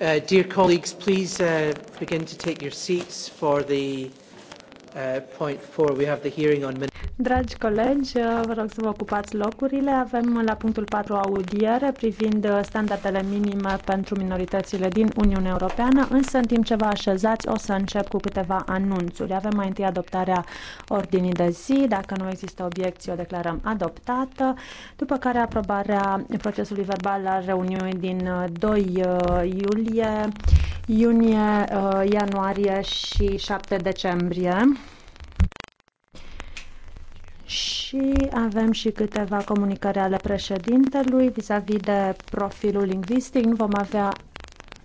Uh, dear colleagues, please uh, begin to take your seats for the uh, point four. We have the hearing on. Dragi colegi, uh, vă rog să vă ocupați locurile. Avem la punctul 4 audiere privind uh, standardele minime pentru minoritățile din Uniunea Europeană, însă în timp ce vă așezați o să încep cu câteva anunțuri. Avem mai întâi adoptarea ordinii de zi, dacă nu există obiecții o declarăm adoptată, după care aprobarea procesului verbal al reuniunii din 2 uh, iulie, iunie, ianuarie și 7 decembrie și avem și câteva comunicări ale președintelui vis-a-vis -vis de profilul lingvistic. Nu vom avea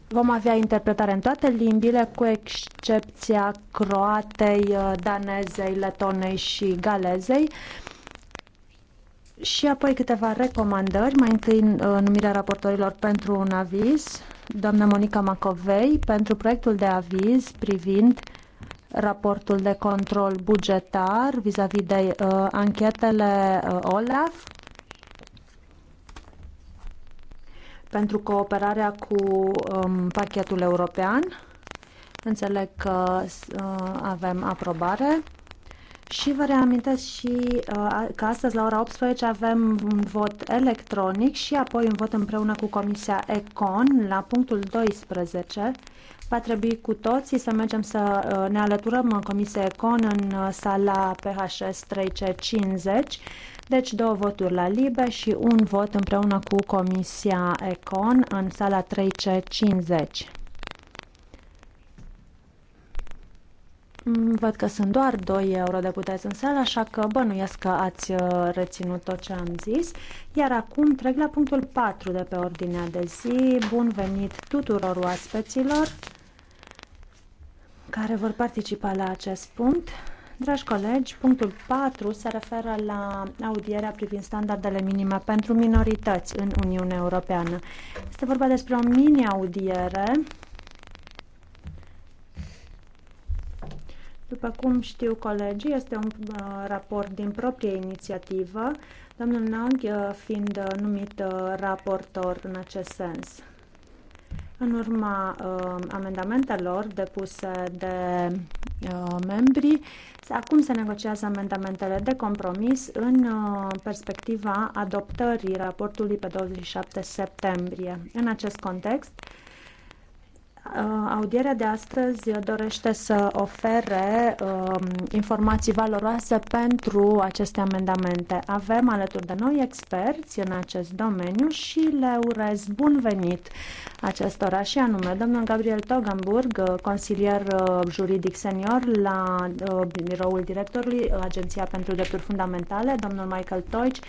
Vom avea interpretare în toate limbile, cu excepția croatei, uh, danezei, letonei și galezei. Și apoi câteva recomandări. Mai întâi uh, numirea raportorilor pentru un aviz. Doamna Monica Macovei pentru proiectul de aviz privind raportul de control bugetar vis-a-vis -vis de uh, anchetele uh, OLAF pentru cooperarea cu um, pachetul european. Înțeleg că uh, avem aprobare. Și vă reamintesc și uh, că astăzi la ora 18 avem un vot electronic și apoi un vot împreună cu Comisia ECON la punctul 12 Va trebui cu toții să mergem să uh, ne alăturăm în Comisia Econ în uh, sala PHS 3C50, deci două voturi la Libe și un vot împreună cu Comisia Econ în sala 3C50. Mm, văd că sunt doar 2 eurodeputați în sală, așa că bănuiesc că ați uh, reținut tot ce am zis. Iar acum trec la punctul 4 de pe ordinea de zi. Bun venit tuturor oaspeților! care vor participa la acest punct. Dragi colegi, punctul 4 se referă la audierea privind standardele minime pentru minorități în Uniunea Europeană. Este vorba despre o mini-audiere. După cum știu colegii, este un uh, raport din proprie inițiativă, domnul Nag uh, fiind uh, numit uh, raportor în acest sens. În urma uh, amendamentelor depuse de uh, membri, acum se negociază amendamentele de compromis în uh, perspectiva adoptării raportului pe 27 septembrie. În acest context, uh, Uh, audierea de astăzi dorește să ofere um, informații valoroase pentru aceste amendamente. Avem alături de noi experți în acest domeniu și le urez bun venit acestora și anume domnul Gabriel Togamburg, uh, consilier uh, juridic senior la biroul directorului Agenția pentru Drepturi Fundamentale, domnul Michael Toici,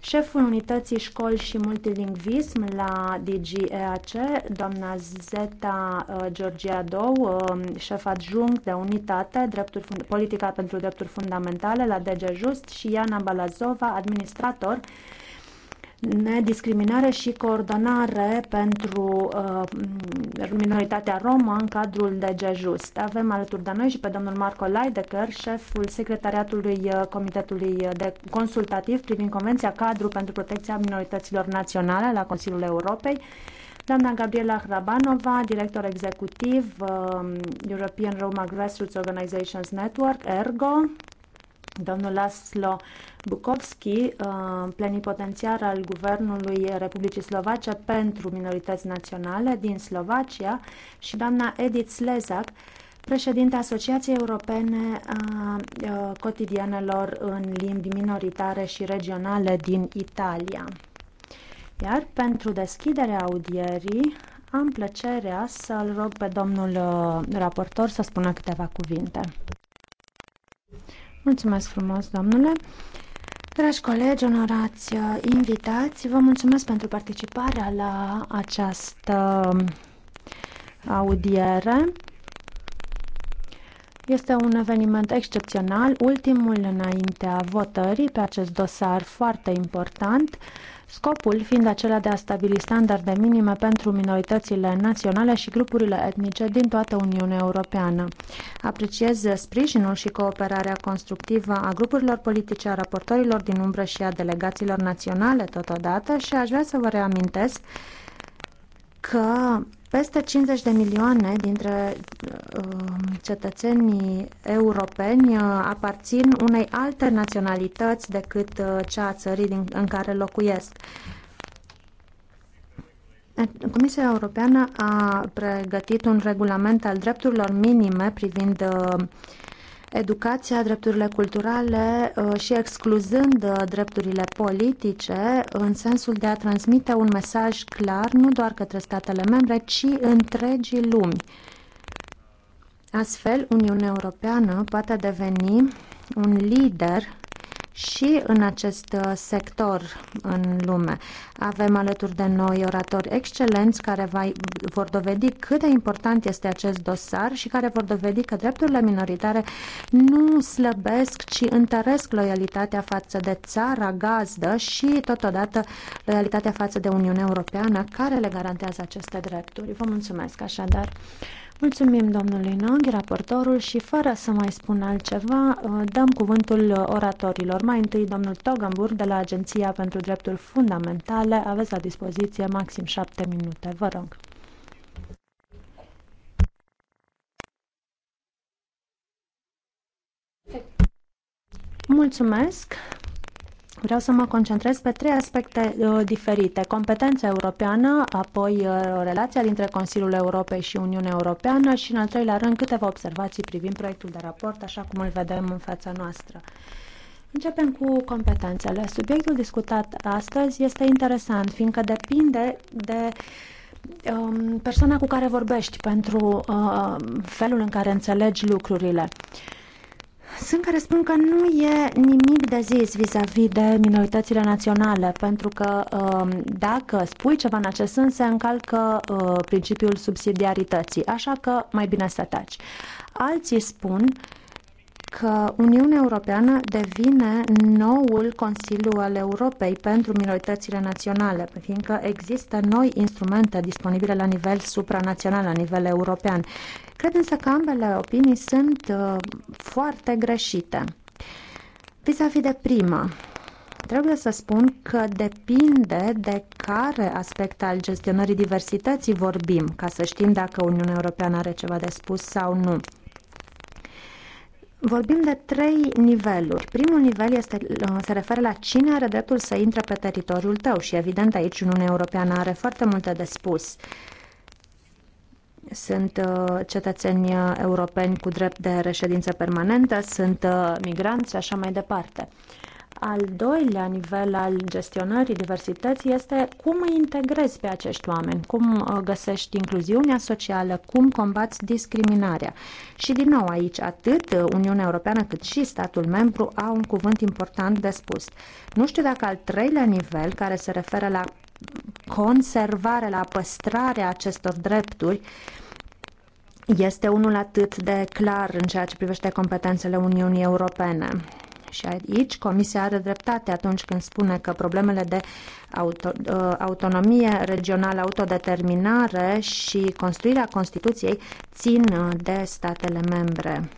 șeful unității școli și multilingvism la DGEAC, doamna Zeta Uh, Georgia Dow, uh, șef adjunct de unitate drepturi, Politica pentru Drepturi Fundamentale la DG Just și Iana Balazova, administrator nediscriminare și coordonare pentru uh, minoritatea romă în cadrul DG Just. Avem alături de noi și pe domnul Marco Leidecker, șeful secretariatului uh, Comitetului de Consultativ privind Convenția Cadru pentru Protecția Minorităților Naționale la Consiliul Europei, uh, doamna Gabriela Hrabanova, director executiv uh, European Roma Grassroots Organizations Network, ERGO, domnul Laszlo Bukowski, um, plenipotențiar al Guvernului Republicii Slovace pentru minorități naționale din Slovacia și doamna Edith Slezak, președinte Asociației Europene a Cotidianelor în Limbi Minoritare și Regionale din Italia. Iar pentru deschiderea audierii am plăcerea să-l rog pe domnul uh, raportor să spună câteva cuvinte. Mulțumesc frumos, domnule! Dragi colegi, onorați uh, invitați, vă mulțumesc pentru participarea la această um, audiere. Este un eveniment excepțional, ultimul înaintea votării pe acest dosar foarte important scopul fiind acela de a stabili standarde minime pentru minoritățile naționale și grupurile etnice din toată Uniunea Europeană. Apreciez sprijinul și cooperarea constructivă a grupurilor politice, a raportorilor din umbră și a delegațiilor naționale totodată și aș vrea să vă reamintesc că peste 50 de milioane dintre uh, cetățenii europeni uh, aparțin unei alte naționalități decât uh, cea a țării din, în care locuiesc. Comisia Europeană a pregătit un regulament al drepturilor minime privind educația, drepturile culturale uh, și excluzând uh, drepturile politice în sensul de a transmite un mesaj clar nu doar către statele membre, ci întregii lumi. Astfel, Uniunea Europeană poate deveni un lider și în acest uh, sector în lume. Avem alături de noi oratori excelenți care va, vor dovedi cât de important este acest dosar și care vor dovedi că drepturile minoritare nu slăbesc, ci întăresc loialitatea față de țara gazdă și totodată loialitatea față de Uniunea Europeană care le garantează aceste drepturi. Vă mulțumesc așadar. Mulțumim domnului Nonghi, raportorul, și fără să mai spun altceva, uh, dăm cuvântul oratorilor. Mai întâi, domnul Togambur de la Agenția pentru Drepturi Fundamentale. Aveți la dispoziție maxim șapte minute. Vă rog. Mulțumesc. Vreau să mă concentrez pe trei aspecte uh, diferite. Competența europeană, apoi uh, relația dintre Consiliul Europei și Uniunea Europeană și, în al treilea rând, câteva observații privind proiectul de raport, așa cum îl vedem în fața noastră. Începem cu competențele. Subiectul discutat astăzi este interesant, fiindcă depinde de um, persoana cu care vorbești pentru uh, felul în care înțelegi lucrurile. Uh, sunt care spun că nu e nimic de zis vis-a-vis -vis de minoritățile naționale, pentru că um, dacă spui ceva în acest sens, se încalcă uh, principiul subsidiarității, așa că mai bine să taci. Alții spun că Uniunea Europeană devine noul Consiliu al Europei pentru minoritățile naționale, fiindcă există noi instrumente disponibile la nivel supranațional, la nivel european. Cred însă că ambele opinii sunt uh, foarte greșite. vis a -vis de prima, trebuie să spun că depinde de care aspect al gestionării diversității vorbim, ca să știm dacă Uniunea Europeană are ceva de spus sau nu. Vorbim de trei niveluri. Primul nivel este, uh, se referă la cine are dreptul să intre pe teritoriul tău și evident aici Uniunea Europeană are foarte multe de spus. Uh, sunt uh, cetățeni uh, europeni cu drept de reședință permanentă, sunt uh, migranți și așa mai departe. Al doilea nivel al gestionării diversității este cum îi integrezi pe acești oameni, cum găsești incluziunea socială, cum combați discriminarea. Și din nou aici, atât Uniunea Europeană cât și statul membru au un cuvânt important de spus. Nu știu dacă al treilea nivel, care se referă la conservare, la păstrarea acestor drepturi, uh, este unul atât de clar în ceea ce privește competențele Uniunii Europene. Și aici Comisia are dreptate atunci când spune că problemele de auto, uh, autonomie regională, autodeterminare și construirea Constituției țin uh, de statele membre.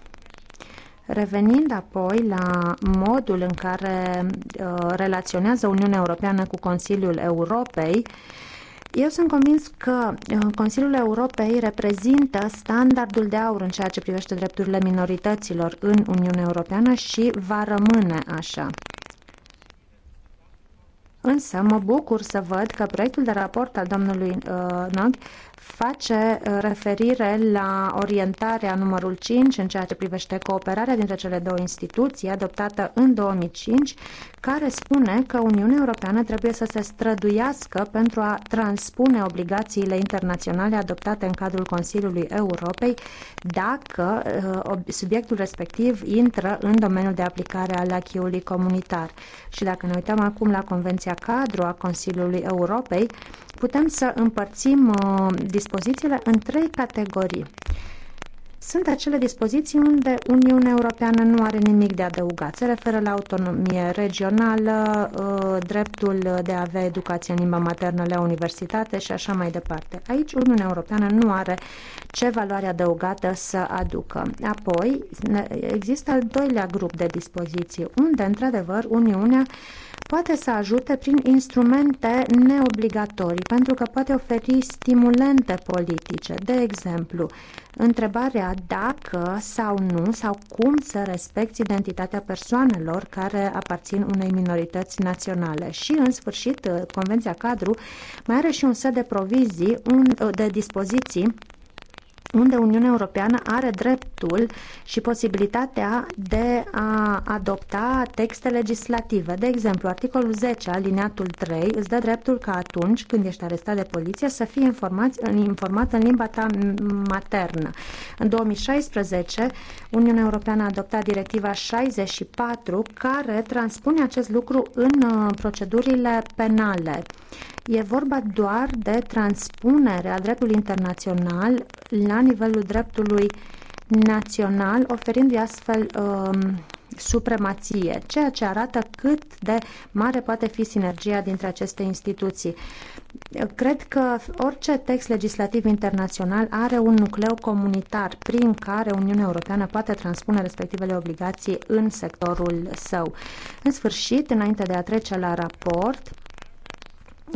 Revenind apoi la modul în care uh, relaționează Uniunea Europeană cu Consiliul Europei, uh, eu sunt convins că uh, Consiliul Europei reprezintă standardul de aur în ceea ce privește drepturile minorităților în Uniunea Europeană și va rămâne așa. Însă mă bucur să văd că proiectul de raport al domnului uh, Nog face uh, referire la orientarea numărul 5 în ceea ce privește cooperarea dintre cele două instituții adoptată în 2005, care spune că Uniunea Europeană trebuie să se străduiască pentru a transpune obligațiile internaționale adoptate în cadrul Consiliului Europei dacă uh, subiectul respectiv intră în domeniul de aplicare al achiului comunitar. Și dacă ne uităm acum la Convenția Cadru a Consiliului Europei, putem să împărțim uh, dispozițiile în trei categorii. Sunt acele dispoziții unde Uniunea Europeană nu are nimic de adăugat. Se referă la autonomie regională, ă, dreptul de a avea educație în limba maternă la universitate și așa mai departe. Aici Uniunea Europeană nu are ce valoare adăugată să aducă. Apoi există al doilea grup de dispoziții unde, într-adevăr, Uniunea poate să ajute prin instrumente neobligatorii, pentru că poate oferi stimulente politice. De exemplu, întrebarea dacă sau nu sau cum să respecti identitatea persoanelor care aparțin unei minorități naționale. Și, în sfârșit, Convenția Cadru mai are și un set de provizii, un, de dispoziții unde Uniunea Europeană are dreptul și posibilitatea de a adopta texte legislative. De exemplu, articolul 10, alineatul 3, îți dă dreptul ca atunci când ești arestat de poliție să fii informat, informat în limba ta maternă. În 2016, Uniunea Europeană a adoptat directiva 64, care transpune acest lucru în uh, procedurile penale. E vorba doar de transpunerea dreptului internațional la nivelul dreptului național, oferindu-i astfel um, supremație, ceea ce arată cât de mare poate fi sinergia dintre aceste instituții. Cred că orice text legislativ internațional are un nucleu comunitar prin care Uniunea Europeană poate transpune respectivele obligații în sectorul său. În sfârșit, înainte de a trece la raport,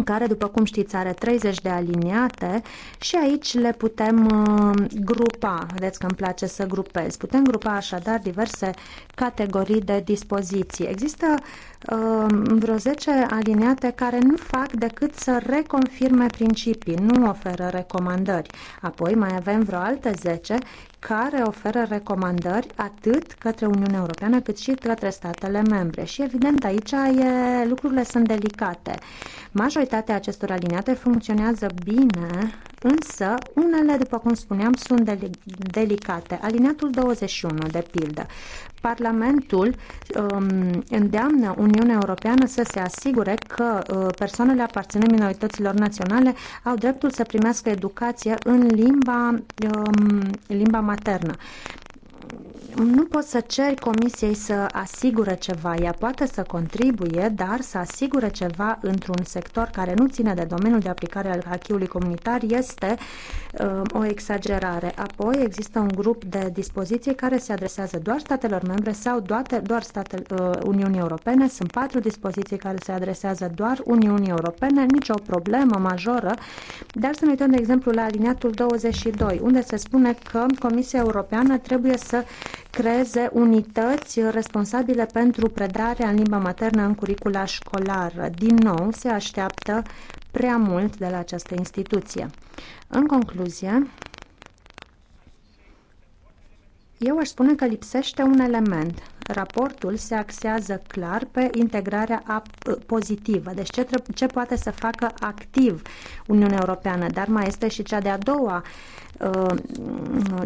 care, după cum știți, are 30 de aliniate și aici le putem uh, grupa. Vedeți că îmi place să grupez. Putem grupa așadar diverse categorii de dispoziții. Există Ehm, vreo 10 aliniate care nu fac decât să reconfirme principii, nu oferă recomandări. Apoi mai avem vreo alte 10 care oferă recomandări atât către Uniunea Europeană cât și către statele membre. Și evident aici e, lucrurile sunt delicate. Majoritatea acestor aliniate funcționează bine, însă unele, după cum spuneam, sunt delicate. Aliniatul 21, de pildă. Parlamentul um, îndeamnă Uniunea Europeană să se asigure că uh, persoanele aparținând minorităților naționale au dreptul să primească educație în limba, um, limba maternă nu poți să ceri comisiei să asigure ceva. Ea poate să contribuie, dar să asigure ceva într-un sector care nu ține de domeniul de aplicare al acquis comunitar este um, o exagerare. Apoi există un grup de dispoziții care se adresează doar statelor membre sau doar, doar statele uh, Uniunii Europene. Sunt patru dispoziții care se adresează doar Uniunii Europene, nicio problemă majoră, dar să ne uităm, de exemplu, la aliniatul 22, unde se spune că Comisia Europeană trebuie să creeze unități responsabile pentru predarea în limba maternă în curicula școlară. Din nou, se așteaptă prea mult de la această instituție. În concluzie, eu aș spune că lipsește un element. Raportul se axează clar pe integrarea ă, pozitivă, deci ce, ce poate să facă activ Uniunea Europeană, dar mai este și cea de-a doua, uh,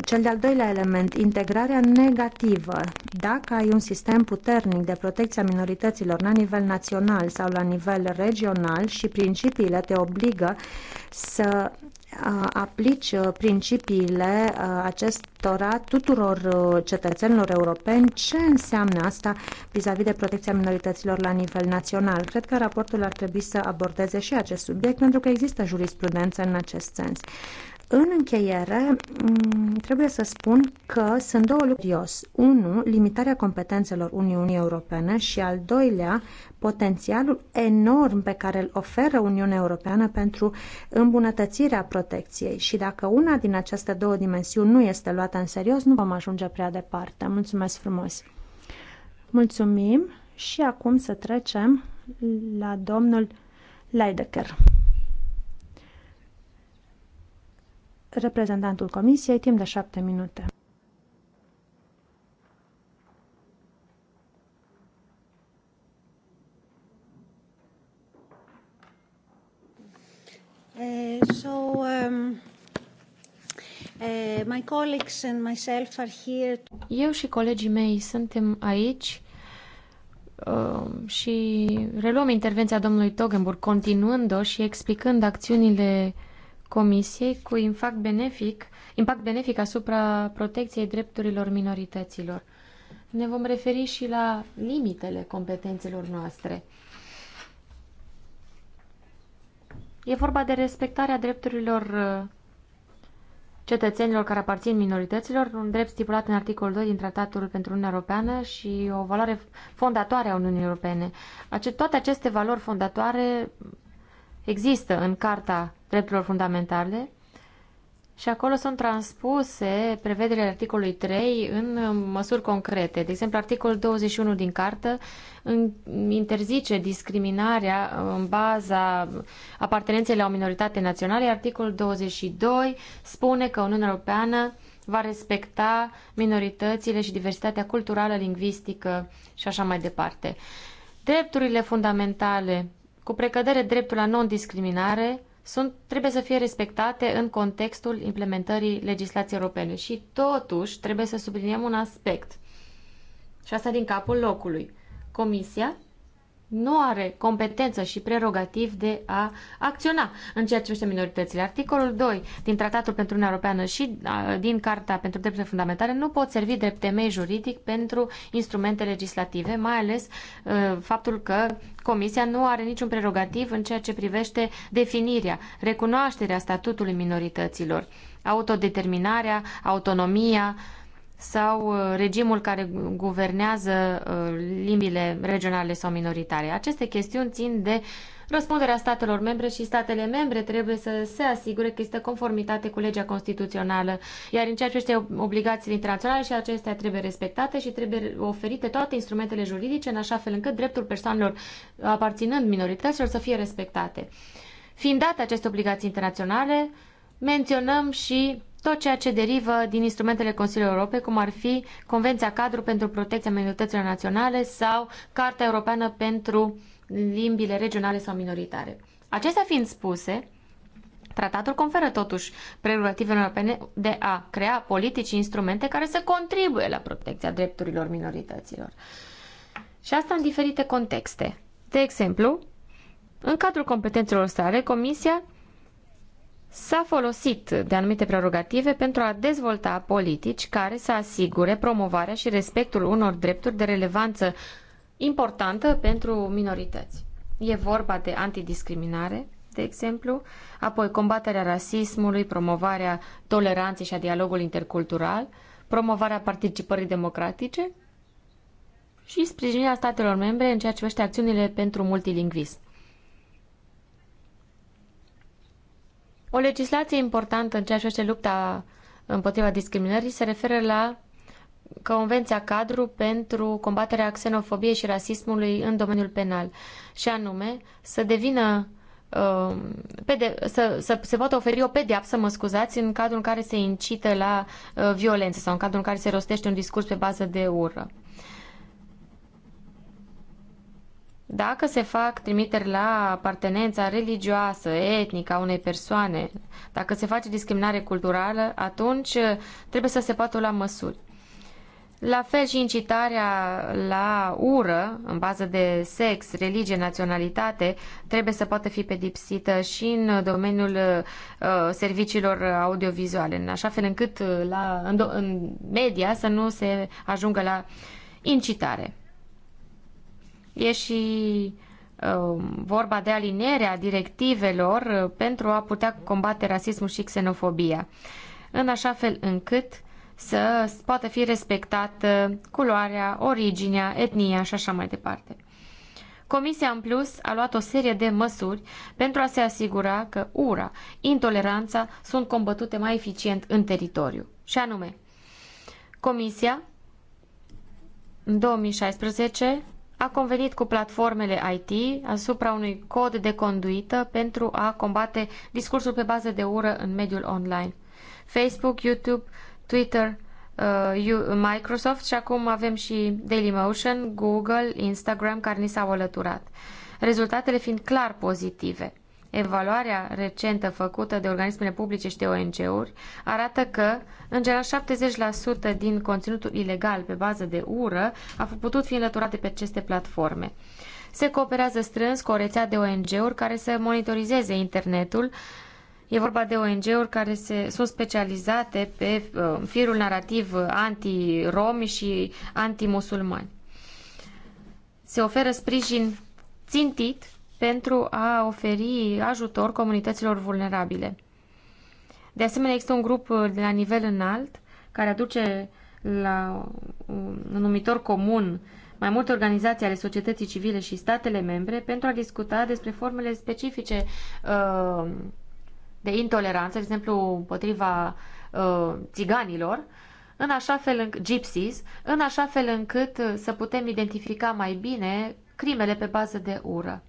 cel de-al doilea element, integrarea negativă. Dacă ai un sistem puternic de protecție a minorităților la nivel național sau la nivel regional și principiile te obligă să aplici uh, principiile uh, acestora tuturor uh, cetățenilor europeni, ce înseamnă asta vis-a-vis de protecția minorităților la nivel național. Cred că raportul ar trebui să abordeze și acest subiect, pentru că există jurisprudență în acest sens. În încheiere, mm, trebuie să spun că sunt două lucruri. Unu, limitarea competențelor Uniunii Europene și al doilea, potențialul enorm pe care îl oferă Uniunea Europeană pentru îmbunătățirea protecției. Și dacă una din aceste două dimensiuni nu este luată în serios, nu vom ajunge prea departe. Mulțumesc frumos! Mulțumim și acum să trecem la domnul Leidecker. reprezentantul Comisiei timp de șapte minute. Eh, so um, uh, my colleagues and myself are here. Eu și colegii mei suntem aici uh, și reluăm intervenția domnului Togenburg, continuând-o și explicând acțiunile uh, Comisiei cu impact benefic, impact benefic asupra protecției drepturilor minorităților. Ne vom referi și la limitele competențelor noastre. E vorba de respectarea drepturilor uh, cetățenilor care aparțin minorităților, un drept stipulat în articolul 2 din Tratatul pentru Uniunea Europeană și o valoare fondatoare a Uniunii Europene. toate aceste valori fondatoare există în Carta Drepturilor Fundamentale și acolo sunt transpuse prevederile articolului 3 în măsuri concrete. De exemplu, articolul 21 din cartă interzice discriminarea în baza apartenenței la o minoritate națională, iar articolul 22 spune că Uniunea Europeană va respecta minoritățile și diversitatea culturală, lingvistică și așa mai departe. Drepturile fundamentale cu precădere dreptul la non-discriminare, sunt, trebuie să fie respectate în contextul implementării legislației europene. Și totuși trebuie să subliniem un aspect. Și asta din capul locului. Comisia nu are competență și prerogativ de a acționa în ceea ce privește minoritățile. Articolul 2 din Tratatul pentru Uniunea Europeană și din Carta pentru Drepturile Fundamentale nu pot servi drept temei juridic pentru instrumente legislative, mai ales ă, faptul că Comisia nu are niciun prerogativ în ceea ce privește definirea, recunoașterea statutului minorităților, autodeterminarea, autonomia, sau uh, regimul care guvernează uh, limbile regionale sau minoritare. Aceste chestiuni țin de răspunderea statelor membre și statele membre trebuie să se asigure că este conformitate cu legea constituțională, iar în ceea ce este obligațiile internaționale și acestea trebuie respectate și trebuie oferite toate instrumentele juridice în așa fel încât dreptul persoanelor aparținând minorităților să fie respectate. Fiind date aceste obligații internaționale, menționăm și tot ceea ce derivă din instrumentele Consiliului Europei, cum ar fi Convenția Cadru pentru Protecția Minorităților Naționale sau Carta Europeană pentru Limbile Regionale sau Minoritare. Acestea fiind spuse, Tratatul conferă totuși prerogativele europene de a crea politici și instrumente care să contribuie la protecția drepturilor minorităților. Și asta în diferite contexte. De exemplu, în cadrul competențelor sale, Comisia s-a folosit de anumite prerogative pentru a dezvolta politici care să asigure promovarea și respectul unor drepturi de relevanță importantă pentru minorități. E vorba de antidiscriminare, de exemplu, apoi combaterea rasismului, promovarea toleranței și a dialogului intercultural, promovarea participării democratice și sprijinirea statelor membre în ceea ce privește acțiunile pentru multilingvism. O legislație importantă în ceea ce este lupta împotriva discriminării se referă la Convenția Cadru pentru combaterea xenofobiei și rasismului în domeniul penal, și anume să devină um, să, să se poată oferi o pedeapsă, mă scuzați, în cadrul în care se incită la uh, violență sau în cadrul în care se rostește un discurs pe bază de ură. Dacă se fac trimiteri la apartenența religioasă, etnică a unei persoane, dacă se face discriminare culturală, atunci uh, trebuie să se poată lua măsuri. La fel și incitarea la ură, în bază de sex, religie, naționalitate, trebuie să poată fi pedipsită și în domeniul uh, serviciilor audiovizuale, în așa fel încât uh, la, în, în media să nu se ajungă la incitare. E și uh, vorba de alinierea directivelor uh, pentru a putea combate rasismul și xenofobia, în așa fel încât să poată fi respectată culoarea, originea, etnia și așa mai departe. Comisia, în plus, a luat o serie de măsuri pentru a se asigura că ura, intoleranța sunt combătute mai eficient în teritoriu. Și anume, Comisia, în 2016, a convenit cu platformele IT asupra unui cod de conduită pentru a combate discursul pe bază de ură în mediul online. Facebook, YouTube, Twitter, uh, Microsoft și acum avem și Dailymotion, Google, Instagram care ni s-au alăturat. Rezultatele fiind clar pozitive. Evaluarea recentă făcută de organismele publice și de ONG-uri arată că, în general, 70% din conținutul ilegal pe bază de ură a putut fi înlăturat de pe aceste platforme. Se cooperează strâns cu o rețea de ONG-uri care să monitorizeze internetul. E vorba de ONG-uri care se, sunt specializate pe uh, firul narrativ anti-romi și anti-musulmani. Se oferă sprijin țintit pentru a oferi ajutor comunităților vulnerabile. De asemenea, există un grup de la nivel înalt care aduce la un numitor comun mai multe organizații ale societății civile și statele membre pentru a discuta despre formele specifice uh, de intoleranță, de exemplu, împotriva uh, țiganilor, în așa fel gypsies, în așa fel încât să putem identifica mai bine crimele pe bază de ură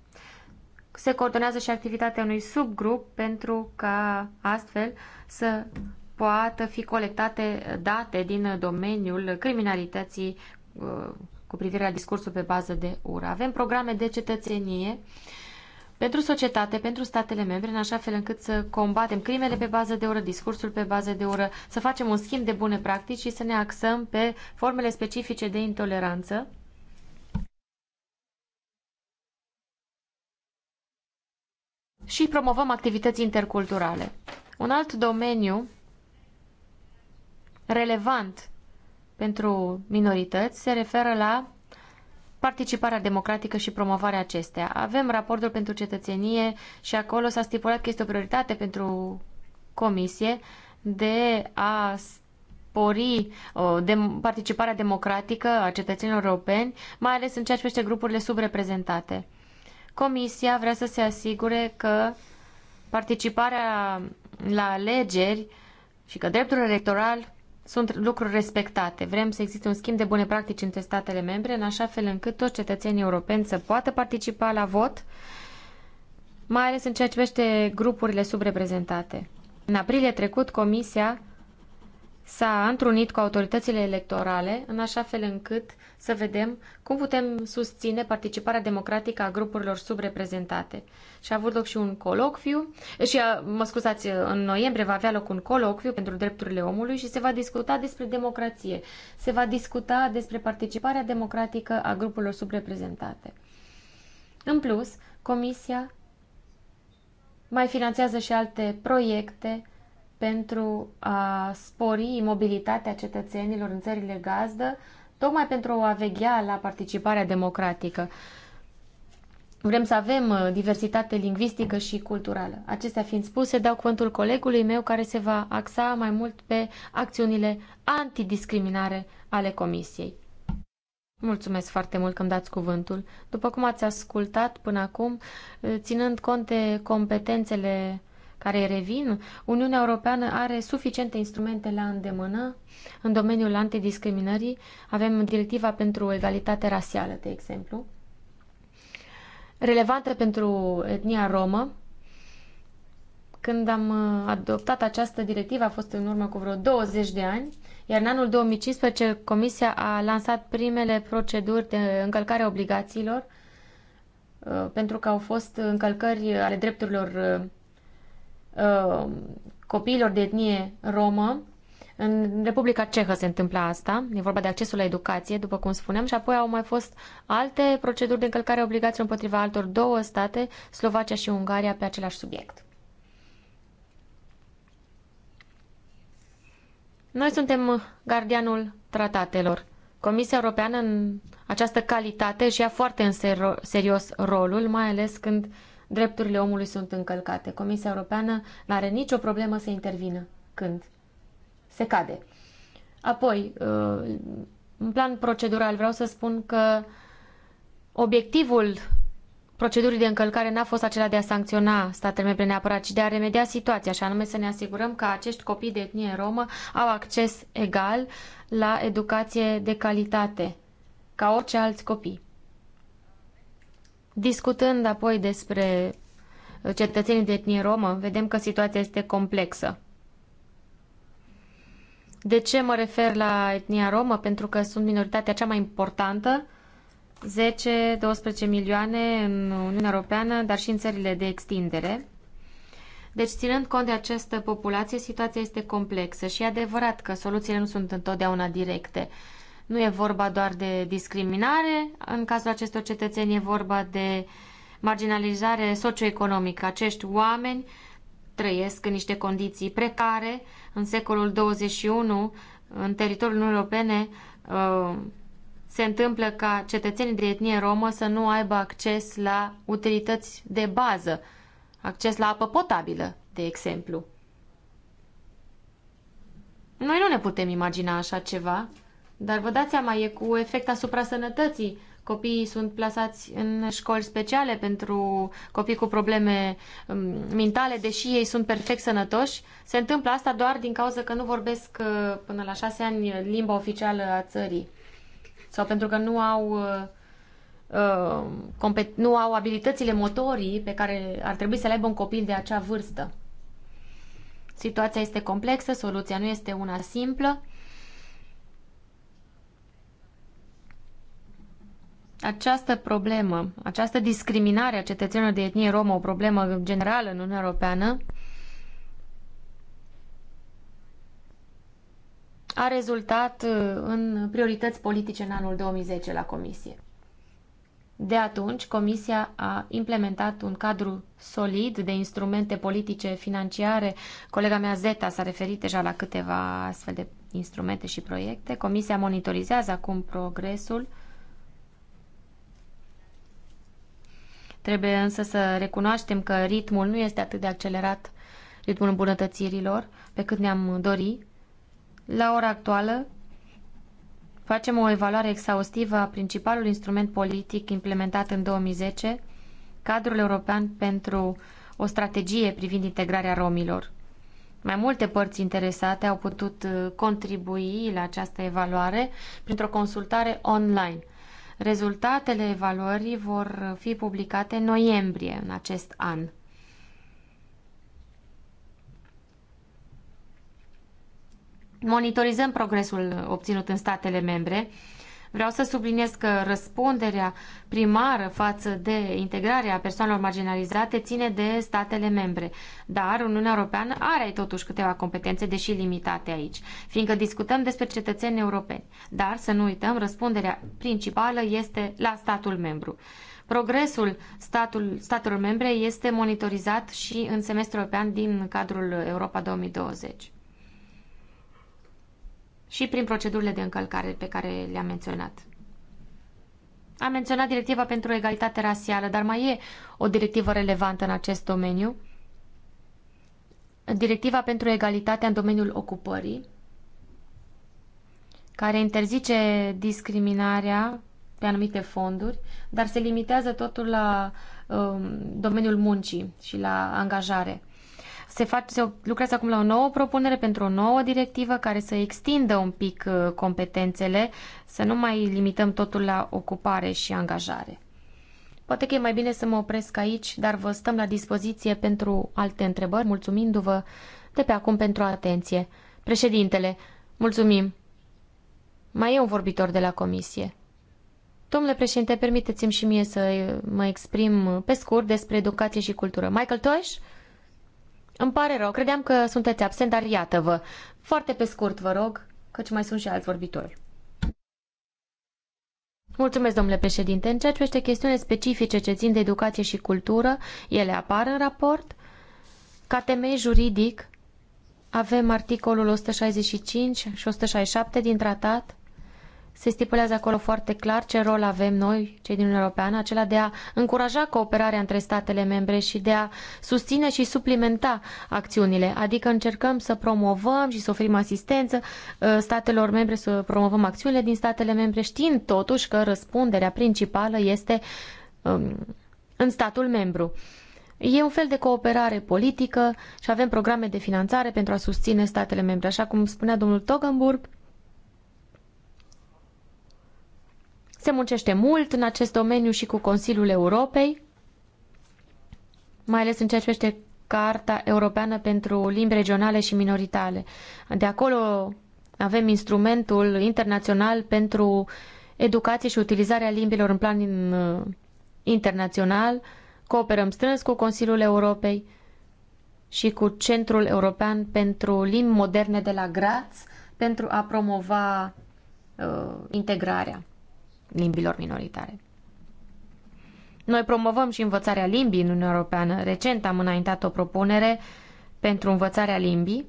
se coordonează și activitatea unui subgrup pentru ca astfel să poată fi colectate date din domeniul criminalității uh, cu privire la discursul pe bază de ură. Avem programe de cetățenie pentru societate, pentru statele membre, în așa fel încât să combatem crimele pe bază de ură, discursul pe bază de ură, să facem un schimb de bune practici și să ne axăm pe formele specifice de intoleranță și promovăm activități interculturale. Un alt domeniu relevant pentru minorități se referă la participarea democratică și promovarea acestea. Avem raportul pentru cetățenie și acolo s-a stipulat că este o prioritate pentru comisie de a spori uh, de participarea democratică a cetățenilor europeni, mai ales în ceea ce privește grupurile subreprezentate. Comisia vrea să se asigure că participarea la alegeri și că dreptul electoral sunt lucruri respectate. Vrem să existe un schimb de bune practici între statele membre, în așa fel încât toți cetățenii europeni să poată participa la vot, mai ales în ceea ce privește grupurile subreprezentate. În aprilie trecut, Comisia s-a întrunit cu autoritățile electorale în așa fel încât să vedem cum putem susține participarea democratică a grupurilor subreprezentate. Și a avut loc și un colocviu, eh, și mă scuzați, în noiembrie va avea loc un colocviu pentru drepturile omului și se va discuta despre democrație. Se va discuta despre participarea democratică a grupurilor subreprezentate. În plus, Comisia mai finanțează și alte proiecte pentru a spori mobilitatea cetățenilor în țările gazdă, tocmai pentru a veghea la participarea democratică. Vrem să avem uh, diversitate lingvistică și culturală. Acestea fiind spuse, dau cuvântul colegului meu care se va axa mai mult pe acțiunile antidiscriminare ale Comisiei. Mulțumesc foarte mult că îmi dați cuvântul. După cum ați ascultat până acum, uh, ținând cont de competențele care revin, Uniunea Europeană are suficiente instrumente la îndemână în domeniul antidiscriminării. Avem directiva pentru egalitate rasială, de exemplu, relevantă pentru etnia romă. Când am adoptat această directivă, a fost în urmă cu vreo 20 de ani, iar în anul 2015 Comisia a lansat primele proceduri de încălcare a obligațiilor uh, pentru că au fost încălcări ale drepturilor uh, Uh, copiilor de etnie romă. În Republica Cehă se întâmpla asta, e vorba de accesul la educație, după cum spuneam, și apoi au mai fost alte proceduri de încălcare obligație împotriva altor două state, Slovacia și Ungaria, pe același subiect. Noi suntem gardianul tratatelor. Comisia Europeană, în această calitate, și ia foarte în serios rolul, mai ales când uh, drepturile omului sunt încălcate. Comisia Europeană nu are nicio problemă să intervină când se cade. Apoi, uh, în plan procedural, vreau să spun că obiectivul procedurii de încălcare n-a fost acela de a sancționa statele membre neapărat, ci de a remedia situația, și anume să ne asigurăm că acești copii de etnie romă au acces egal la educație de calitate, ca orice alți copii. Discutând apoi despre cetățenii de etnie romă, vedem că situația este complexă. De ce mă refer la etnia romă? Pentru că sunt minoritatea cea mai importantă, 10-12 milioane în Uniunea Europeană, dar și în țările de extindere. Deci, ținând cont de această populație, situația este complexă și e adevărat că soluțiile nu sunt întotdeauna directe. Nu e vorba doar de discriminare, în cazul acestor cetățeni e vorba de marginalizare socioeconomică. Acești oameni trăiesc în niște condiții precare. În secolul 21, în teritoriul Uniunii Europene, uh, se întâmplă ca cetățenii de etnie romă să nu aibă acces la utilități de bază, acces la apă potabilă, de exemplu. Noi nu ne putem imagina așa ceva. Dar vă dați seama, e cu efect asupra sănătății. Copiii sunt plasați în școli speciale pentru copii cu probleme um, mentale, deși ei sunt perfect sănătoși. Se întâmplă asta doar din cauza că nu vorbesc uh, până la șase ani limba oficială a țării sau pentru că nu au, uh, uh, nu au abilitățile motorii pe care ar trebui să le aibă un copil de acea vârstă. Situația este complexă, soluția nu este una simplă această problemă, această discriminare a cetățenilor de etnie romă, o problemă generală în Uniunea Europeană, a rezultat uh, în priorități politice în anul 2010 la Comisie. De atunci, Comisia a implementat un cadru solid de instrumente politice financiare. Colega mea Zeta s-a referit deja la câteva astfel de instrumente și proiecte. Comisia monitorizează acum progresul Trebuie însă să recunoaștem că ritmul nu este atât de accelerat, ritmul îmbunătățirilor, pe cât ne-am dori. La ora actuală, facem o evaluare exhaustivă a principalului instrument politic implementat în 2010, cadrul european pentru o strategie privind integrarea romilor. Mai multe părți interesate au putut uh, contribui la această evaluare printr-o consultare online – Rezultatele evaluării vor fi publicate în noiembrie în acest an. Monitorizăm progresul obținut în statele membre Vreau să subliniez că răspunderea primară față de integrarea persoanelor marginalizate ține de statele membre, dar Uniunea Europeană are totuși câteva competențe, deși limitate aici, fiindcă discutăm despre cetățeni europeni. Dar, să nu uităm, răspunderea principală este la statul membru. Progresul statul, statelor membre este monitorizat și în semestrul european din cadrul Europa 2020 și prin procedurile de încălcare pe care le-am menționat. Am menționat directiva pentru egalitate rasială, dar mai e o directivă relevantă în acest domeniu. Directiva pentru egalitatea în domeniul ocupării, care interzice discriminarea pe anumite fonduri, dar se limitează totul la um, domeniul muncii și la angajare se, face, se lucrează acum la o nouă propunere pentru o nouă directivă care să extindă un pic uh, competențele, să nu mai limităm totul la ocupare și angajare. Poate că e mai bine să mă opresc aici, dar vă stăm la dispoziție pentru alte întrebări, mulțumindu-vă de pe acum pentru atenție. Președintele, mulțumim. Mai e un vorbitor de la comisie. Domnule președinte, permiteți-mi și mie să uh, mă exprim uh, pe scurt despre educație și cultură. Michael Tosh? Îmi pare rău, credeam că sunteți absent, dar iată-vă. Foarte pe scurt, vă rog, căci mai sunt și alți vorbitori. Mulțumesc, domnule președinte. În ceea ce este chestiune specifice ce țin de educație și cultură, ele apar în raport. Ca temei juridic avem articolul 165 și 167 din tratat, se stipulează acolo foarte clar ce rol avem noi, cei din Uniunea Europeană, acela de a încuraja cooperarea între statele membre și de a susține și suplimenta acțiunile. Adică încercăm să promovăm și să oferim asistență uh, statelor membre, să promovăm acțiunile din statele membre, știind totuși că răspunderea principală este um, în statul membru. E un fel de cooperare politică și avem programe de finanțare pentru a susține statele membre. Așa cum spunea domnul Togenburg, Se muncește mult în acest domeniu și cu Consiliul Europei, mai ales în ceea ce privește Carta Europeană pentru Limbi Regionale și Minoritale. De acolo avem instrumentul internațional pentru educație și utilizarea limbilor în plan uh, internațional. Cooperăm strâns cu Consiliul Europei și cu Centrul European pentru Limbi Moderne de la Graz pentru a promova uh, integrarea limbilor minoritare. Noi promovăm și învățarea limbii în Uniunea Europeană. Recent am înaintat o propunere pentru învățarea limbii,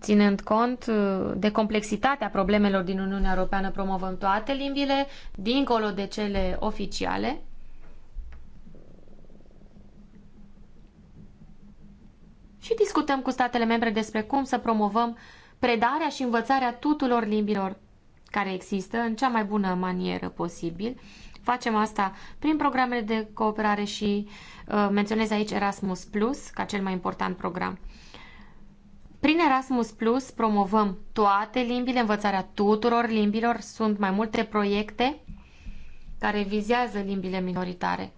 ținând cont uh, de complexitatea problemelor din Uniunea Europeană, promovăm toate limbile, dincolo de cele oficiale. Și discutăm cu statele membre despre cum să promovăm predarea și învățarea tuturor limbilor care există în cea mai bună manieră posibil. Facem asta prin programele de cooperare și uh, menționez aici Erasmus Plus ca cel mai important program. Prin Erasmus Plus promovăm toate limbile, învățarea tuturor limbilor. Sunt mai multe proiecte care vizează limbile minoritare.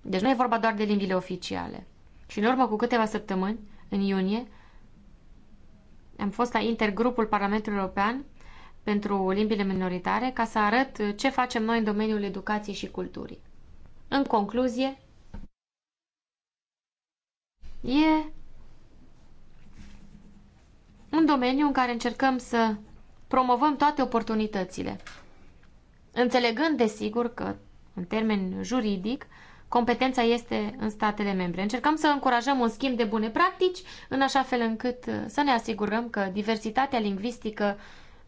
Deci nu e vorba doar de limbile oficiale. Și în urmă cu câteva săptămâni, în iunie, am fost la intergrupul Parlamentului European pentru limbile minoritare ca să arăt ce facem noi în domeniul educației și culturii. În concluzie, e un domeniu în care încercăm să promovăm toate oportunitățile, înțelegând, desigur, că, în termen juridic, competența este în statele membre. Încercăm să încurajăm un schimb de bune practici, în așa fel încât uh, să ne asigurăm că diversitatea lingvistică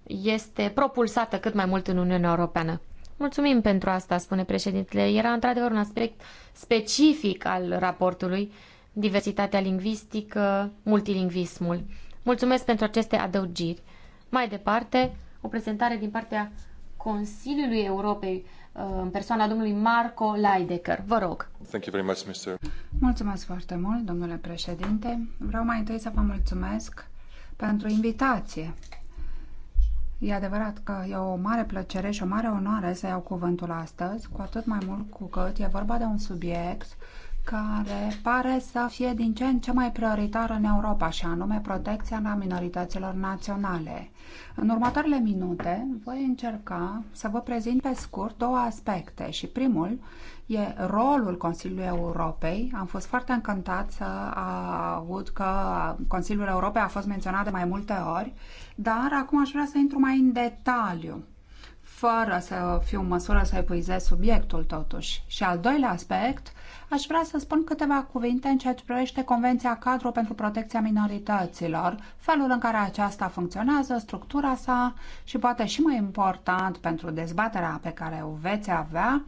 este propulsată cât mai mult în Uniunea Europeană. Mulțumim pentru asta, spune președintele. Era într-adevăr un aspect specific al raportului, diversitatea lingvistică, multilingvismul. Mulțumesc pentru aceste adăugiri. Mai departe, o prezentare din partea Consiliului Europei Uh, în persoana domnului Marco Leidecker. Vă rog. Thank you very much, Mr. Mulțumesc foarte mult, domnule președinte. Vreau mai întâi să vă mulțumesc pentru invitație. E adevărat că e o mare plăcere și o mare onoare să iau cuvântul astăzi, cu atât mai mult cu cât e vorba de un subiect care pare să fie din ce în ce mai prioritară în Europa, și anume protecția la minorităților naționale. În următoarele minute voi încerca să vă prezint pe scurt două aspecte și primul e rolul Consiliului Europei. Am fost foarte încântat să aud că Consiliul Europei a fost menționat de mai multe ori, dar acum aș vrea să intru mai în detaliu fără să fiu în măsură să epuizez subiectul totuși. Și al doilea aspect aș vrea să spun câteva cuvinte în ceea ce privește Convenția Cadru pentru Protecția Minorităților, felul în care aceasta funcționează, structura sa și poate și mai important pentru dezbaterea pe care o veți avea,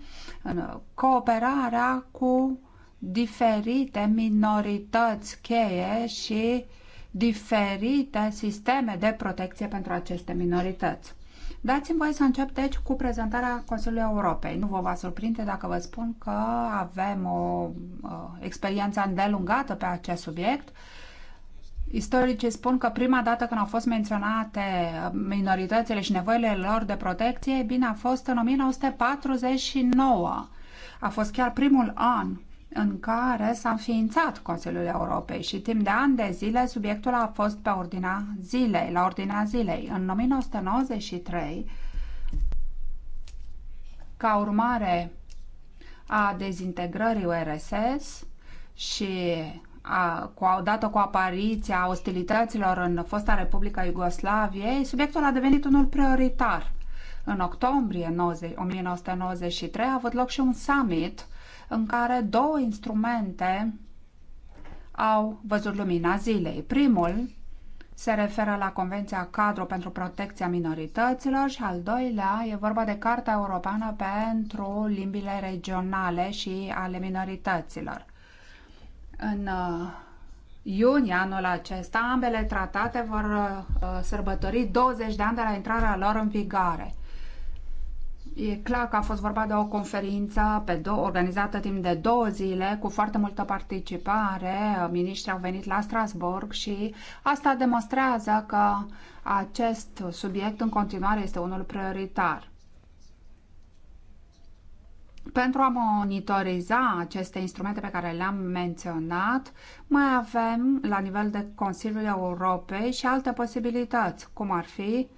cooperarea cu diferite minorități cheie și diferite sisteme de protecție pentru aceste minorități. Dați-mi voie să încep, deci, cu prezentarea Consiliului Europei. Nu vă va surprinde dacă vă spun că avem o uh, experiență îndelungată pe acest subiect. Istoricii spun că prima dată când au fost menționate minoritățile și nevoile lor de protecție, bine, a fost în 1949. A fost chiar primul an în care s-a înființat Consiliul Europei și timp de ani de zile subiectul a fost pe ordinea zilei, la ordinea zilei. În 1993, ca urmare a dezintegrării URSS și a, cu, odată cu apariția ostilităților în fosta Republica Iugoslaviei, subiectul a devenit unul prioritar. În octombrie 1993 a avut loc și un summit în care două instrumente au văzut lumina zilei. Primul se referă la Convenția Cadru pentru Protecția Minorităților și al doilea e vorba de Carta Europeană pentru Limbile Regionale și ale Minorităților. În uh, iunie anul acesta, ambele tratate vor uh, sărbători 20 de ani de la intrarea lor în vigoare. E clar că a fost vorba de o conferință pe do- organizată timp de două zile, cu foarte multă participare. Ministrii au venit la Strasburg și asta demonstrează că acest subiect în continuare este unul prioritar. Pentru a monitoriza aceste instrumente pe care le-am menționat, mai avem la nivel de Consiliul Europei și alte posibilități, cum ar fi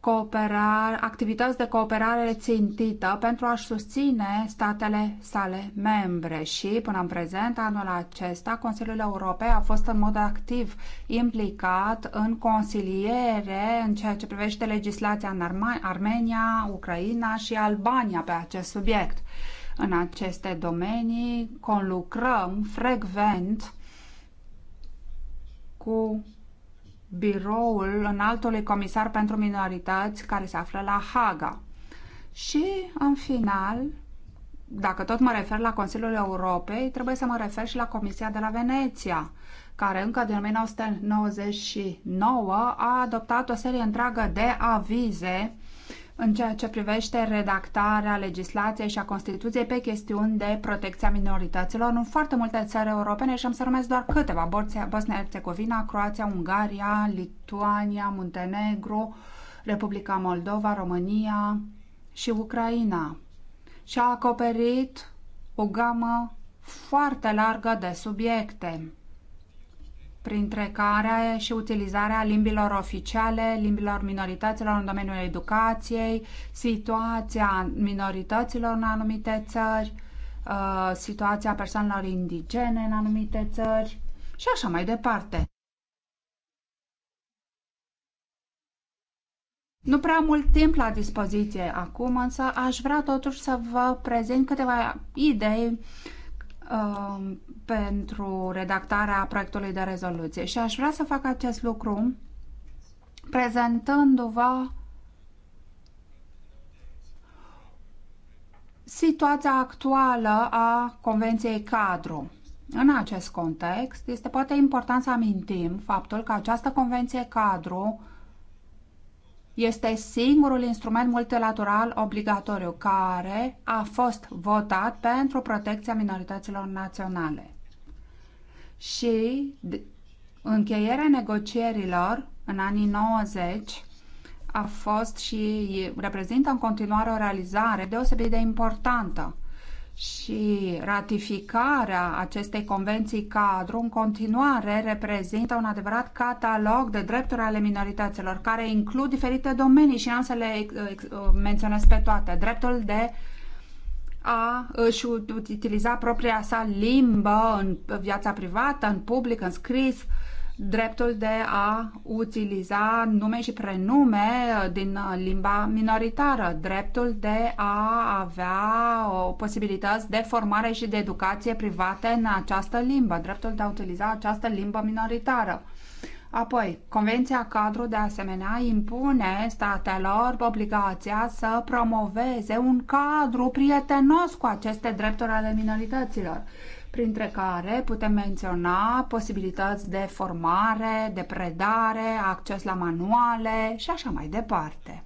cooperare, activități de cooperare țintită pentru a-și susține statele sale membre și, până în prezent, anul acesta, Consiliul Europei a fost în mod activ implicat în consiliere în ceea ce privește legislația în Arma Armenia, Ucraina și Albania pe acest subiect. În aceste domenii conlucrăm frecvent cu biroul înaltului comisar pentru minorități care se află la Haga. Și, în final, dacă tot mă refer la Consiliul Europei, trebuie să mă refer și la Comisia de la Veneția, care încă din 1999 a adoptat o serie întreagă de avize în ceea ce privește redactarea legislației și a Constituției pe chestiuni de protecția minorităților în foarte multe țări europene și am să numesc doar câteva, Bosnia-Herzegovina, Croația, Ungaria, Lituania, Muntenegru, Republica Moldova, România și Ucraina. Și a acoperit o gamă foarte largă de subiecte printre care și utilizarea limbilor oficiale, limbilor minorităților în domeniul educației, situația minorităților în anumite țări, uh, situația persoanelor indigene în anumite țări și așa mai departe. Nu prea mult timp la dispoziție acum, însă aș vrea totuși să vă prezint câteva idei uh, Um, pentru redactarea proiectului de rezoluție și aș vrea să fac acest lucru prezentându-vă situația actuală a Convenției Cadru. În acest context, este poate important să amintim faptul că această Convenție Cadru uh, este singurul instrument multilateral obligatoriu care a fost votat pentru protecția minorităților naționale. Și încheierea negocierilor în anii 90 a fost și reprezintă în continuare o realizare deosebit de importantă și ratificarea acestei convenții cadru în continuare reprezintă un adevărat catalog de drepturi ale minorităților care includ diferite domenii și am să le menționez pe toate. Dreptul de a își utiliza propria sa limbă în viața privată, în public, în scris, dreptul de a utiliza nume și prenume uh, din uh, limba minoritară, dreptul de a avea o uh, posibilități de formare și de educație private în această limbă, dreptul de a utiliza această limbă minoritară. Apoi, Convenția Cadru de asemenea impune statelor obligația să promoveze un cadru prietenos cu aceste drepturi ale minorităților printre care putem menționa posibilități de formare, de predare, acces la manuale și așa mai departe.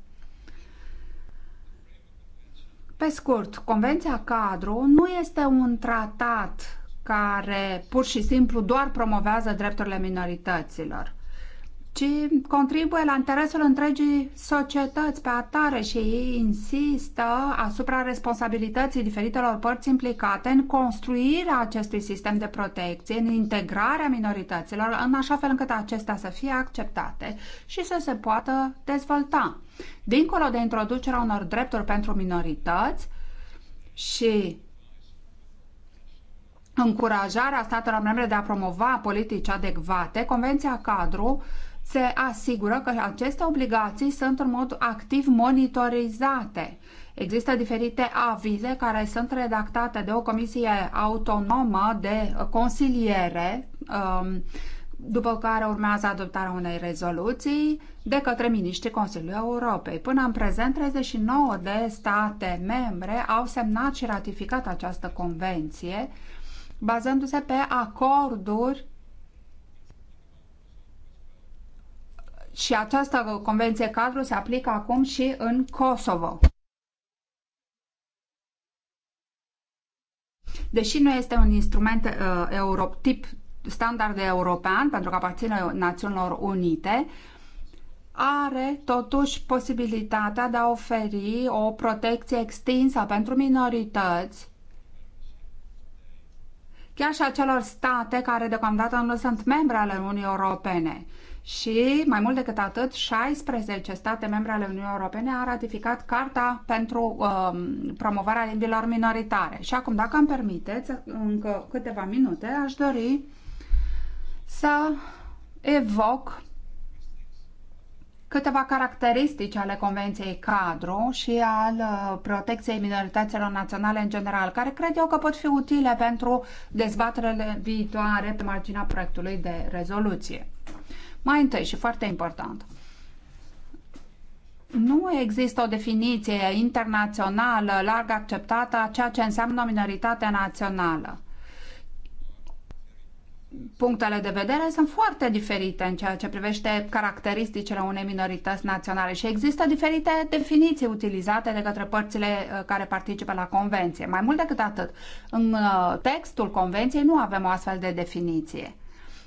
Pe scurt, Convenția Cadru nu este un tratat care pur și simplu doar promovează drepturile minorităților ci contribuie la interesul întregii societăți pe atare și ei insistă asupra responsabilității diferitelor părți implicate în construirea acestui sistem de protecție, în integrarea minorităților, în așa fel încât acestea să fie acceptate și să se poată dezvolta. Dincolo de introducerea unor drepturi pentru minorități și încurajarea statelor membre de a promova politici adecvate, Convenția Cadru se asigură că aceste obligații sunt în mod activ monitorizate. Există diferite avize care sunt redactate de o comisie autonomă de consiliere, um, după care urmează adoptarea unei rezoluții de către miniștrii Consiliului Europei. Până în prezent, 39 de state membre au semnat și ratificat această convenție, bazându-se pe acorduri și această convenție cadru se aplică acum și în Kosovo. Deși nu este un instrument uh, euro, tip standard european, pentru că aparține Națiunilor Unite, are totuși posibilitatea de a oferi o protecție extinsă pentru minorități, chiar și acelor state care deocamdată nu sunt membre ale Uniunii Europene și, mai mult decât atât, 16 state membre ale Uniunii Europene au ratificat Carta pentru um, promovarea limbilor minoritare. Și acum, dacă îmi permiteți, încă câteva minute, aș dori să evoc câteva caracteristici ale Convenției Cadru și al uh, protecției minorităților naționale în general, care cred eu că pot fi utile pentru dezbaterele viitoare pe marginea proiectului de rezoluție. Mai întâi și foarte important, nu există o definiție internațională larg acceptată a ceea ce înseamnă o minoritate națională. Punctele de vedere sunt foarte diferite în ceea ce privește caracteristicile unei minorități naționale și există diferite definiții utilizate de către părțile uh, care participă la convenție. Mai mult decât atât, în uh, textul convenției nu avem o astfel de definiție.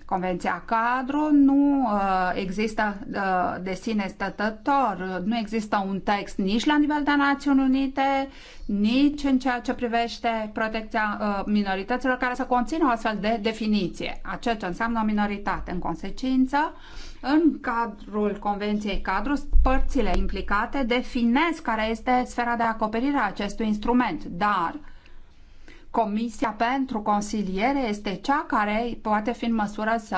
Convenția cadru nu uh, există uh, de sine stătător, nu există un text nici la nivel de Națiuni Unite, nici în ceea ce privește protecția uh, minorităților care să conțină o astfel de definiție a ceea ce înseamnă o minoritate. În consecință, în cadrul Convenției Cadru, părțile implicate definesc care este sfera de acoperire a acestui instrument, dar uh, Comisia pentru Consiliere este cea care poate fi în măsură să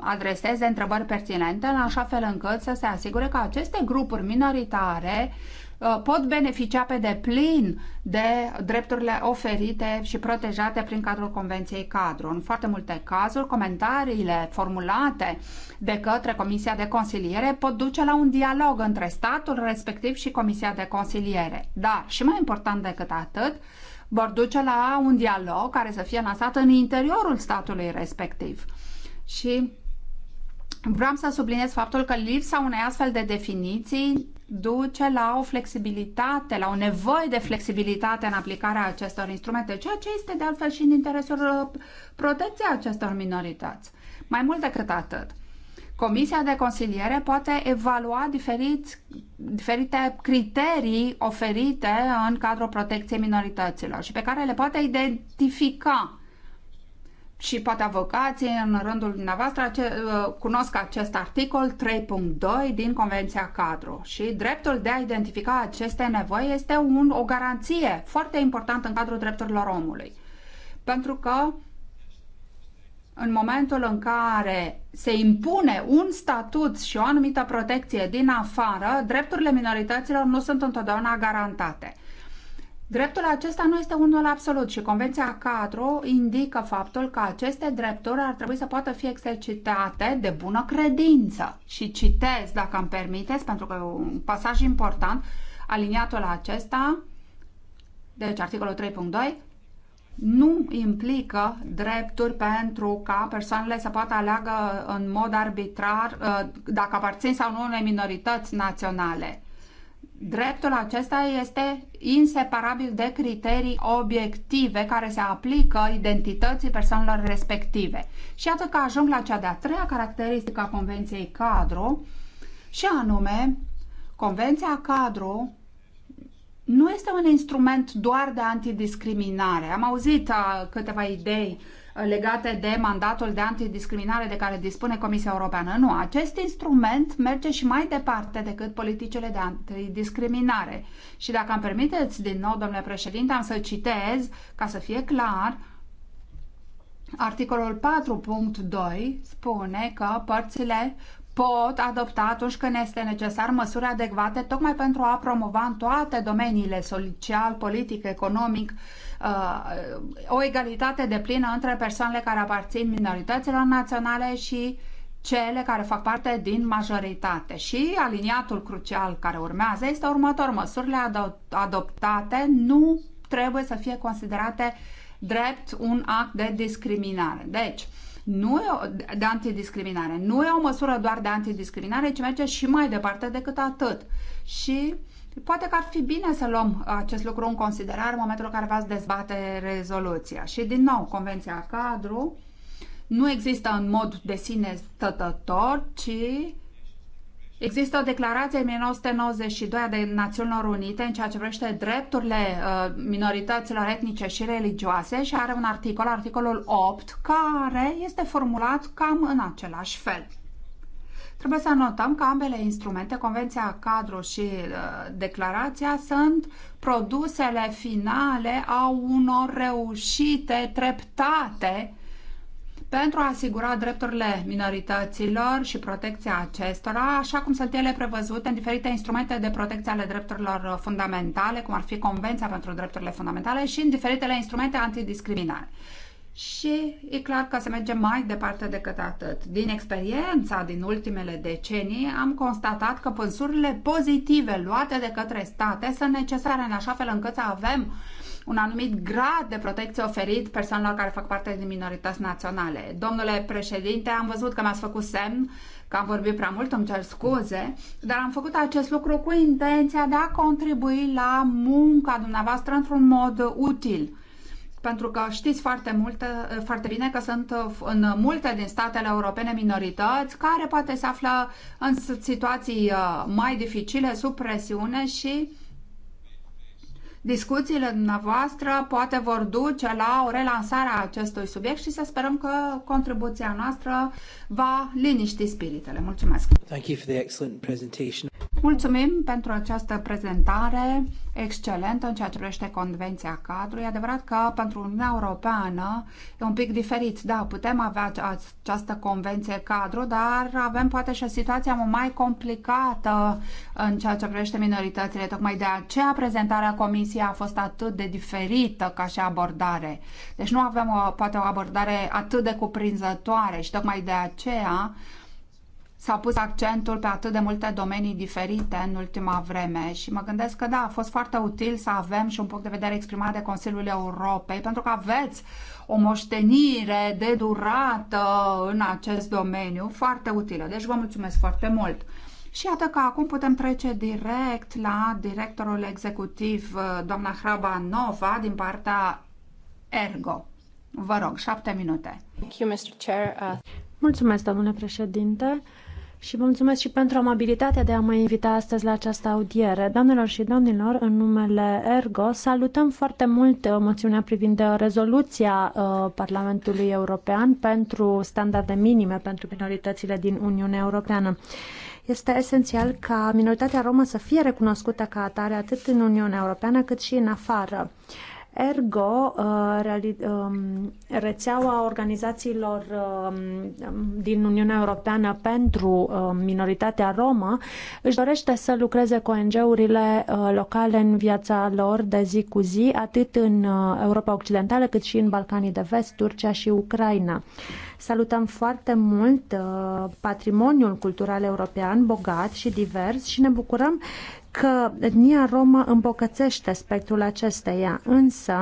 adreseze întrebări pertinente în așa fel încât să se asigure că aceste grupuri minoritare uh, pot beneficia pe deplin de drepturile oferite și protejate prin cadrul Convenției Cadru. În foarte multe cazuri, comentariile formulate de către Comisia de Consiliere pot duce la un dialog între statul respectiv și Comisia de Consiliere. Dar, și mai important decât atât, vor duce la un dialog care să fie lansat în interiorul statului respectiv. Și vreau să subliniez faptul că lipsa unei astfel de definiții duce la o flexibilitate, la o nevoie de flexibilitate în aplicarea acestor instrumente, ceea ce este de altfel și în interesul uh, protecției acestor minorități. Mai mult decât atât, Comisia de consiliere poate evalua diferit, diferite criterii oferite în cadrul protecției minorităților și pe care le poate identifica și poate avocații în rândul dumneavoastră ace- uh, cunosc acest articol 3.2 din Convenția Cadru și dreptul de a identifica aceste nevoi este un, o garanție foarte importantă în cadrul drepturilor omului. Pentru că în momentul în care se impune un statut și o anumită protecție din afară, drepturile minorităților nu sunt întotdeauna garantate. Dreptul acesta nu este unul absolut și Convenția 4 indică faptul că aceste drepturi ar trebui să poată fi exercitate de bună credință. Și citez, dacă îmi permiteți, pentru că e un pasaj important, aliniatul acesta, deci articolul 3.2, nu implică drepturi pentru ca persoanele să poată aleagă în mod arbitrar uh, dacă aparțin sau nu unei minorități naționale. Dreptul acesta este inseparabil de criterii obiective care se aplică identității persoanelor respective. Și atât că ajung la cea de-a treia caracteristică a Convenției Cadru, și anume, Convenția Cadru nu este un instrument doar de antidiscriminare. Am auzit uh, câteva idei uh, legate de mandatul de antidiscriminare de care dispune Comisia Europeană. Nu, acest instrument merge și mai departe decât politicile de antidiscriminare. Și dacă îmi permiteți, din nou, domnule președinte, am să citez, ca să fie clar, Articolul 4.2 spune că părțile pot adopta atunci când este necesar măsuri adecvate, tocmai pentru a promova în toate domeniile social, politic, economic, uh, o egalitate de plină între persoanele care aparțin minorităților naționale și cele care fac parte din majoritate. Și aliniatul crucial care urmează este următor. Măsurile adoptate nu trebuie să fie considerate drept un act de discriminare. Deci, uh, nu e o, de antidiscriminare. Nu e o măsură doar de antidiscriminare, ci merge și mai departe decât atât. Și poate că ar fi bine să luăm acest lucru în considerare în momentul în care v-ați dezbate rezoluția. Și din nou, Convenția Cadru nu există în mod de sine stătător, ci Există o declarație în 1992 de Națiunilor Unite în ceea ce privește drepturile uh, minorităților etnice și religioase și are un articol, articolul 8, care este formulat cam în același fel. Trebuie să notăm că ambele instrumente, Convenția Cadru și uh, Declarația, sunt produsele finale a unor reușite treptate pentru a asigura drepturile minorităților și protecția acestora, așa cum sunt ele prevăzute în diferite instrumente de protecție ale drepturilor fundamentale, cum ar fi Convenția pentru Drepturile Fundamentale și în diferitele instrumente antidiscriminare. Și e clar că se merge mai departe decât atât. Din experiența din ultimele decenii am constatat că pânsurile pozitive luate de către state sunt necesare în așa fel încât să avem uh, un anumit grad de protecție oferit persoanelor care fac parte din minorități naționale. Domnule președinte, am văzut că mi-ați făcut semn că am vorbit prea mult, îmi cer scuze, dar am făcut acest lucru cu intenția de a contribui la munca dumneavoastră într-un mod util pentru că știți foarte, multe, foarte bine că sunt în multe din statele europene minorități care poate se află în situații uh, mai dificile, sub presiune și discuțiile dumneavoastră poate vor duce la o relansare a acestui subiect și să sperăm că contribuția noastră va liniști spiritele. Mulțumesc! Thank you for the excellent presentation. Mulțumim pentru această prezentare excelentă în ceea ce privește Convenția Cadru. E adevărat că pentru Uniunea Europeană e un pic diferit. Da, putem avea această Convenție Cadru, dar avem poate și o situație mai complicată în ceea ce privește minoritățile. Tocmai de aceea prezentarea Comisiei a fost atât de diferită ca și abordare. Deci nu avem o, uh, poate o abordare atât de cuprinzătoare și tocmai de aceea s-a pus accentul pe atât de multe domenii diferite în ultima vreme și mă gândesc că da, a fost foarte util să avem și un punct de vedere exprimat de Consiliul Europei, pentru că aveți o moștenire de durată în acest domeniu foarte utilă. Deci vă mulțumesc foarte mult! Și iată că acum putem trece direct la directorul executiv, doamna Hraba Nova, din partea Ergo. Vă rog, șapte minute. Uh, mulțumesc, domnule președinte și vă mulțumesc și pentru amabilitatea de a mă invita astăzi la această audiere. Doamnelor și domnilor, în numele Ergo, salutăm foarte mult uh, moțiunea privind uh, rezoluția uh, Parlamentului European pentru standarde minime pentru minoritățile din Uniunea Europeană este esențial ca minoritatea romă să fie recunoscută ca atare atât în Uniunea Europeană cât și în afară. Ergo, uh, um, rețeaua organizațiilor um, din Uniunea Europeană pentru um, minoritatea romă își dorește să lucreze cu ONG-urile uh, locale în viața lor de zi cu zi, atât în uh, Europa Occidentală cât și în Balcanii de Vest, Turcia și Ucraina. Salutăm foarte mult patrimoniul cultural european, bogat și divers și ne bucurăm că etnia romă îmbogățește spectrul acesteia, însă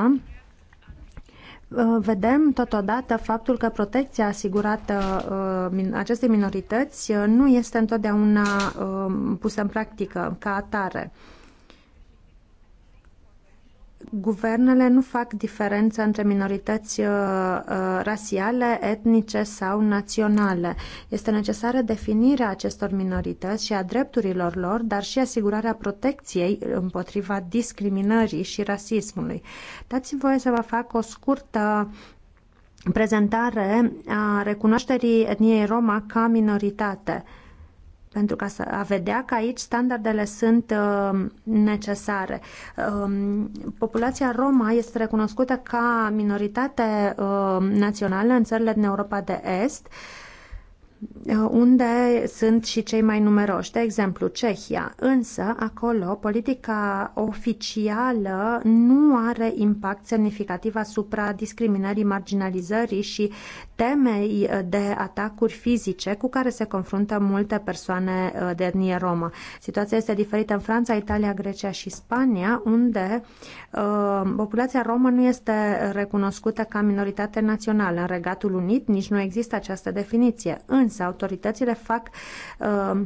uh, vedem totodată faptul că protecția asigurată uh, acestei minorități uh, nu este întotdeauna pusă în practică ca atare guvernele nu fac diferență între minorități uh, uh, rasiale, etnice sau naționale. Este necesară definirea acestor minorități și a drepturilor lor, dar și asigurarea protecției împotriva discriminării și rasismului. Dați-mi voie să vă fac o scurtă prezentare a recunoașterii etniei Roma ca minoritate. Uh, pentru ca să a vedea că aici standardele sunt uh, necesare. Uh, populația Roma este recunoscută ca minoritate uh, națională în țările din Europa de Est, uh, unde sunt și cei mai numeroși, de exemplu Cehia. Însă, acolo, politica oficială nu are impact semnificativ asupra discriminării, marginalizării și temei uh, de atacuri fizice cu care se confruntă multe persoane uh, de etnie romă. Situația este diferită în Franța, Italia, Grecia și Spania, unde uh, populația romă nu este recunoscută ca minoritate națională. În Regatul Unit nici nu există această definiție, însă autoritățile fac uh,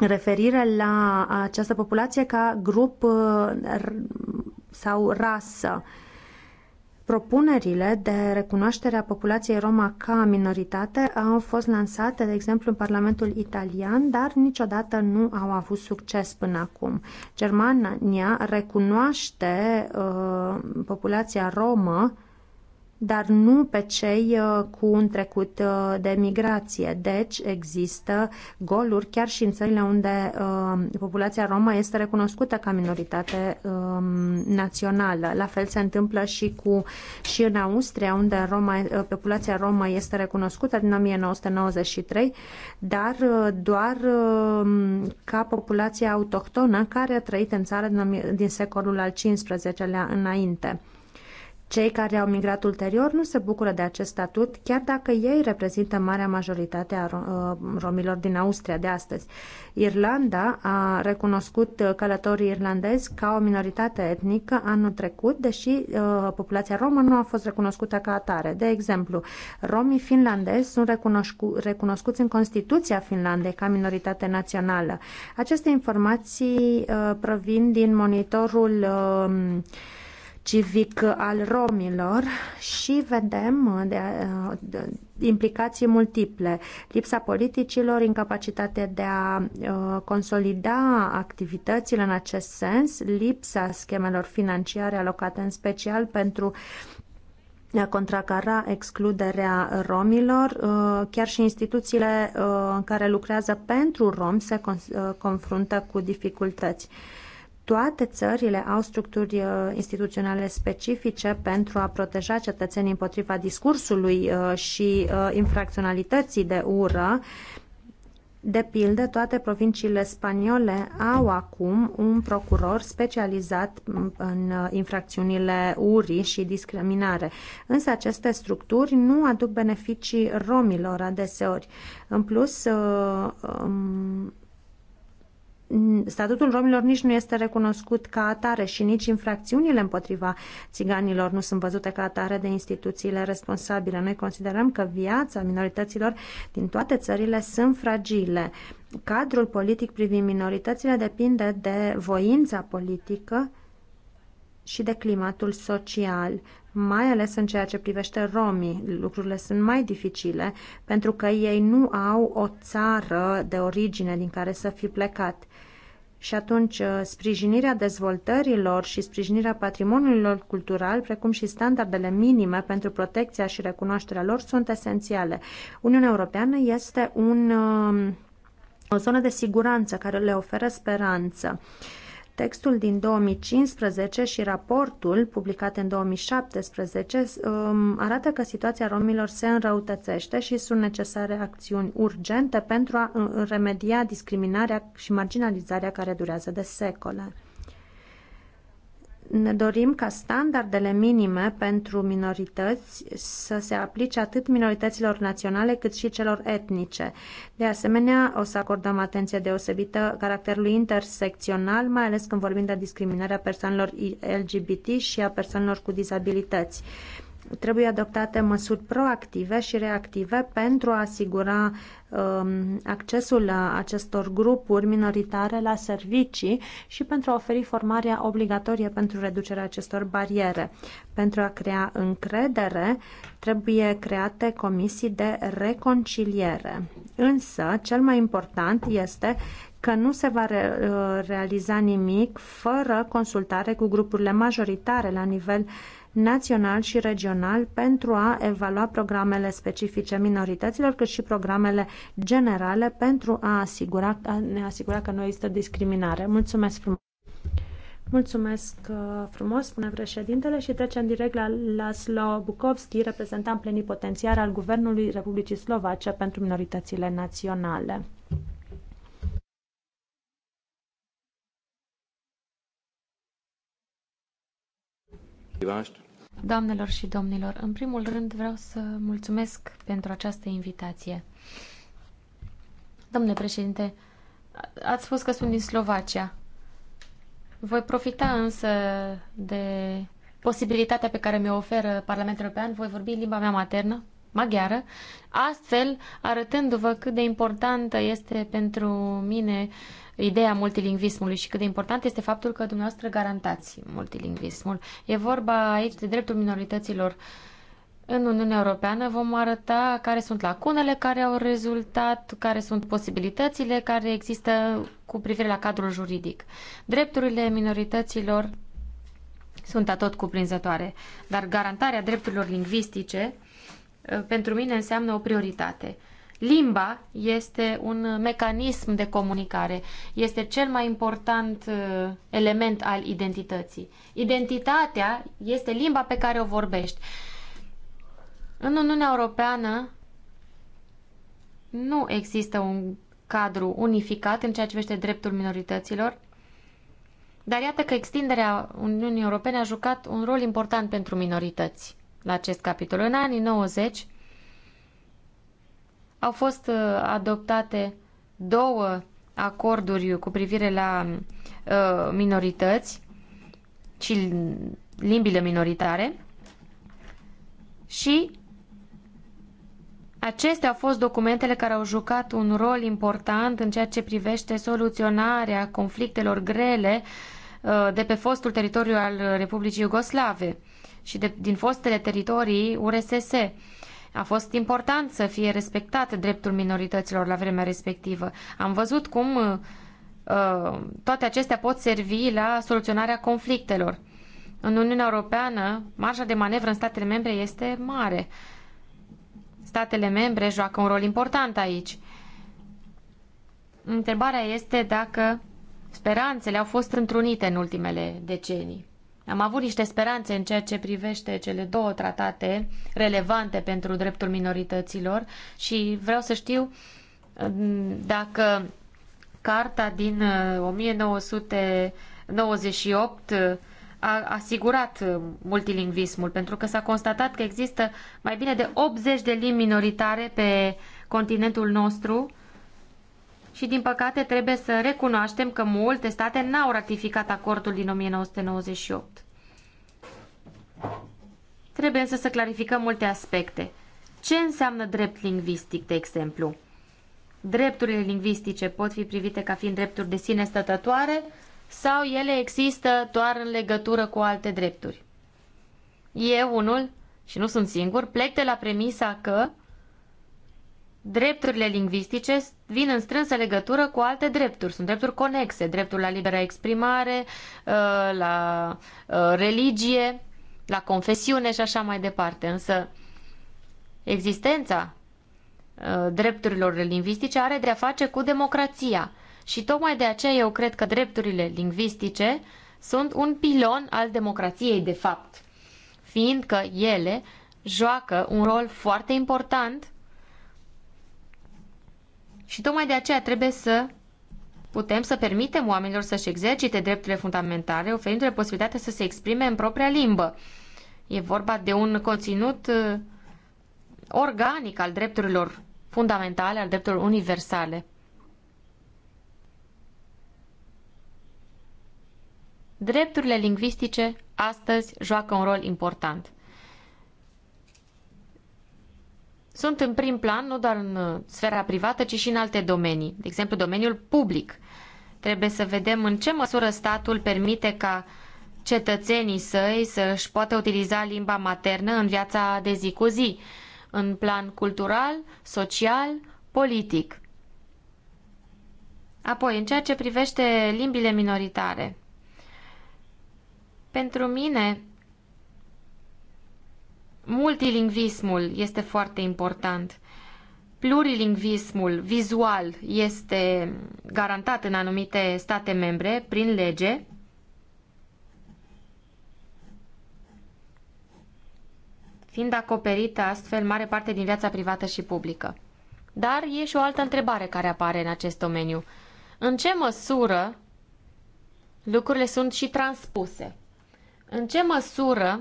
referire la această populație ca grup uh, sau rasă. Uh, Propunerile de recunoaștere a populației Roma ca minoritate au fost lansate, de exemplu, în Parlamentul italian, dar niciodată nu au avut succes până acum. Germania recunoaște uh, populația romă dar nu pe cei uh, cu un trecut uh, de migrație. Deci există goluri chiar și în țările unde uh, populația romă este recunoscută ca minoritate um, națională. La fel se întâmplă și cu și în Austria, unde Roma, populația romă este recunoscută din 1993, dar doar um, ca populația autohtonă care a trăit în țară din secolul al XV-lea înainte. Cei care au migrat ulterior nu se bucură de acest statut, chiar dacă ei reprezintă marea majoritate a uh, romilor din Austria de astăzi. Irlanda a recunoscut uh, călătorii irlandezi ca o minoritate etnică anul trecut, deși uh, populația romă nu a fost recunoscută ca atare. De exemplu, romii finlandezi sunt recunoscu- recunoscuți în Constituția Finlandei ca minoritate națională. Aceste informații uh, provin din monitorul uh, civic al romilor și vedem uh, de, de, uh, implicații multiple. Lipsa politicilor, incapacitatea de a uh, consolida activitățile în acest sens, lipsa schemelor financiare alocate în special pentru a contracara excluderea romilor. Uh, chiar și instituțiile în care lucrează pentru rom se confruntă cu dificultăți toate țările au structuri uh, instituționale specifice pentru a proteja cetățenii împotriva discursului uh, și uh, infracționalității de ură. De pildă, toate provinciile spaniole au acum un procuror specializat în infracțiunile urii și discriminare. Însă aceste structuri nu aduc beneficii romilor adeseori. În plus, um, statutul romilor nici nu este recunoscut ca atare și nici infracțiunile împotriva țiganilor nu sunt văzute ca atare de instituțiile responsabile. Noi considerăm că viața minorităților din toate țările sunt fragile. Cadrul politic privind minoritățile depinde de voința politică și de climatul social, mai ales în ceea ce privește romii. Lucrurile sunt mai dificile pentru că ei nu au o țară de origine din care să fi plecat. Și atunci, uh, sprijinirea dezvoltărilor și sprijinirea patrimoniilor cultural, precum și standardele minime pentru protecția și recunoașterea lor, sunt esențiale. Uniunea Europeană este un, um, o zonă de siguranță care le oferă speranță. Uh, Textul din 2015 și raportul publicat în 2017 um, arată că situația romilor se înrăutățește și sunt necesare acțiuni urgente pentru a uh, remedia discriminarea și marginalizarea care durează de secole. Ne dorim ca standardele minime pentru minorități să se aplice atât minorităților naționale cât și celor etnice. De asemenea, o să acordăm atenție deosebită caracterului intersecțional, mai ales când vorbim de discriminarea persoanelor LGBT și a persoanelor cu dizabilități trebuie adoptate măsuri proactive și reactive pentru a asigura um, accesul la acestor grupuri minoritare la servicii și pentru a oferi formarea obligatorie pentru reducerea acestor bariere. Pentru a crea încredere, trebuie create comisii de reconciliere. Însă, cel mai important este că nu se va re, uh, realiza nimic fără consultare cu grupurile majoritare la nivel uh, național și regional pentru a evalua programele specifice minorităților, cât și programele generale pentru a, asigura, a ne asigura că nu există discriminare. Mulțumesc frumos! Mulțumesc uh, frumos, spune președintele, și trecem direct la Laslo Bukovski reprezentant plenipotențiar al Guvernului Republicii Slovace pentru minoritățile naționale. Doamnelor și domnilor, în primul rând vreau să mulțumesc pentru această invitație. Domnule președinte, ați spus că sunt din Slovacia. Voi profita însă de posibilitatea pe care mi-o oferă Parlamentul European, voi vorbi în limba mea maternă, maghiară, astfel arătându-vă cât de importantă este pentru mine uh, ideea multilingvismului și cât de important este faptul că dumneavoastră garantați multilingvismul. E vorba aici de dreptul minorităților în Uniunea Europeană. Vom arăta care sunt lacunele care au rezultat, care sunt posibilitățile care există cu privire la cadrul juridic. Drepturile minorităților sunt atot cuprinzătoare, dar garantarea drepturilor lingvistice eh, pentru mine înseamnă o prioritate. Limba este un mecanism de comunicare, este cel mai important uh, element al identității. Identitatea este limba pe care o vorbești. În Uniunea Europeană nu există un cadru unificat în ceea ce privește dreptul minorităților, dar iată că extinderea Uniunii Europene a jucat un rol important pentru minorități la acest capitol. În anii 90, au fost uh, adoptate două acorduri cu privire la uh, minorități și limbile minoritare și Acestea au fost documentele care au jucat un rol important în ceea ce privește soluționarea conflictelor grele uh, de pe fostul teritoriu al Republicii Iugoslave și de, din fostele teritorii URSS. A fost important să fie respectat dreptul minorităților la vremea respectivă. Am văzut cum uh, uh, toate acestea pot servi la soluționarea conflictelor. În Uniunea Europeană, marja de manevră în statele membre este mare. Statele membre joacă un rol important aici. Întrebarea este dacă speranțele au fost întrunite în ultimele decenii. Am avut niște speranțe în ceea ce privește cele două tratate relevante pentru dreptul minorităților și vreau să știu mm, dacă carta din 1998 uh, uh, a asigurat uh, multilingvismul, pentru că s-a constatat că există mai bine de 80 de limbi minoritare pe continentul nostru și, din păcate, trebuie să recunoaștem că multe state n-au ratificat acordul din 1998. Trebuie însă să clarificăm multe aspecte. Ce înseamnă drept lingvistic, de exemplu? Drepturile lingvistice pot fi privite ca fiind drepturi de sine stătătoare sau ele există doar în legătură cu alte drepturi? Eu, unul, și nu sunt singur, plec de la premisa că drepturile lingvistice vin în strânsă legătură cu alte drepturi. Sunt drepturi conexe, dreptul la libera exprimare, uh, la uh, religie, la confesiune și așa mai departe. Însă existența uh, drepturilor lingvistice are de a face cu democrația. Și tocmai de aceea eu cred că drepturile lingvistice sunt un pilon al democrației de fapt, fiindcă ele joacă un rol foarte important și tocmai de aceea trebuie să putem să permitem oamenilor să-și exercite drepturile fundamentale, oferindu-le posibilitatea să se exprime în propria limbă. E vorba de un conținut uh, organic al drepturilor fundamentale, al drepturilor universale. Drepturile lingvistice astăzi joacă un rol important. sunt în prim plan, nu doar în uh, sfera privată, ci și în alte domenii, de exemplu domeniul public. Trebuie să vedem în ce măsură statul permite ca cetățenii săi să-și poată utiliza limba maternă în viața de zi cu zi, în plan cultural, social, politic. Apoi, în ceea ce privește limbile minoritare, pentru mine, Multilingvismul este foarte important. Plurilingvismul vizual este garantat în anumite state membre prin lege. fiind acoperită astfel mare parte din viața privată și publică. Dar e și o altă întrebare care apare în acest domeniu. În ce măsură lucrurile sunt și transpuse? În ce măsură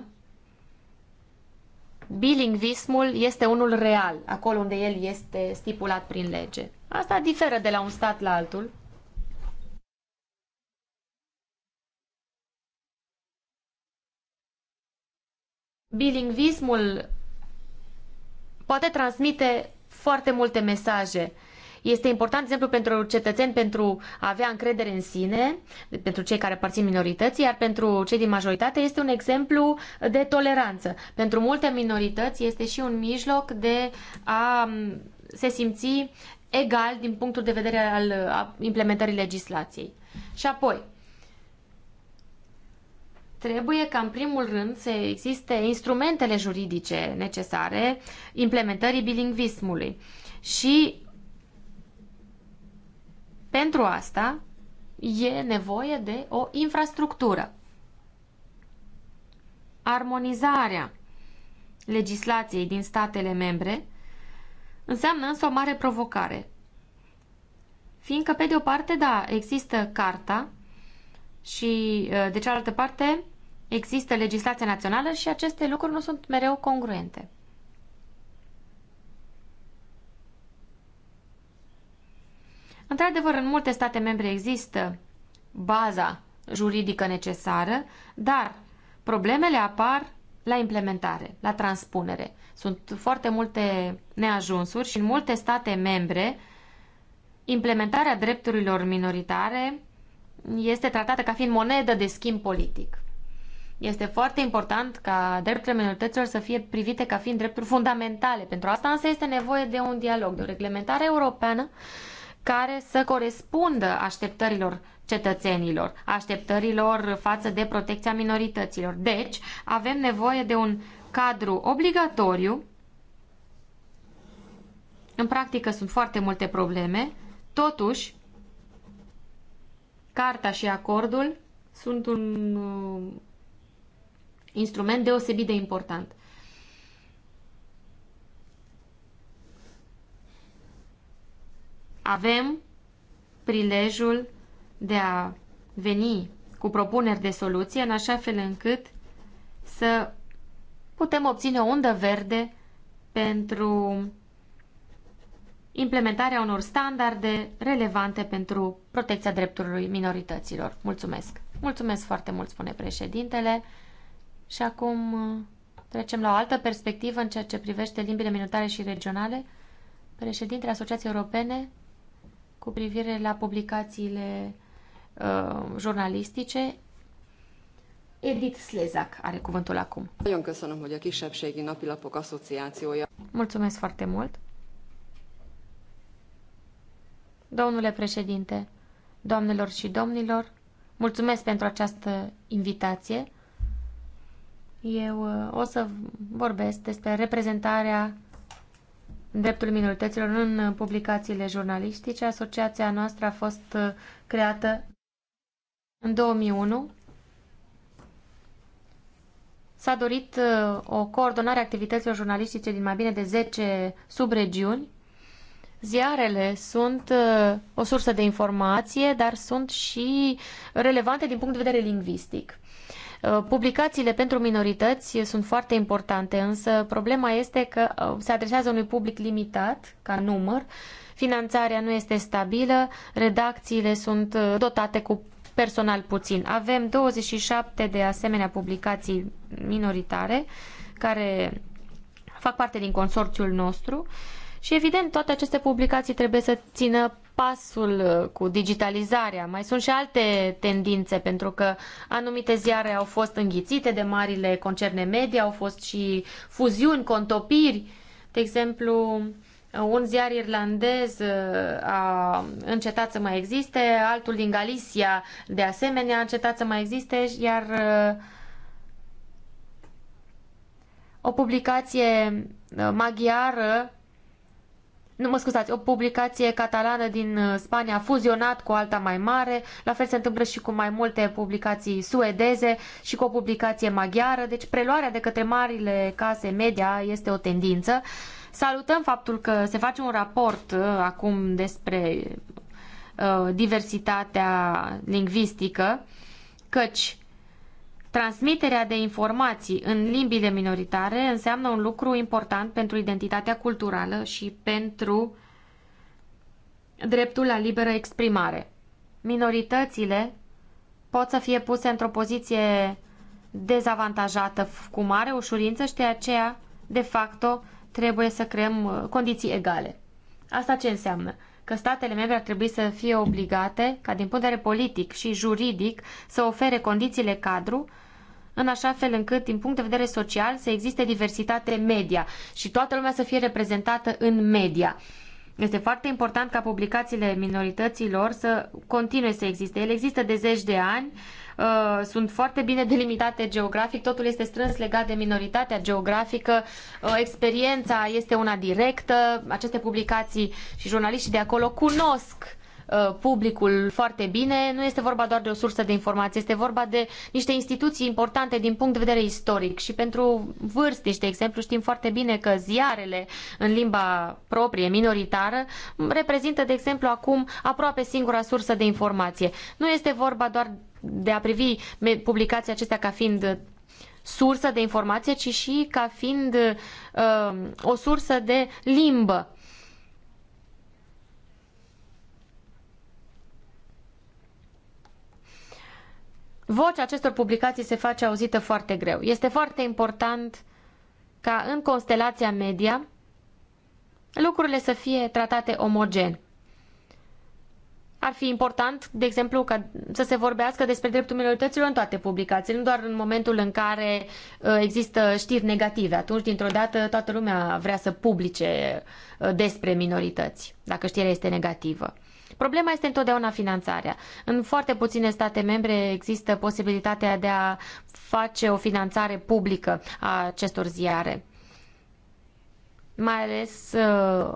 bilingvismul este unul real, acolo unde el este stipulat prin lege. Asta diferă de la un stat la altul. Bilingvismul poate transmite foarte multe mesaje. Este important, de exemplu, pentru cetățeni pentru a avea încredere în sine, pentru cei care aparțin minorității, iar pentru cei din majoritate este un exemplu de toleranță. Pentru multe minorități este și un mijloc de a se simți egal din punctul de vedere al implementării legislației. Și apoi, trebuie ca în primul rând să existe instrumentele juridice necesare implementării bilingvismului și pentru asta e nevoie de o infrastructură. Armonizarea legislației din statele membre înseamnă însă o mare provocare. Fiindcă, pe de o parte, da, există carta și, uh, de cealaltă parte, există legislația națională și aceste lucruri nu sunt mereu congruente. Într-adevăr, în multe state membre există baza juridică necesară, dar problemele apar la implementare, la transpunere. Sunt foarte multe neajunsuri și în multe state membre implementarea drepturilor minoritare este tratată ca fiind monedă de schimb politic. Este foarte important ca drepturile minorităților să fie privite ca fiind drepturi fundamentale. Pentru asta însă este nevoie de un dialog, de o reglementare europeană care să corespundă așteptărilor cetățenilor, așteptărilor față de protecția minorităților. Deci, avem nevoie de un cadru obligatoriu. În practică sunt foarte multe probleme, totuși, carta și acordul sunt un uh, instrument deosebit de important. avem prilejul de a veni cu propuneri de soluție în așa fel încât să putem obține o undă verde pentru implementarea unor standarde relevante pentru protecția drepturilor minorităților. Mulțumesc! Mulțumesc foarte mult, spune președintele. Și acum uh, trecem la o altă perspectivă în ceea ce privește limbile minoritare și regionale. Președintele Asociației Europene cu privire la publicațiile uh, jurnalistice. Edith Slezak are cuvântul acum. Mulțumesc foarte mult. Domnule președinte, doamnelor și domnilor, mulțumesc pentru această invitație. Eu uh, o să vorbesc despre reprezentarea dreptul minorităților în uh, publicațiile jurnalistice. Asociația noastră a fost uh, creată în 2001. S-a dorit uh, o coordonare a activităților jurnalistice din mai bine de 10 subregiuni. Ziarele sunt o sursă de informație, dar sunt și relevante din punct de vedere lingvistic. Uh, publicațiile pentru minorități sunt foarte importante, însă problema este că uh, se adresează unui public limitat ca număr, finanțarea nu este stabilă, redacțiile sunt uh, dotate cu personal puțin. Avem 27 de asemenea publicații minoritare care fac parte din consorțiul nostru. Uh, și evident, toate aceste publicații trebuie să țină pasul uh, cu digitalizarea. Mai sunt și alte tendințe, pentru că anumite ziare au fost înghițite de marile concerne media, au fost și fuziuni, contopiri. De exemplu, uh, un ziar irlandez uh, a încetat să mai existe, altul din Galicia de asemenea a încetat să mai existe, iar o publicație maghiară nu mă scuzați, o publicație catalană din uh, Spania a fuzionat cu alta mai mare, la fel se întâmplă și cu mai multe publicații suedeze și cu o publicație maghiară, deci preluarea de către marile case media este o tendință. Salutăm faptul că se face un raport uh, acum despre uh, diversitatea lingvistică, căci Transmiterea de informații în limbile minoritare înseamnă un lucru important pentru identitatea culturală și pentru dreptul la liberă exprimare. Minoritățile pot să fie puse într-o poziție dezavantajată cu mare ușurință și de aceea, de facto, trebuie să creăm uh, condiții egale. Asta ce înseamnă? Că statele membre ar trebui să fie obligate, ca din punct de vedere politic și juridic, să ofere condițiile cadru în așa fel încât, din punct de vedere social, să existe diversitate media și toată lumea să fie reprezentată în media. Este foarte important ca publicațiile minorităților să continue să existe. Ele există de zeci de ani, uh, sunt foarte bine delimitate geografic, totul este strâns legat de minoritatea geografică, uh, experiența este una directă, aceste publicații și jurnaliștii de acolo cunosc Uh, publicul foarte bine. Nu este vorba doar de o sursă de informație, este vorba de niște instituții importante din punct de vedere istoric și pentru vârstnici, de exemplu, știm foarte bine că ziarele în limba proprie, minoritară, reprezintă, de exemplu, acum aproape singura sursă de informație. Nu este vorba doar de a privi publicații acestea ca fiind sursă de informație, ci și ca fiind uh, o sursă de limbă vocea acestor publicații se face auzită foarte greu. Este foarte important ca în constelația media lucrurile să fie tratate omogen. Ar fi important, de exemplu, ca să se vorbească despre dreptul minorităților în toate publicațiile, nu doar în momentul în care uh, există știri negative. Atunci, dintr-o dată, toată lumea vrea să publice uh, despre minorități, dacă știrea este negativă. Deci, problema este întotdeauna finanțarea. În foarte puține state membre există posibilitatea de a face o finanțare publică a acestor ziare. Mai ales uh,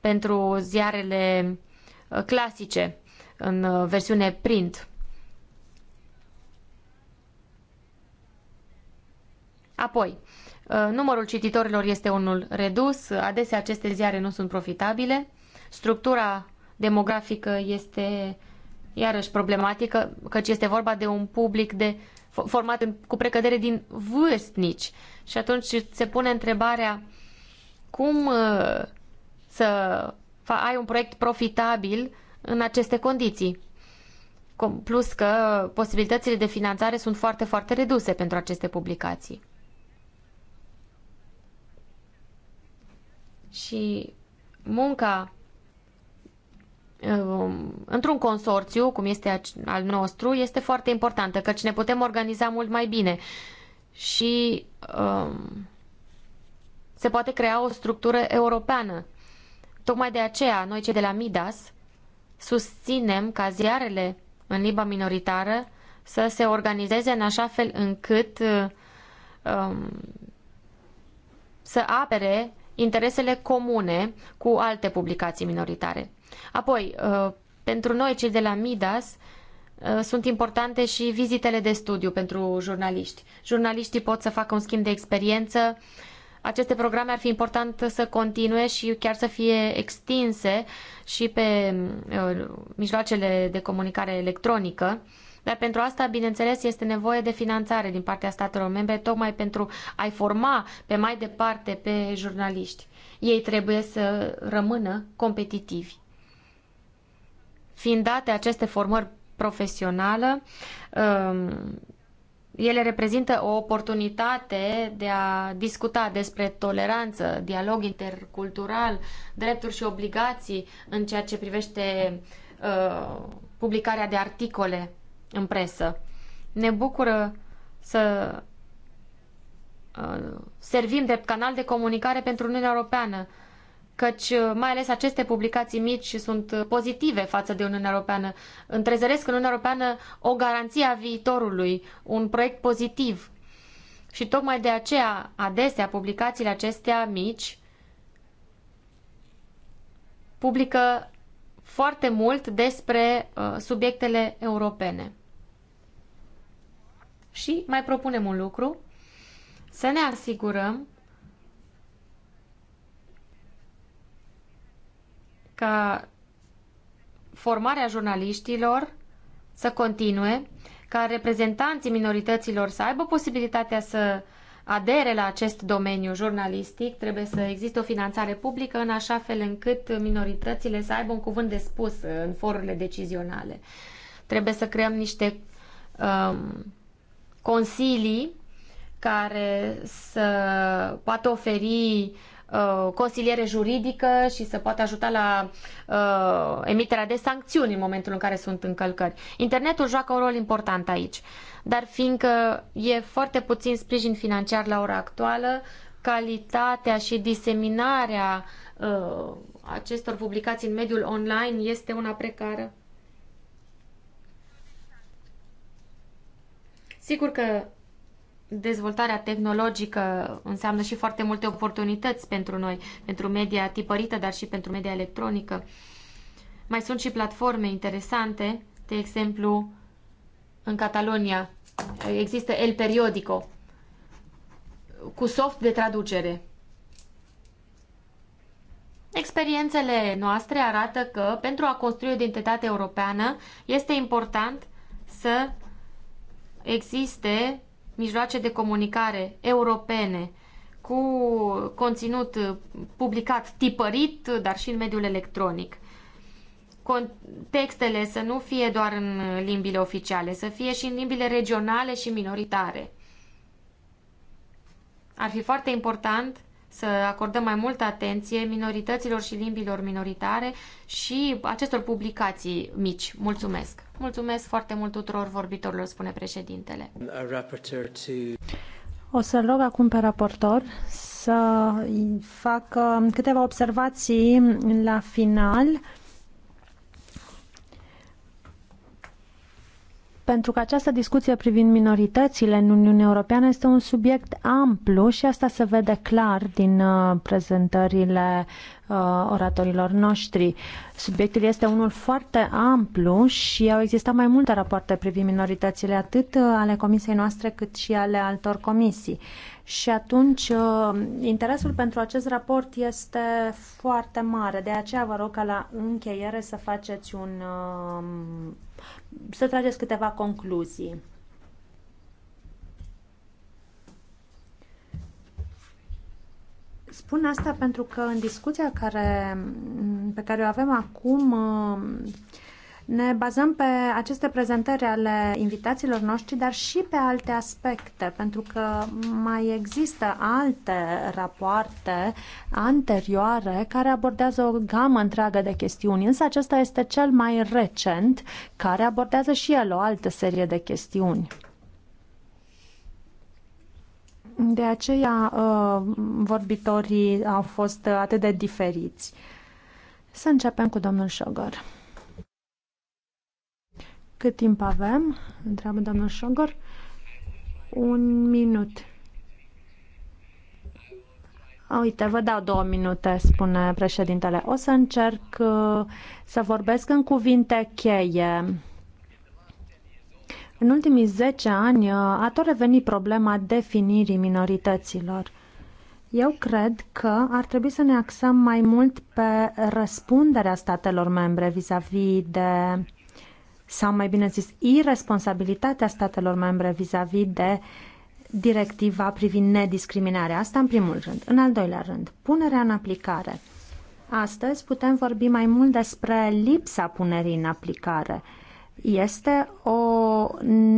pentru ziarele uh, clasice în uh, versiune print. Apoi, numărul cititorilor este unul redus, adesea aceste ziare nu sunt profitabile, structura demografică este iarăși problematică, căci este vorba de un public de, format cu precădere din vârstnici. Și atunci se pune întrebarea cum uh, să ai un proiect profitabil în aceste condiții. Plus că posibilitățile de finanțare sunt foarte, foarte reduse pentru aceste publicații. Și munca Um, într-un consorțiu, cum este al nostru, este foarte importantă, căci ne putem organiza mult mai bine și um, se poate crea o structură europeană. Tocmai de aceea, noi cei de la Midas susținem ca ziarele în limba minoritară să se organizeze în așa fel încât um, să apere interesele comune cu alte publicații minoritare. Apoi, uh, pentru noi, cei de la Midas, uh, sunt importante și vizitele de studiu pentru jurnaliști. Jurnaliștii pot să facă un schimb de experiență. Aceste programe ar fi important să continue și chiar să fie extinse și pe uh, mijloacele de comunicare electronică. Dar pentru asta, bineînțeles, este nevoie de finanțare din partea statelor membre, tocmai pentru a-i forma pe mai departe pe jurnaliști. Ei trebuie să rămână competitivi. Fiind date aceste formări profesională, um, ele reprezintă o oportunitate de a discuta despre toleranță, dialog intercultural, drepturi și obligații în ceea ce privește uh, publicarea de articole în presă. Ne bucură să uh, servim drept canal de comunicare pentru Uniunea Europeană căci uh, mai ales aceste publicații mici sunt uh, pozitive față de Uniunea Europeană. Întrezăresc în Uniunea Europeană o garanție a viitorului, un proiect pozitiv. Și tocmai de aceea, adesea, publicațiile acestea mici publică foarte mult despre uh, subiectele europene. Și mai propunem un lucru, să ne asigurăm ca formarea jurnaliștilor să continue, ca reprezentanții minorităților să aibă posibilitatea să adere la acest domeniu jurnalistic, trebuie să existe o finanțare publică în așa fel încât minoritățile să aibă un cuvânt de spus uh, în forurile decizionale. Trebuie să creăm niște um, consilii care să poată oferi Uh, consiliere juridică și să poată ajuta la uh, emiterea de sancțiuni în momentul în care sunt încălcări. Internetul joacă un rol important aici, dar fiindcă e foarte puțin sprijin financiar la ora actuală, calitatea și diseminarea uh, acestor publicații în mediul online este una precară. Sigur că dezvoltarea tehnologică înseamnă și foarte multe oportunități pentru noi, pentru media tipărită, dar și pentru media electronică. Mai sunt și platforme interesante, de exemplu, în Catalonia există El Periodico cu soft de traducere. Experiențele noastre arată că pentru a construi o identitate europeană este important să existe mijloace de comunicare europene cu conținut publicat tipărit, dar și în mediul electronic. Textele să nu fie doar în limbile oficiale, să fie și în limbile regionale și minoritare. Ar fi foarte important să acordăm mai multă atenție minorităților și limbilor minoritare și acestor publicații mici. Mulțumesc! Mulțumesc foarte mult tuturor vorbitorilor, spune președintele. O să-l rog acum pe raportor să facă câteva observații la final. pentru că această discuție privind minoritățile în Uniunea Europeană este un subiect amplu și asta se vede clar din uh, prezentările uh, oratorilor noștri. Subiectul este unul foarte amplu și au existat mai multe rapoarte privind minoritățile, atât uh, ale comisiei noastre cât și ale altor comisii. Și atunci interesul pentru acest raport este foarte mare, de aceea vă rog ca la încheiere să faceți un să trageți câteva concluzii. Spun asta pentru că în discuția care, pe care o avem acum ne bazăm pe aceste prezentări ale invitațiilor noștri, dar și pe alte aspecte, pentru că mai există alte rapoarte anterioare care abordează o gamă întreagă de chestiuni, însă acesta este cel mai recent, care abordează și el o altă serie de chestiuni. De aceea uh, vorbitorii au fost atât de diferiți. Să începem cu domnul Șogor. Cât timp avem? Întreabă doamna Șogor. Un minut. Uite, vă dau două minute, spune președintele. O să încerc uh, să vorbesc în cuvinte cheie. În ultimii 10 ani uh, a tot revenit problema definirii minorităților. Eu cred că ar trebui să ne axăm mai mult pe răspunderea statelor membre vis-a-vis -vis de sau mai bine zis irresponsabilitatea statelor membre vis-a-vis -vis de directiva privind nediscriminarea. Asta în primul rând. În al doilea rând, punerea în aplicare. Astăzi putem vorbi mai mult despre lipsa punerii în aplicare. Uh, este o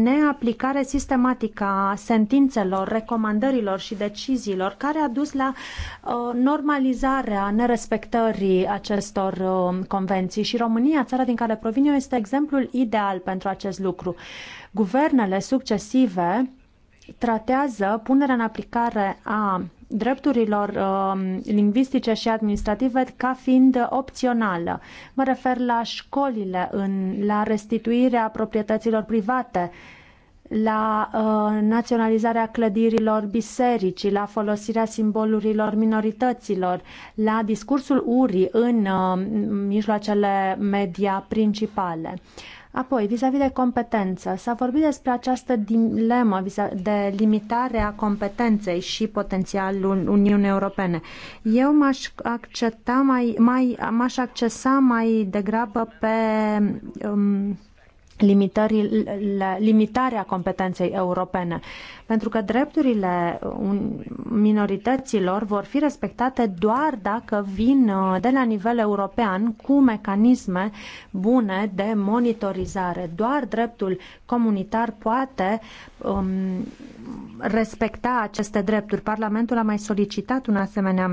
neaplicare sistematică a sentințelor, recomandărilor și deciziilor care a dus la uh, normalizarea nerespectării acestor uh, convenții și România, țara din care provin eu, este exemplul ideal pentru acest lucru. Guvernele succesive tratează punerea în aplicare a drepturilor uh, lingvistice și administrative ca fiind opțională. Mă refer la școlile, în, la restituirea proprietăților private, la uh, naționalizarea clădirilor bisericii, la folosirea simbolurilor minorităților, la discursul urii în uh, mijloacele media principale. Uh, Apoi, vis-a-vis -vis de competență, s-a vorbit despre această dilemă de limitarea competenței și potențialul Uniunii Europene. Eu m-aș, accepta mai, mai, m-aș accesa mai degrabă pe um, limitarea competenței europene, pentru că drepturile minorităților vor fi respectate doar dacă vin uh, de la nivel european cu mecanisme bune de monitorizare. Doar dreptul comunitar poate um, respecta aceste drepturi. Parlamentul a mai solicitat un asemenea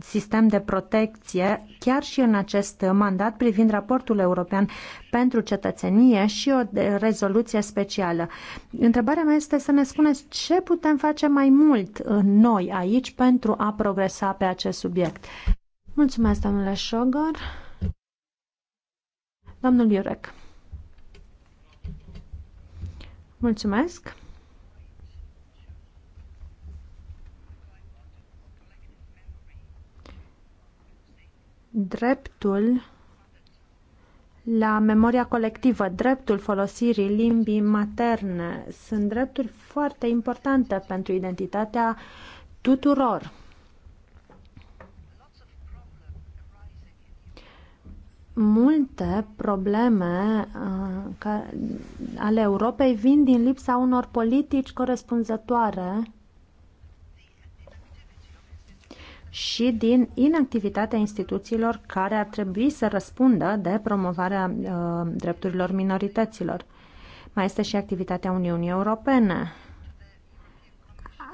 sistem de protecție chiar și în acest mandat privind raportul european pentru cetățenii cetățenie și o rezoluție specială. Întrebarea mea este să ne spuneți ce putem face mai mult uh, noi aici pentru a progresa pe acest subiect. Mulțumesc, domnule Șogor. Domnul Iurec. Mulțumesc. Dreptul la memoria colectivă, dreptul folosirii limbii materne sunt drepturi foarte importante pentru identitatea tuturor. Multe probleme uh, ale Europei vin din lipsa unor politici corespunzătoare și din inactivitatea instituțiilor care ar trebui să răspundă de promovarea uh, drepturilor minorităților. Mai este și activitatea Uniunii Europene.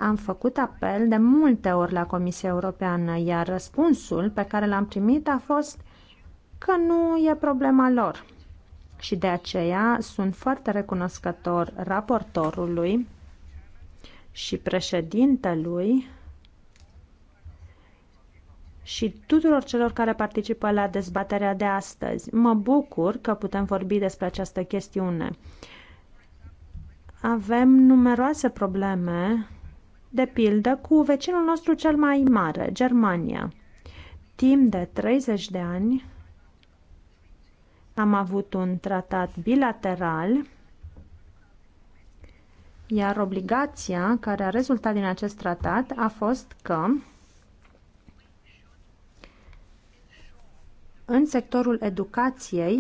Am făcut apel de multe ori la Comisia Europeană, iar răspunsul pe care l-am primit a fost că nu e problema lor. Și de aceea sunt foarte recunoscător raportorului și președintelui și tuturor celor care participă la dezbaterea de astăzi. Mă bucur că putem vorbi despre această chestiune. Avem numeroase probleme, de pildă cu vecinul nostru cel mai mare, Germania. Timp de 30 de ani am avut un tratat bilateral iar obligația care a rezultat din acest tratat a fost că în sectorul educației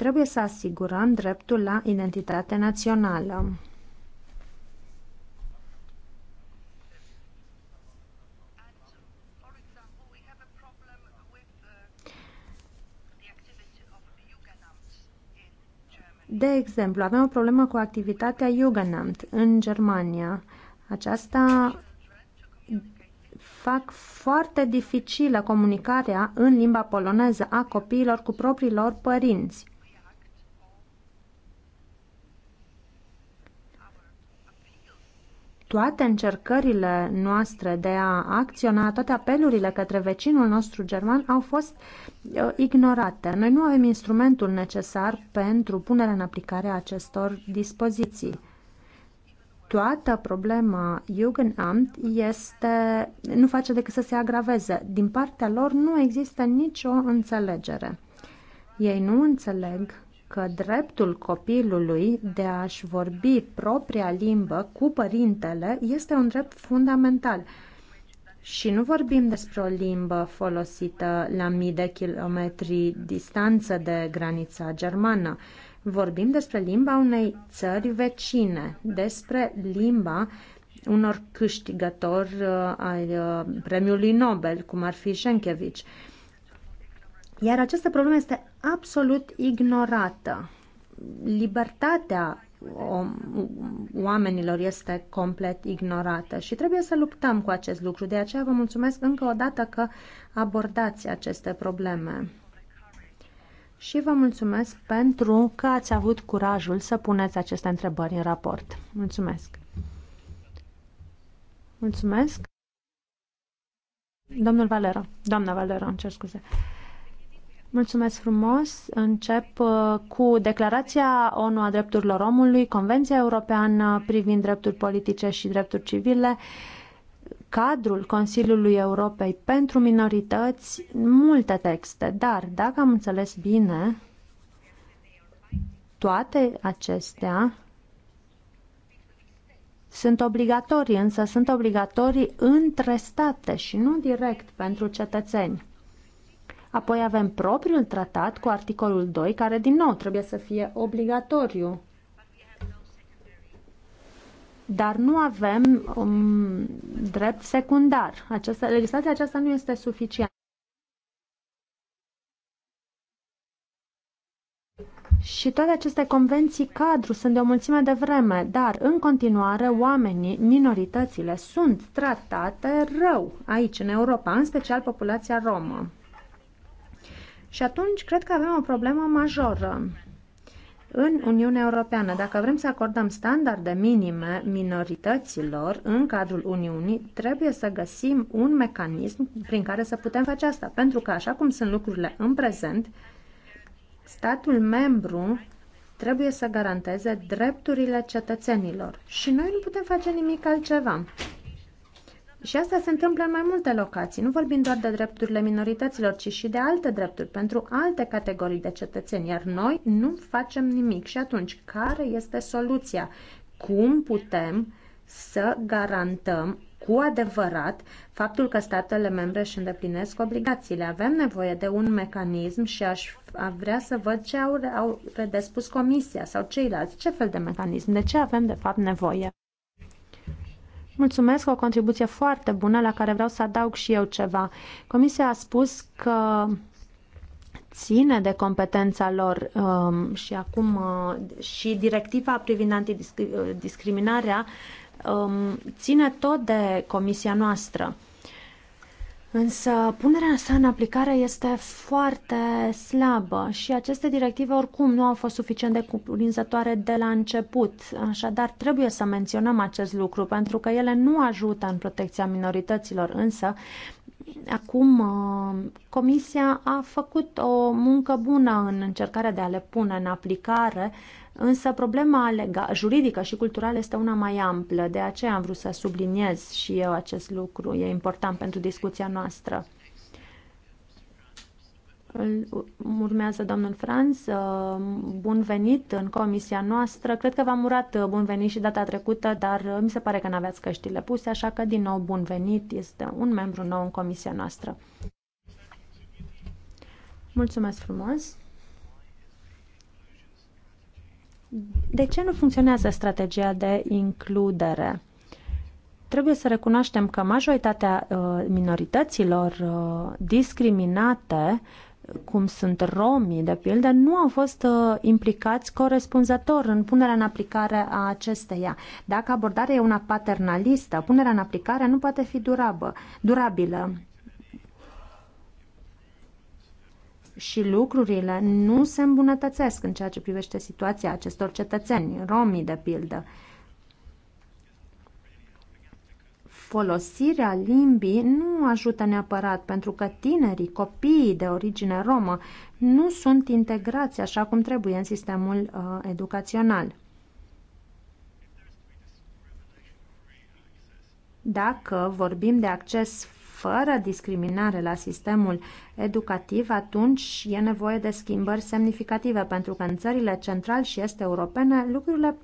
trebuie să asigurăm dreptul la identitate națională. De exemplu, avem o problemă cu activitatea Jugendamt în Germania. Aceasta fac foarte dificilă comunicarea în limba poloneză a copiilor cu propriilor părinți. toate încercările noastre de a acționa, toate apelurile către vecinul nostru german au fost uh, ignorate. Noi nu avem instrumentul necesar pentru punerea în aplicare a acestor dispoziții toată problema Jugendamt este, nu face decât să se agraveze. Din partea lor nu există nicio înțelegere. Ei nu înțeleg că dreptul copilului de a-și vorbi propria limbă cu părintele este un drept fundamental. Și nu vorbim despre o limbă folosită la mii de kilometri distanță de granița germană. Vorbim despre limba unei țări vecine, despre limba unor câștigători uh, ai uh, premiului Nobel, cum ar fi Șenchevici. Iar această problemă este absolut ignorată. Libertatea oamenilor este complet ignorată și trebuie să luptăm cu acest lucru. De aceea vă mulțumesc încă o dată că abordați aceste probleme și vă mulțumesc pentru că ați avut curajul să puneți aceste întrebări în raport. Mulțumesc! Mulțumesc! Domnul Valero, doamna Valero, îmi cer scuze. Mulțumesc frumos. Încep uh, cu Declarația ONU a Drepturilor Omului, Convenția Europeană privind drepturi politice și drepturi civile, cadrul Consiliului Europei pentru minorități multe texte, dar dacă am înțeles bine, toate acestea sunt obligatorii, însă sunt obligatorii între state și nu direct pentru cetățeni. Apoi avem propriul tratat cu articolul 2, care din nou trebuie să fie obligatoriu dar nu avem um, drept secundar. Această, legislația aceasta nu este suficientă. Și toate aceste convenții cadru sunt de o mulțime de vreme, dar în continuare oamenii, minoritățile, sunt tratate rău aici, în Europa, în special populația romă. Și atunci cred că avem o problemă majoră în Uniunea Europeană. Dacă vrem să acordăm standarde minime minorităților în cadrul Uniunii, trebuie să găsim un mecanism prin care să putem face asta, pentru că așa cum sunt lucrurile în prezent, statul membru trebuie să garanteze drepturile cetățenilor și noi nu putem face nimic altceva. Și asta se întâmplă în mai multe locații. Nu vorbim doar de drepturile minorităților, ci și de alte drepturi pentru alte categorii de cetățeni, iar noi nu facem nimic. Și atunci, care este soluția? Cum putem să garantăm cu adevărat faptul că statele membre își îndeplinesc obligațiile. Avem nevoie de un mecanism și aș vrea să văd ce au, au redespus Comisia sau ceilalți, ce fel de mecanism, de ce avem de fapt nevoie. Mulțumesc, o contribuție foarte bună la care vreau să adaug și eu ceva. Comisia a spus că ține de competența lor um, și acum uh, și directiva privind antidiscriminarea uh, um, ține tot de comisia noastră. Însă punerea sa în aplicare este foarte slabă și aceste directive oricum nu au fost suficient de cuprinzătoare de la început. Așadar, trebuie să menționăm acest lucru pentru că ele nu ajută în protecția minorităților, însă Acum, uh, Comisia a făcut o muncă bună în încercarea de a le pune în aplicare Însă problema lega- juridică și culturală este una mai amplă, de aceea am vrut să subliniez și eu acest lucru, e important pentru discuția noastră. Urmează domnul Franz, uh, bun venit în comisia noastră. Cred că v-am urat uh, bun venit și data trecută, dar uh, mi se pare că nu aveați căștile puse, așa că din nou bun venit, este un membru nou în comisia noastră. Mulțumesc frumos! De ce nu funcționează strategia de includere? Trebuie să recunoaștem că majoritatea uh, minorităților uh, discriminate cum sunt romii, de pildă, nu au fost uh, implicați corespunzător în punerea în aplicare a acesteia. Dacă abordarea e una paternalistă, punerea în aplicare nu poate fi durabă, durabilă. și lucrurile nu se îmbunătățesc în ceea ce privește situația acestor cetățeni, romii de pildă. Folosirea limbii nu ajută neapărat pentru că tinerii, copiii de origine romă, nu sunt integrați așa cum trebuie în sistemul uh, educațional. Dacă vorbim de acces fără discriminare la sistemul educativ, atunci e nevoie de schimbări semnificative, pentru că în țările central și est europene lucrurile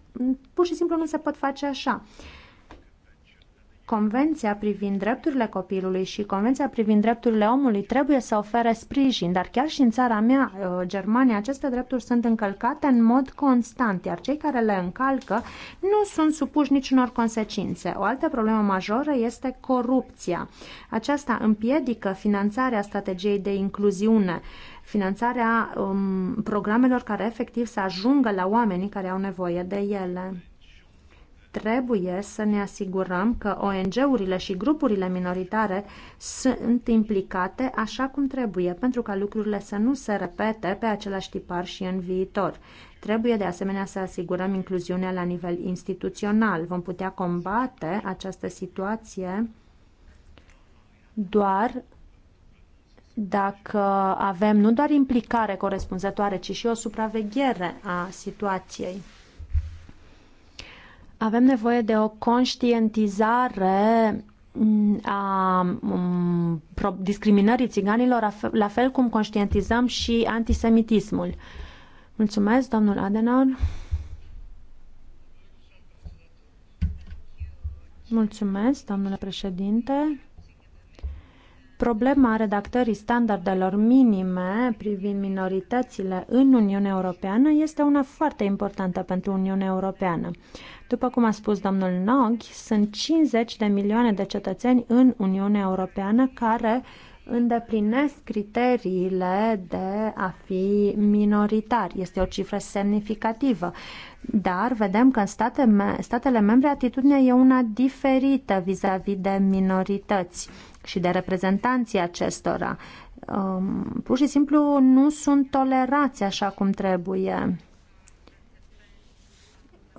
pur și simplu nu se pot face așa. Uh, Convenția privind drepturile copilului și Convenția privind drepturile omului trebuie să ofere sprijin, dar chiar și în țara mea, uh, Germania, aceste drepturi sunt încălcate în mod constant, iar cei care le încalcă nu sunt supuși niciunor consecințe. O altă problemă majoră este corupția. Aceasta împiedică finanțarea strategiei de incluziune finanțarea um, programelor care efectiv să ajungă la oamenii care au nevoie de ele trebuie să ne asigurăm că ONG-urile și grupurile minoritare sunt implicate așa cum trebuie, pentru ca lucrurile să nu se repete pe același tipar și în viitor. Trebuie de asemenea să asigurăm incluziunea la nivel instituțional. Vom putea combate această situație doar dacă avem nu doar implicare corespunzătoare, ci și o supraveghere a situației. Avem nevoie de o conștientizare mm, a mm, discriminării țiganilor, la fel cum conștientizăm și antisemitismul. Mulțumesc, domnul Adenauer. Mulțumesc, domnule președinte. Problema redactării standardelor minime privind minoritățile în Uniunea Europeană este una foarte importantă pentru Uniunea Europeană. După cum a spus domnul Nog, sunt 50 de milioane de cetățeni în Uniunea Europeană care îndeplinesc criteriile de a fi minoritar. Este o cifră semnificativă. Dar vedem că în state me- statele membre atitudinea e una diferită vis-a-vis -vis de minorități și de reprezentanții acestora. Um, pur și simplu nu sunt tolerați așa cum trebuie.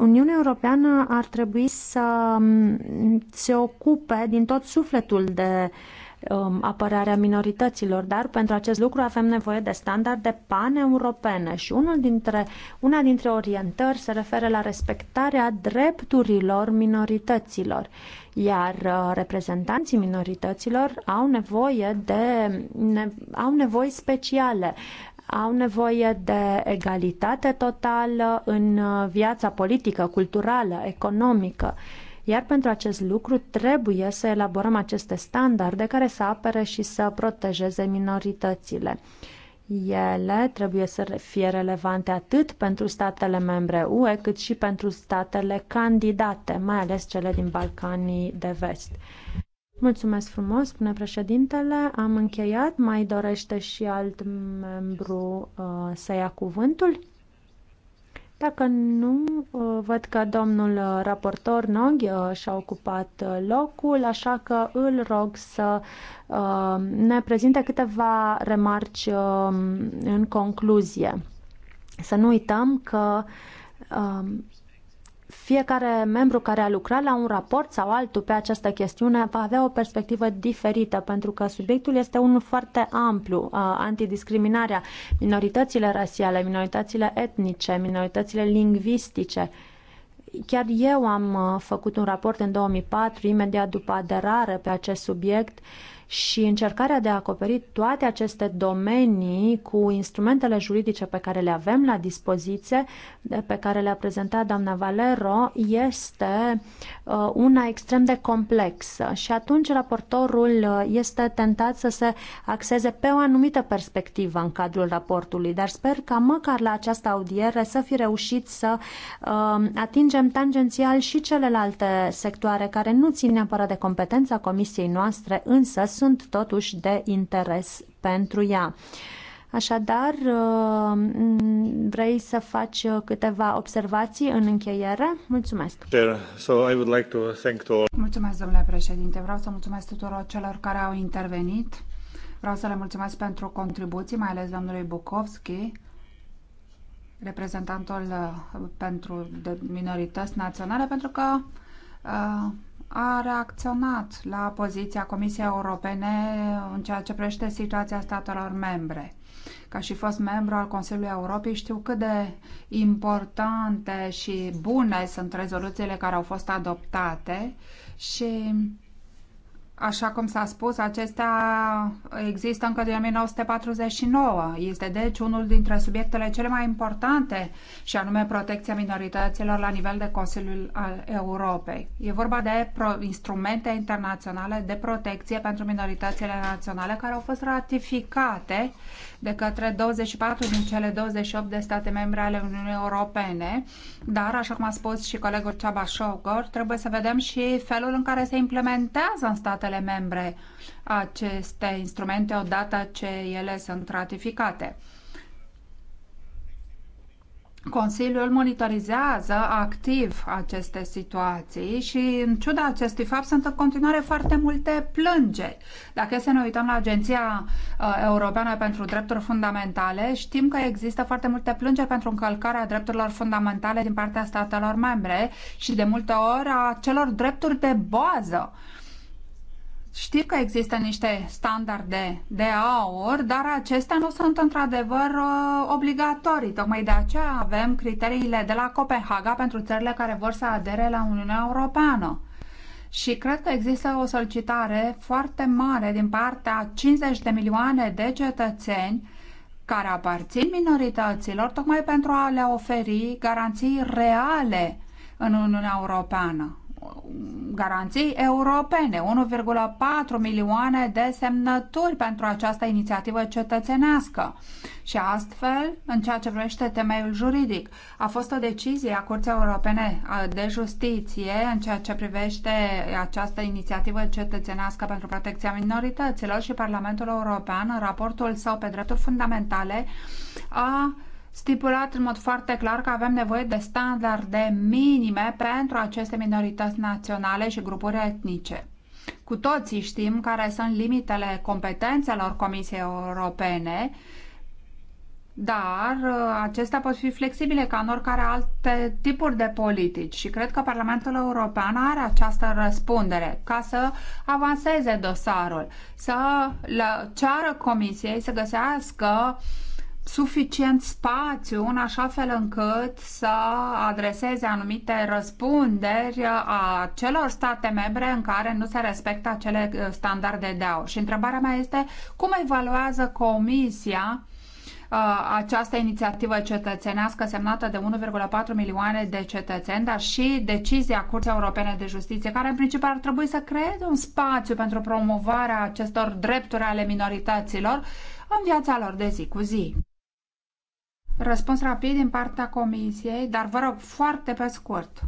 Uniunea Europeană ar trebui să mm, se ocupe din tot sufletul de mm, apărarea minorităților, dar pentru acest lucru avem nevoie de standarde paneuropene și unul dintre, una dintre orientări se referă la respectarea drepturilor minorităților, iar uh, reprezentanții minorităților au nevoie de ne, au nevoi speciale au nevoie de egalitate totală în uh, viața politică, culturală, economică. Iar pentru acest lucru trebuie să elaborăm aceste standarde care să apere și să protejeze minoritățile. Ele trebuie să fie relevante atât pentru statele membre UE, cât și pentru statele candidate, mai ales cele din Balcanii de Vest. Mulțumesc frumos, spune președintele. Am încheiat. Mai dorește și alt membru uh, să ia cuvântul? Dacă nu, uh, văd că domnul raportor Noghi uh, și-a ocupat uh, locul, așa că îl rog să ne prezinte câteva remarci um, în concluzie. Să nu uităm că um, fiecare membru care a lucrat la un raport sau altul pe această chestiune va avea o perspectivă diferită, pentru că subiectul este unul foarte amplu. Uh, antidiscriminarea, minoritățile rasiale, minoritățile etnice, minoritățile lingvistice. Chiar eu am uh, făcut un raport în 2004, imediat după aderare, pe acest subiect și încercarea de a acoperi toate aceste domenii cu instrumentele juridice pe care le avem la dispoziție, pe care le-a prezentat doamna Valero, este uh, una extrem de complexă și atunci raportorul uh, este tentat să se axeze pe o anumită perspectivă în cadrul raportului, dar sper ca măcar la această audiere să fi reușit să uh, atingem tangențial și celelalte sectoare care nu țin neapărat de competența comisiei noastre, însă sunt totuși de interes pentru ea. Așadar, uh, vrei să faci uh, câteva observații în încheiere? Mulțumesc! Mulțumesc, domnule președinte! Vreau să mulțumesc tuturor celor care au intervenit. Vreau să le mulțumesc pentru contribuții, mai ales domnului Bukovski, reprezentantul uh, pentru minorități naționale, pentru că a reacționat la poziția Comisiei Europene în ceea ce privește situația statelor membre. Ca și fost membru al Consiliului Europei, știu cât de importante și bune sunt rezoluțiile care au fost adoptate și Așa cum s-a spus, acesta există încă din 1949. Este deci unul dintre subiectele cele mai importante și anume protecția minorităților la nivel de Consiliul al Europei. E vorba de instrumente internaționale de protecție pentru minoritățile naționale care au fost ratificate de către 24 din cele 28 de state membre ale Uniunii Europene, dar, așa cum a spus și colegul Ceaba Șogor, trebuie să vedem și felul în care se implementează în statele statele membre aceste instrumente odată ce ele sunt ratificate. Consiliul monitorizează activ aceste situații și, în ciuda acestui fapt, sunt în continuare foarte multe plângeri. Dacă să ne uităm la Agenția uh, Europeană pentru Drepturi Fundamentale, știm că există foarte multe plângeri pentru încălcarea drepturilor fundamentale din partea statelor membre și, de multe ori, a celor drepturi de bază. Știm că există niște standarde de aur, dar acestea nu sunt într-adevăr uh, obligatorii. Tocmai de aceea avem criteriile de la Copenhaga pentru țările care vor să adere la Uniunea Europeană. Și cred că există o solicitare foarte mare din partea 50 de milioane de cetățeni care aparțin minorităților, tocmai pentru a le oferi garanții reale în Uniunea Europeană garanții europene, 1,4 milioane de semnături pentru această inițiativă cetățenească. Și astfel, în ceea ce privește temeiul juridic, a fost o decizie a Curții Europene de Justiție în ceea ce privește această inițiativă cetățenească pentru protecția minorităților și Parlamentul European, în raportul său pe drepturi fundamentale, a stipulat în mod foarte clar că avem nevoie de standarde minime pentru aceste minorități naționale și grupuri etnice. Cu toții știm care sunt limitele competențelor Comisiei Europene, dar uh, acestea pot fi flexibile ca în oricare alte tipuri de politici și cred că Parlamentul European are această răspundere ca să avanseze dosarul, să ceară Comisiei să găsească uh, suficient spațiu în așa fel încât să adreseze anumite răspunderi a celor state membre în care nu se respectă acele uh, standarde de aur. Și întrebarea mea este cum evaluează Comisia uh, această inițiativă cetățenească semnată de 1,4 milioane de cetățeni, dar și decizia Curții Europene de Justiție, care în principiu ar trebui să creeze un spațiu pentru promovarea acestor drepturi ale minorităților în viața lor de zi cu zi. Răspuns rapid din partea comisiei, dar vă rog foarte pe scurt.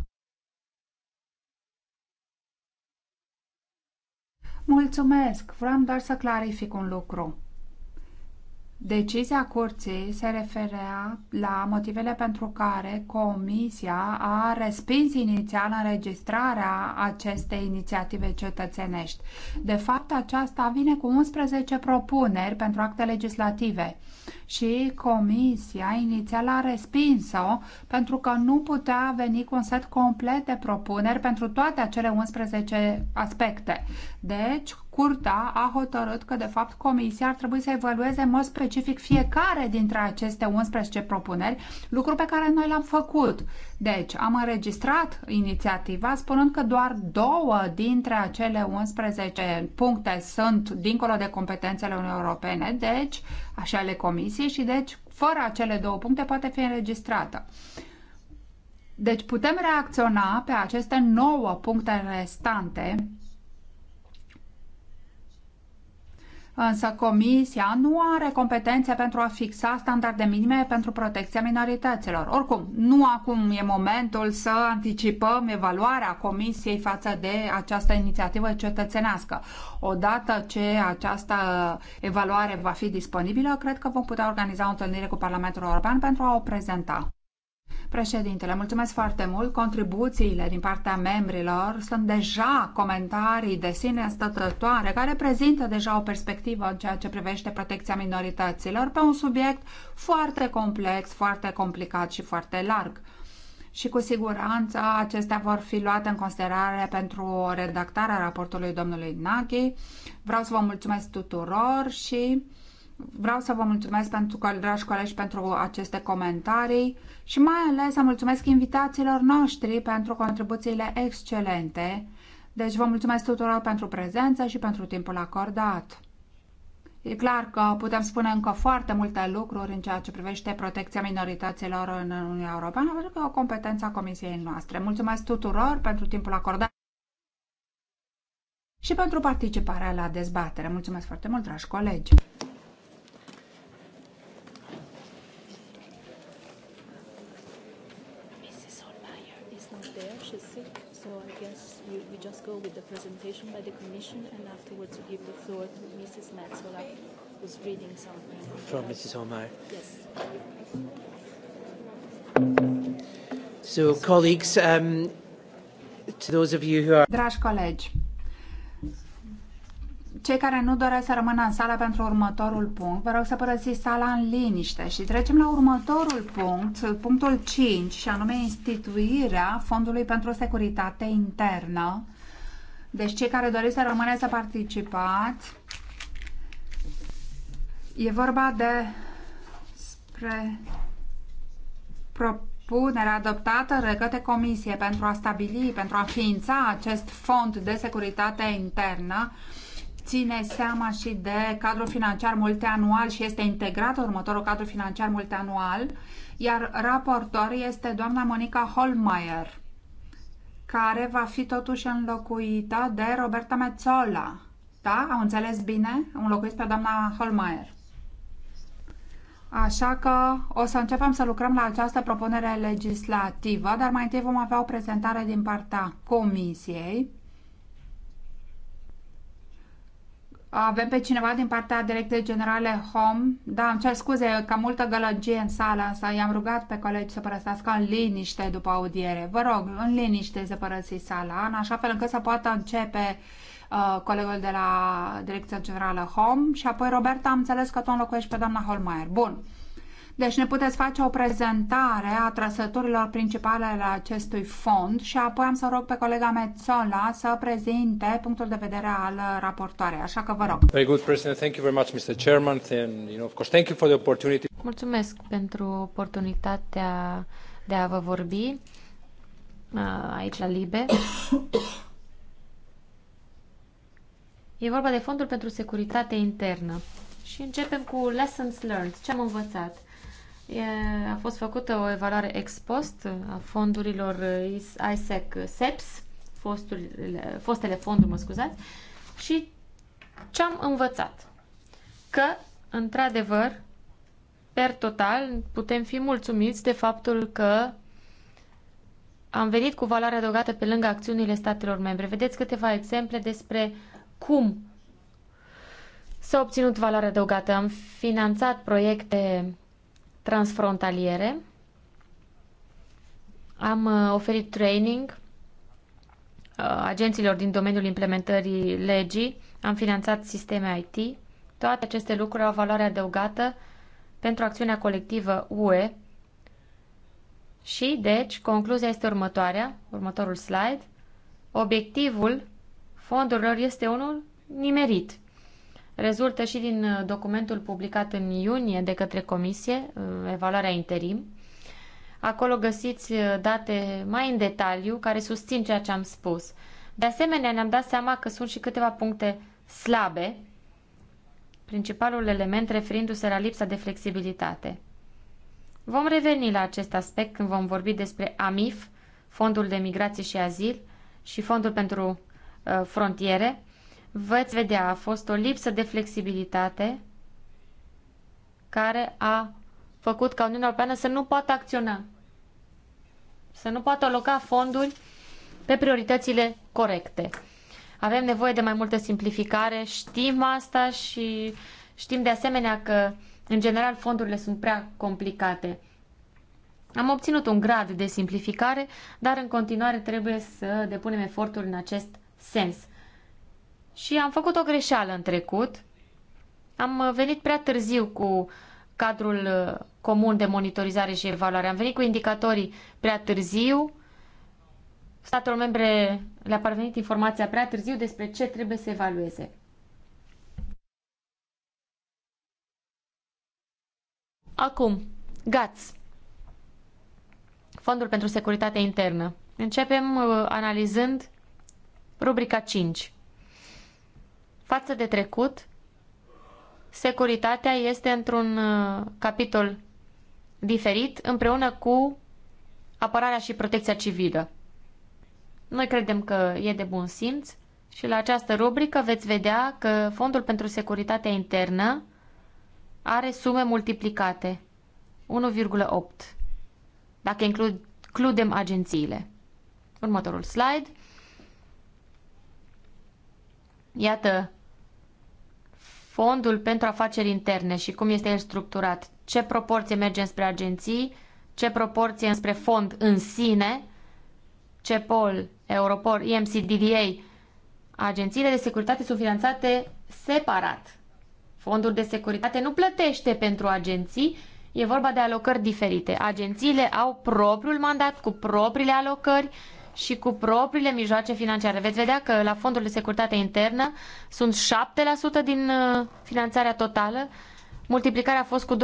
Mulțumesc! Vreau doar să clarific un lucru. Decizia curții se referea la motivele pentru care Comisia a respins inițial înregistrarea acestei inițiative cetățenești. De fapt, aceasta vine cu 11 propuneri pentru acte legislative și Comisia inițial a respins-o pentru că nu putea veni cu un set complet de propuneri pentru toate acele 11 aspecte. Deci, Curta a hotărât că, de fapt, Comisia ar trebui să evalueze în mod specific fiecare dintre aceste 11 propuneri, lucru pe care noi l-am făcut. Deci, am înregistrat inițiativa spunând că doar două dintre acele 11 puncte sunt dincolo de competențele Uniunii Europene, deci, așa ale Comisiei, și deci, fără acele două puncte, poate fi înregistrată. Deci putem reacționa pe aceste nouă puncte restante Însă Comisia nu are competențe pentru a fixa standarde minime pentru protecția minorităților. Oricum, nu acum e momentul să anticipăm evaluarea Comisiei față de această inițiativă cetățenească. Odată ce această evaluare va fi disponibilă, cred că vom putea organiza o întâlnire cu Parlamentul European pentru a o prezenta. Președintele, mulțumesc foarte mult. Contribuțiile din partea membrilor sunt deja comentarii de sine stătătoare care prezintă deja o perspectivă în ceea ce privește protecția minorităților pe un subiect foarte complex, foarte complicat și foarte larg. Și cu siguranță acestea vor fi luate în considerare pentru redactarea raportului domnului Naghi. Vreau să vă mulțumesc tuturor și Vreau să vă mulțumesc pentru că, dragi colegi, pentru aceste comentarii și mai ales să mulțumesc invitațiilor noștri pentru contribuțiile excelente. Deci vă mulțumesc tuturor pentru prezență și pentru timpul acordat. E clar că putem spune încă foarte multe lucruri în ceea ce privește protecția minorităților în Uniunea Europeană, pentru că e o competență a Comisiei noastre. Mulțumesc tuturor pentru timpul acordat și pentru participarea la dezbatere. Mulțumesc foarte mult, dragi colegi! go with the presentation by the Commission and afterwards we'll give the floor to Mrs. Metzola, who's reading something. From Mrs. Omar. Yes. So, colleagues, um, to those of you who are... Dragi colegi, cei care nu doresc să rămână în sală pentru următorul punct, vă rog să părăsiți sala în liniște și trecem la următorul punct, punctul 5, și anume instituirea Fondului pentru Securitate Internă deci cei care doresc să rămâneți să participați, e vorba de spre propunere adoptată de către Comisie pentru a stabili, pentru a ființa acest fond de securitate internă ține seama și de cadrul financiar multianual și este integrat următorul cadru financiar multianual, iar raportor este doamna Monica Holmeier care va fi totuși înlocuită de Roberta Mezzola. Da? Au înțeles bine? Înlocuiți pe doamna Holmeier. Așa că o să începem să lucrăm la această propunere legislativă, dar mai întâi vom avea o prezentare din partea Comisiei. Avem pe cineva din partea Direcției Generale Home. Da, îmi cer scuze, că multă gălăgie în sală, însă i-am rugat pe colegi să părăsească în liniște după audiere. Vă rog, în liniște să părăsi sala, în așa fel încât să poată începe uh, colegul de la Direcția Generală Home și apoi, Roberta, am înțeles că tu înlocuiești pe doamna Holmeier. Bun. Deci ne puteți face o prezentare a trăsăturilor principale ale acestui fond și apoi am să rog pe colega Metzola să prezinte punctul de vedere al raportoarei. Așa că vă rog. Very good, President. Thank you very much, Mr. Chairman. And, you know, of course, thank you for the opportunity. Mulțumesc pentru oportunitatea de a vă vorbi uh, aici la Libe. E vorba de Fondul pentru Securitate Internă. Și începem cu Lessons Learned, ce am învățat. E, a fost făcută o evaluare ex post a fondurilor uh, ISEC SEPS, uh, fostele fonduri, mă scuzați, și ce am învățat? Că, într-adevăr, per total, putem fi mulțumiți de faptul că am venit cu valoare adăugată pe lângă acțiunile statelor membre. Vedeți câteva exemple despre cum s-a obținut valoare adăugată. Am finanțat proiecte transfrontaliere. Am uh, oferit training uh, agenților din domeniul implementării legii, am finanțat sisteme IT. Toate aceste lucruri au valoare adăugată pentru acțiunea colectivă UE. Și, deci, concluzia este următoarea, următorul slide. Obiectivul fondurilor este unul nimerit – rezultă și din uh, documentul publicat în iunie de către Comisie, uh, evaluarea interim. Acolo găsiți uh, date mai în detaliu care susțin ceea ce am spus. De asemenea, ne-am dat seama că sunt și câteva puncte slabe, principalul element referindu-se la lipsa de flexibilitate. Vom reveni la acest aspect când vom vorbi despre AMIF, Fondul de Migrație și Azil și Fondul pentru uh, Frontiere, veți vedea, a fost o lipsă de flexibilitate care a făcut ca Uniunea Europeană să nu poată acționa, să nu poată aloca fonduri pe prioritățile corecte. Avem nevoie de mai multă simplificare, știm asta și știm de asemenea că, în general, fondurile sunt prea complicate. Am obținut un grad de simplificare, dar în continuare trebuie să depunem eforturi în acest sens și am făcut o greșeală în trecut. Am venit prea târziu cu cadrul uh, comun de monitorizare și evaluare. Am venit cu indicatorii prea târziu. Statul membre le-a parvenit informația prea târziu despre ce trebuie să evalueze. Acum, GATS, Fondul pentru Securitate Internă. Începem uh, analizând rubrica 5. Față de trecut, securitatea este într-un uh, capitol diferit împreună cu apărarea și protecția civilă. Noi credem că e de bun simț și la această rubrică veți vedea că Fondul pentru Securitatea Internă are sume multiplicate, 1,8, dacă includem agențiile. Următorul slide. Iată fondul pentru afaceri interne și cum este el structurat, ce proporție merge spre agenții, ce proporție spre fond în sine, CEPOL, Europol, EMC, DDA, agențiile de securitate sunt finanțate separat. Fondul de securitate nu plătește pentru agenții, e vorba de alocări diferite. Agențiile au propriul mandat cu propriile alocări, și cu propriile mijloace financiare. Veți vedea că la fondurile de securitate internă sunt 7% din uh, finanțarea totală, multiplicarea a fost cu 2,5%,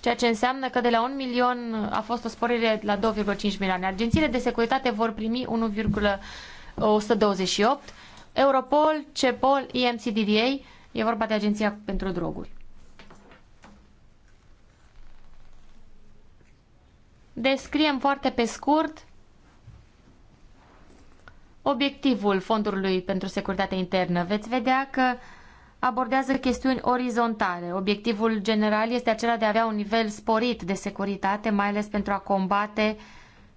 ceea ce înseamnă că de la 1 milion a fost o sporire la 2,5 milioane. Agențiile de securitate vor primi 1,128, Europol, CEPOL, IMCDDA, e vorba de Agenția pentru Droguri. Descriem foarte pe scurt obiectivul Fondului pentru Securitate Internă. Veți vedea că abordează chestiuni orizontale. Obiectivul general este acela de a avea un nivel sporit de securitate, mai ales pentru a combate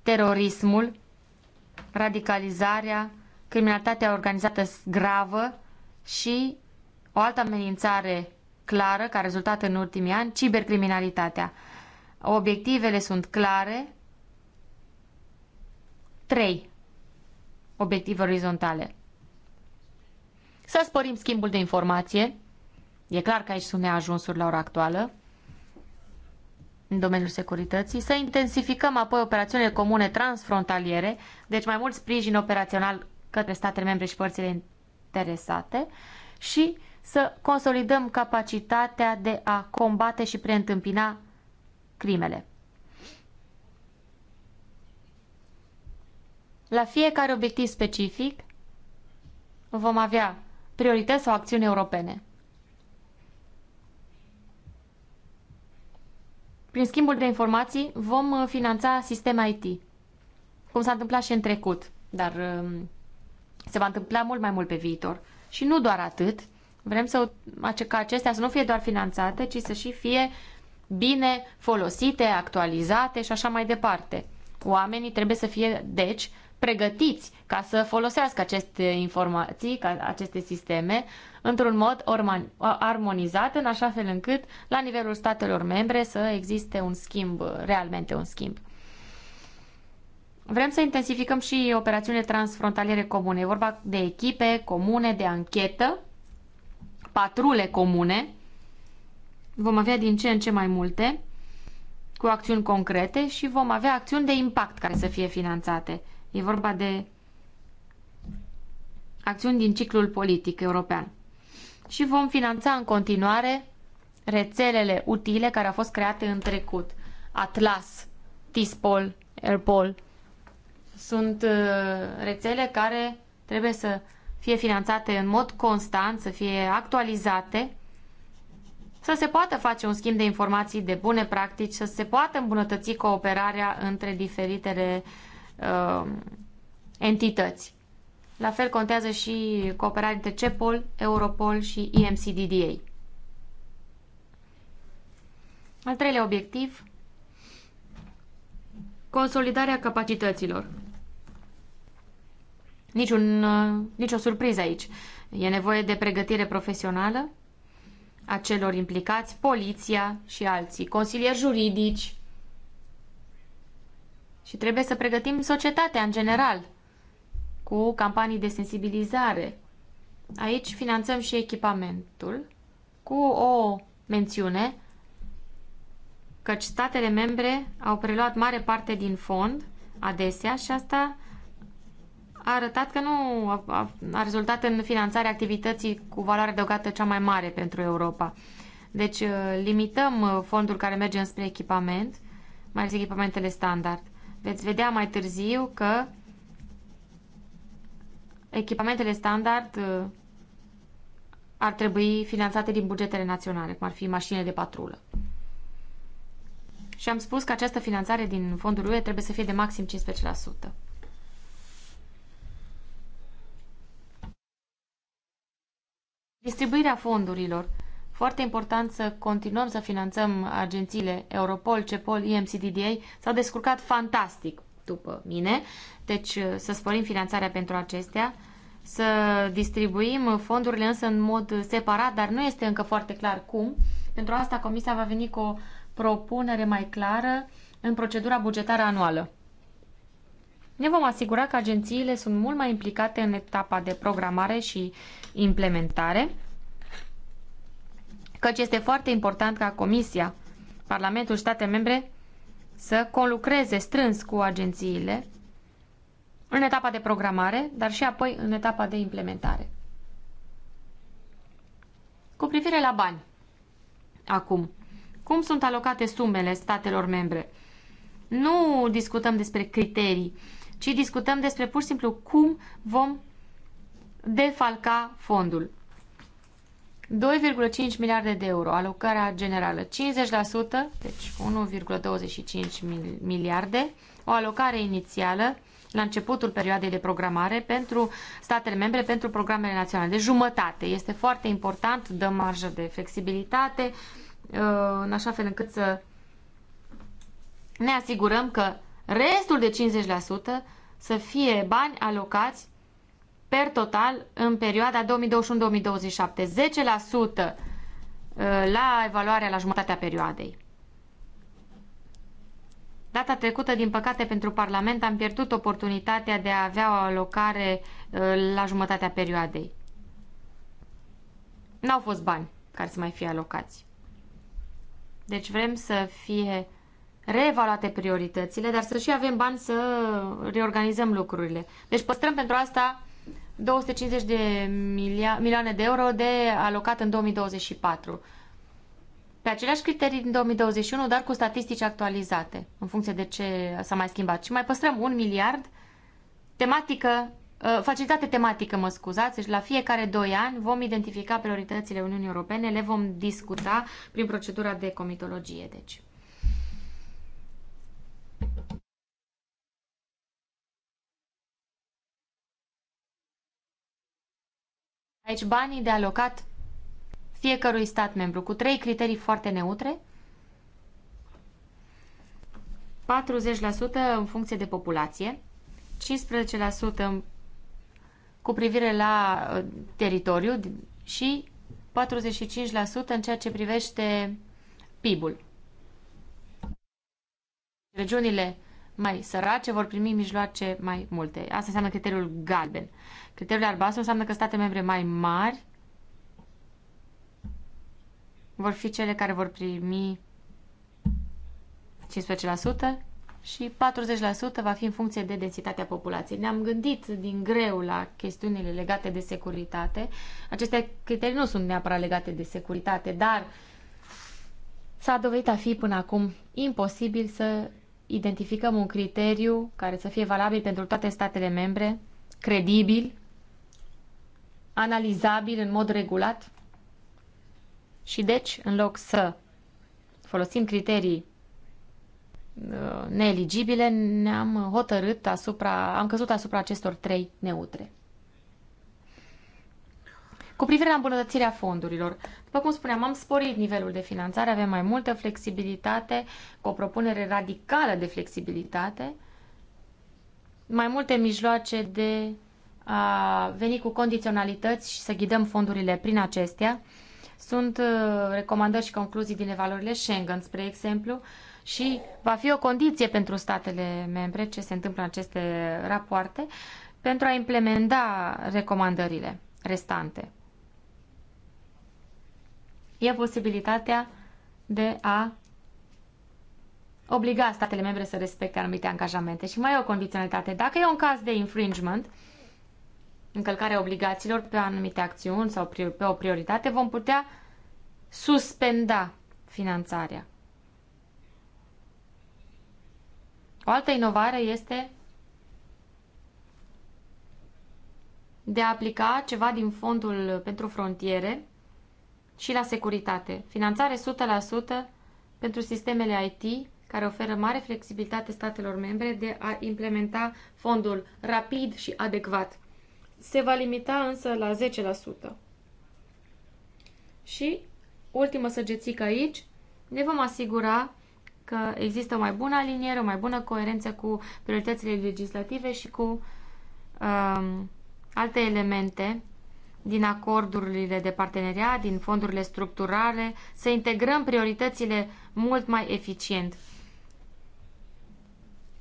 terorismul, radicalizarea, criminalitatea organizată gravă și o altă amenințare clară ca rezultat în ultimii ani, cibercriminalitatea. Obiectivele sunt clare. 3 obiective orizontale. Să sporim schimbul de informație. E clar că aici sunt neajunsuri la ora actuală în domeniul securității, să intensificăm apoi operațiunile comune transfrontaliere, deci mai mult sprijin operațional către statele membre și părțile interesate și să consolidăm capacitatea de a combate și preîntâmpina crimele. La fiecare obiectiv specific vom avea priorități sau acțiuni europene. Prin schimbul de informații vom uh, finanța sisteme IT, cum s-a întâmplat și în trecut, dar um, se va întâmpla mult mai mult pe viitor. Și nu doar atât, vrem să, ca acestea să nu fie doar finanțate, ci să și fie bine folosite, actualizate și așa mai departe. Oamenii trebuie să fie, deci, pregătiți ca să folosească aceste informații, ca aceste sisteme, într-un mod armonizat, în așa fel încât la nivelul statelor membre să existe un schimb, realmente un schimb. Vrem să intensificăm și operațiunile transfrontaliere comune. E vorba de echipe comune, de anchetă, patrule comune. Vom avea din ce în ce mai multe cu acțiuni concrete și vom avea acțiuni de impact care să fie finanțate. E vorba de acțiuni din ciclul politic european. Și vom finanța în continuare rețelele utile care au fost create în trecut. Atlas, TISPOL, AirPol sunt uh, rețele care trebuie să fie finanțate în mod constant, să fie actualizate, să se poată face un schimb de informații de bune practici, să se poată îmbunătăți cooperarea între diferitele uh, entități. La fel contează și cooperarea dintre CEPOL, Europol și EMCDDA. Al treilea obiectiv, consolidarea capacităților. Niciun, uh, nicio surpriză aici. E nevoie de pregătire profesională a celor implicați, poliția și alții, consilieri juridici, și trebuie să pregătim societatea în general cu campanii de sensibilizare. Aici finanțăm și echipamentul cu o mențiune căci statele membre au preluat mare parte din fond adesea și asta a arătat că nu a, a, a rezultat în finanțarea activității cu valoare adăugată cea mai mare pentru Europa. Deci uh, limităm uh, fondul care merge înspre echipament, mai ales echipamentele standard. Veți vedea mai târziu că echipamentele standard uh, ar trebui finanțate din bugetele naționale, cum ar fi mașinile de patrulă. Și am spus că această finanțare din fondul UE trebuie să fie de maxim 15%. Distribuirea fondurilor. Foarte important să continuăm să finanțăm agențiile Europol, CEPOL, IMCDDA. S-au descurcat fantastic după mine, deci uh, să sporim finanțarea pentru acestea, să distribuim fondurile însă în mod separat, dar nu este încă foarte clar cum. Pentru asta Comisia va veni cu o propunere mai clară în procedura bugetară anuală. Ne vom asigura că agențiile sunt mult mai implicate în etapa de programare și implementare căci este foarte important ca Comisia, Parlamentul, state membre să conlucreze strâns cu agențiile în etapa de programare, dar și apoi în etapa de implementare. Cu privire la bani, acum, cum sunt alocate sumele statelor membre? Nu discutăm despre criterii, ci discutăm despre pur și simplu cum vom defalca fondul. 2,5 miliarde de euro, alocarea generală 50%, deci 1,25 miliarde, o alocare inițială la începutul perioadei de programare pentru statele membre, pentru programele naționale, de deci jumătate. Este foarte important, dă marjă de flexibilitate, uh, în așa fel încât să ne asigurăm că restul de 50% să fie bani alocați per total în perioada 2021-2027, 10% uh, la evaluarea la jumătatea perioadei. Data trecută, din păcate, pentru Parlament am pierdut oportunitatea de a avea o alocare uh, la jumătatea perioadei. N-au fost bani care să mai fie alocați. Deci vrem să fie reevaluate prioritățile, dar să și avem bani să reorganizăm lucrurile. Deci păstrăm pentru asta 250 de milioane de euro de alocat în 2024. Pe aceleași criterii din 2021, dar cu statistici actualizate, în funcție de ce s-a mai schimbat. Și mai păstrăm un miliard tematică, ă, facilitate tematică, mă scuzați, și deci la fiecare doi ani vom identifica prioritățile Uniunii Europene, le vom discuta prin procedura de comitologie, deci. Aici banii de alocat fiecărui stat membru, cu trei criterii foarte neutre. 40% în funcție de populație, 15% cu privire la uh, teritoriu și 45% în ceea ce privește PIB-ul. Regiunile mai sărace vor primi mijloace mai multe. Asta înseamnă criteriul galben. Criteriul albastru înseamnă că state membre mai mari vor fi cele care vor primi 15% și 40% va fi în funcție de densitatea populației. Ne-am gândit din greu la chestiunile legate de securitate. Aceste criterii nu sunt neapărat legate de securitate, dar s-a dovedit a fi până acum imposibil să identificăm un criteriu care să fie valabil pentru toate statele membre, credibil analizabil în mod regulat? Și deci, în loc să folosim criterii uh, neeligibile, ne-am hotărât asupra, am căzut asupra acestor trei neutre. Cu privire la îmbunătățirea fondurilor, după cum spuneam, am sporit nivelul de finanțare, avem mai multă flexibilitate, cu o propunere radicală de flexibilitate, mai multe mijloace de a veni cu condiționalități și să ghidăm fondurile prin acestea. Sunt uh, recomandări și concluzii din evaluările Schengen, spre exemplu, și va fi o condiție pentru statele membre ce se întâmplă în aceste rapoarte pentru a implementa recomandările restante. E posibilitatea de a obliga statele membre să respecte anumite angajamente și mai e o condiționalitate. Dacă e un caz de infringement, încălcarea obligațiilor pe anumite acțiuni sau pe o prioritate, vom putea suspenda finanțarea. O altă inovare este de a aplica ceva din fondul pentru frontiere și la securitate. Finanțare 100% pentru sistemele IT care oferă mare flexibilitate statelor membre de a implementa fondul rapid și adecvat se va limita însă la 10%. Și, ultima săgețică aici, ne vom asigura că există o mai bună aliniere, o mai bună coerență cu prioritățile legislative și cu um, alte elemente din acordurile de parteneriat, din fondurile structurale, să integrăm prioritățile mult mai eficient.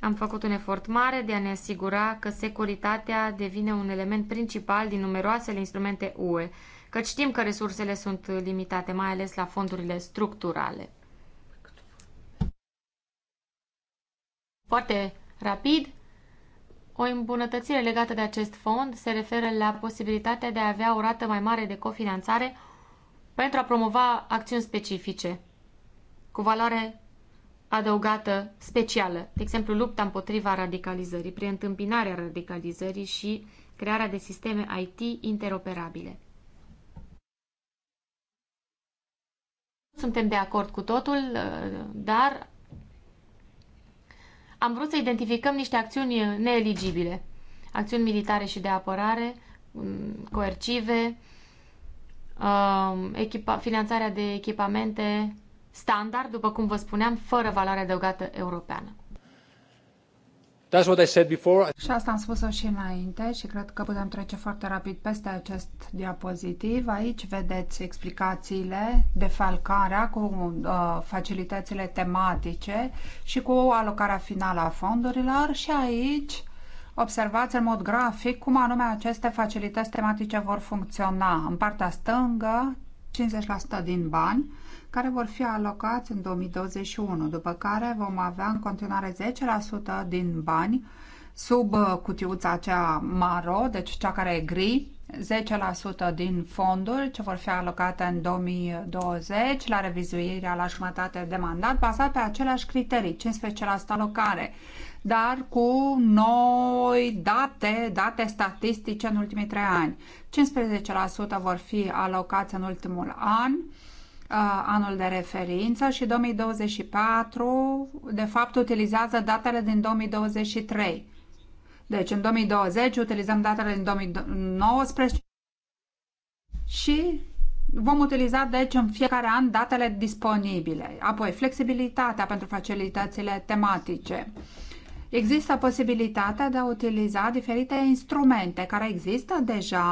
Am făcut un efort mare de a ne asigura că securitatea devine un element principal din numeroasele instrumente UE, că știm că resursele sunt limitate, mai ales la fondurile structurale. Foarte rapid, o îmbunătățire legată de acest fond se referă la posibilitatea de a avea o rată mai mare de cofinanțare pentru a promova acțiuni specifice cu valoare adăugată specială, de exemplu lupta împotriva radicalizării, preîntâmpinarea radicalizării și crearea de sisteme IT interoperabile. Suntem de acord cu totul, uh, dar am vrut să identificăm niște acțiuni neeligibile. Acțiuni militare și de apărare, um, coercive, um, echipa, finanțarea de echipamente standard, după cum vă spuneam, fără valoare adăugată europeană. That's what I said before. Și asta am spus-o și înainte și cred că putem trece foarte rapid peste acest diapozitiv. Aici vedeți explicațiile, de falcarea cu uh, facilitățile tematice și cu alocarea finală a fondurilor și aici observați în mod grafic cum anume aceste facilități tematice vor funcționa. În partea stângă 50% din bani, care vor fi alocați în 2021, după care vom avea în continuare 10% din bani sub uh, cutiuța aceea maro, deci cea care e gri, 10% din fonduri ce vor fi alocate în 2020 la revizuirea la jumătate de mandat, bazat pe aceleași criterii, 15% alocare, dar cu noi date, date statistice în ultimii trei ani. 15% vor fi alocați în ultimul an, Uh, anul de referință și 2024 de fapt utilizează datele din 2023. Deci în 2020 utilizăm datele din 2019 și vom utiliza deci în fiecare an datele disponibile. Apoi flexibilitatea pentru facilitățile tematice. Există posibilitatea de a utiliza diferite instrumente care există deja,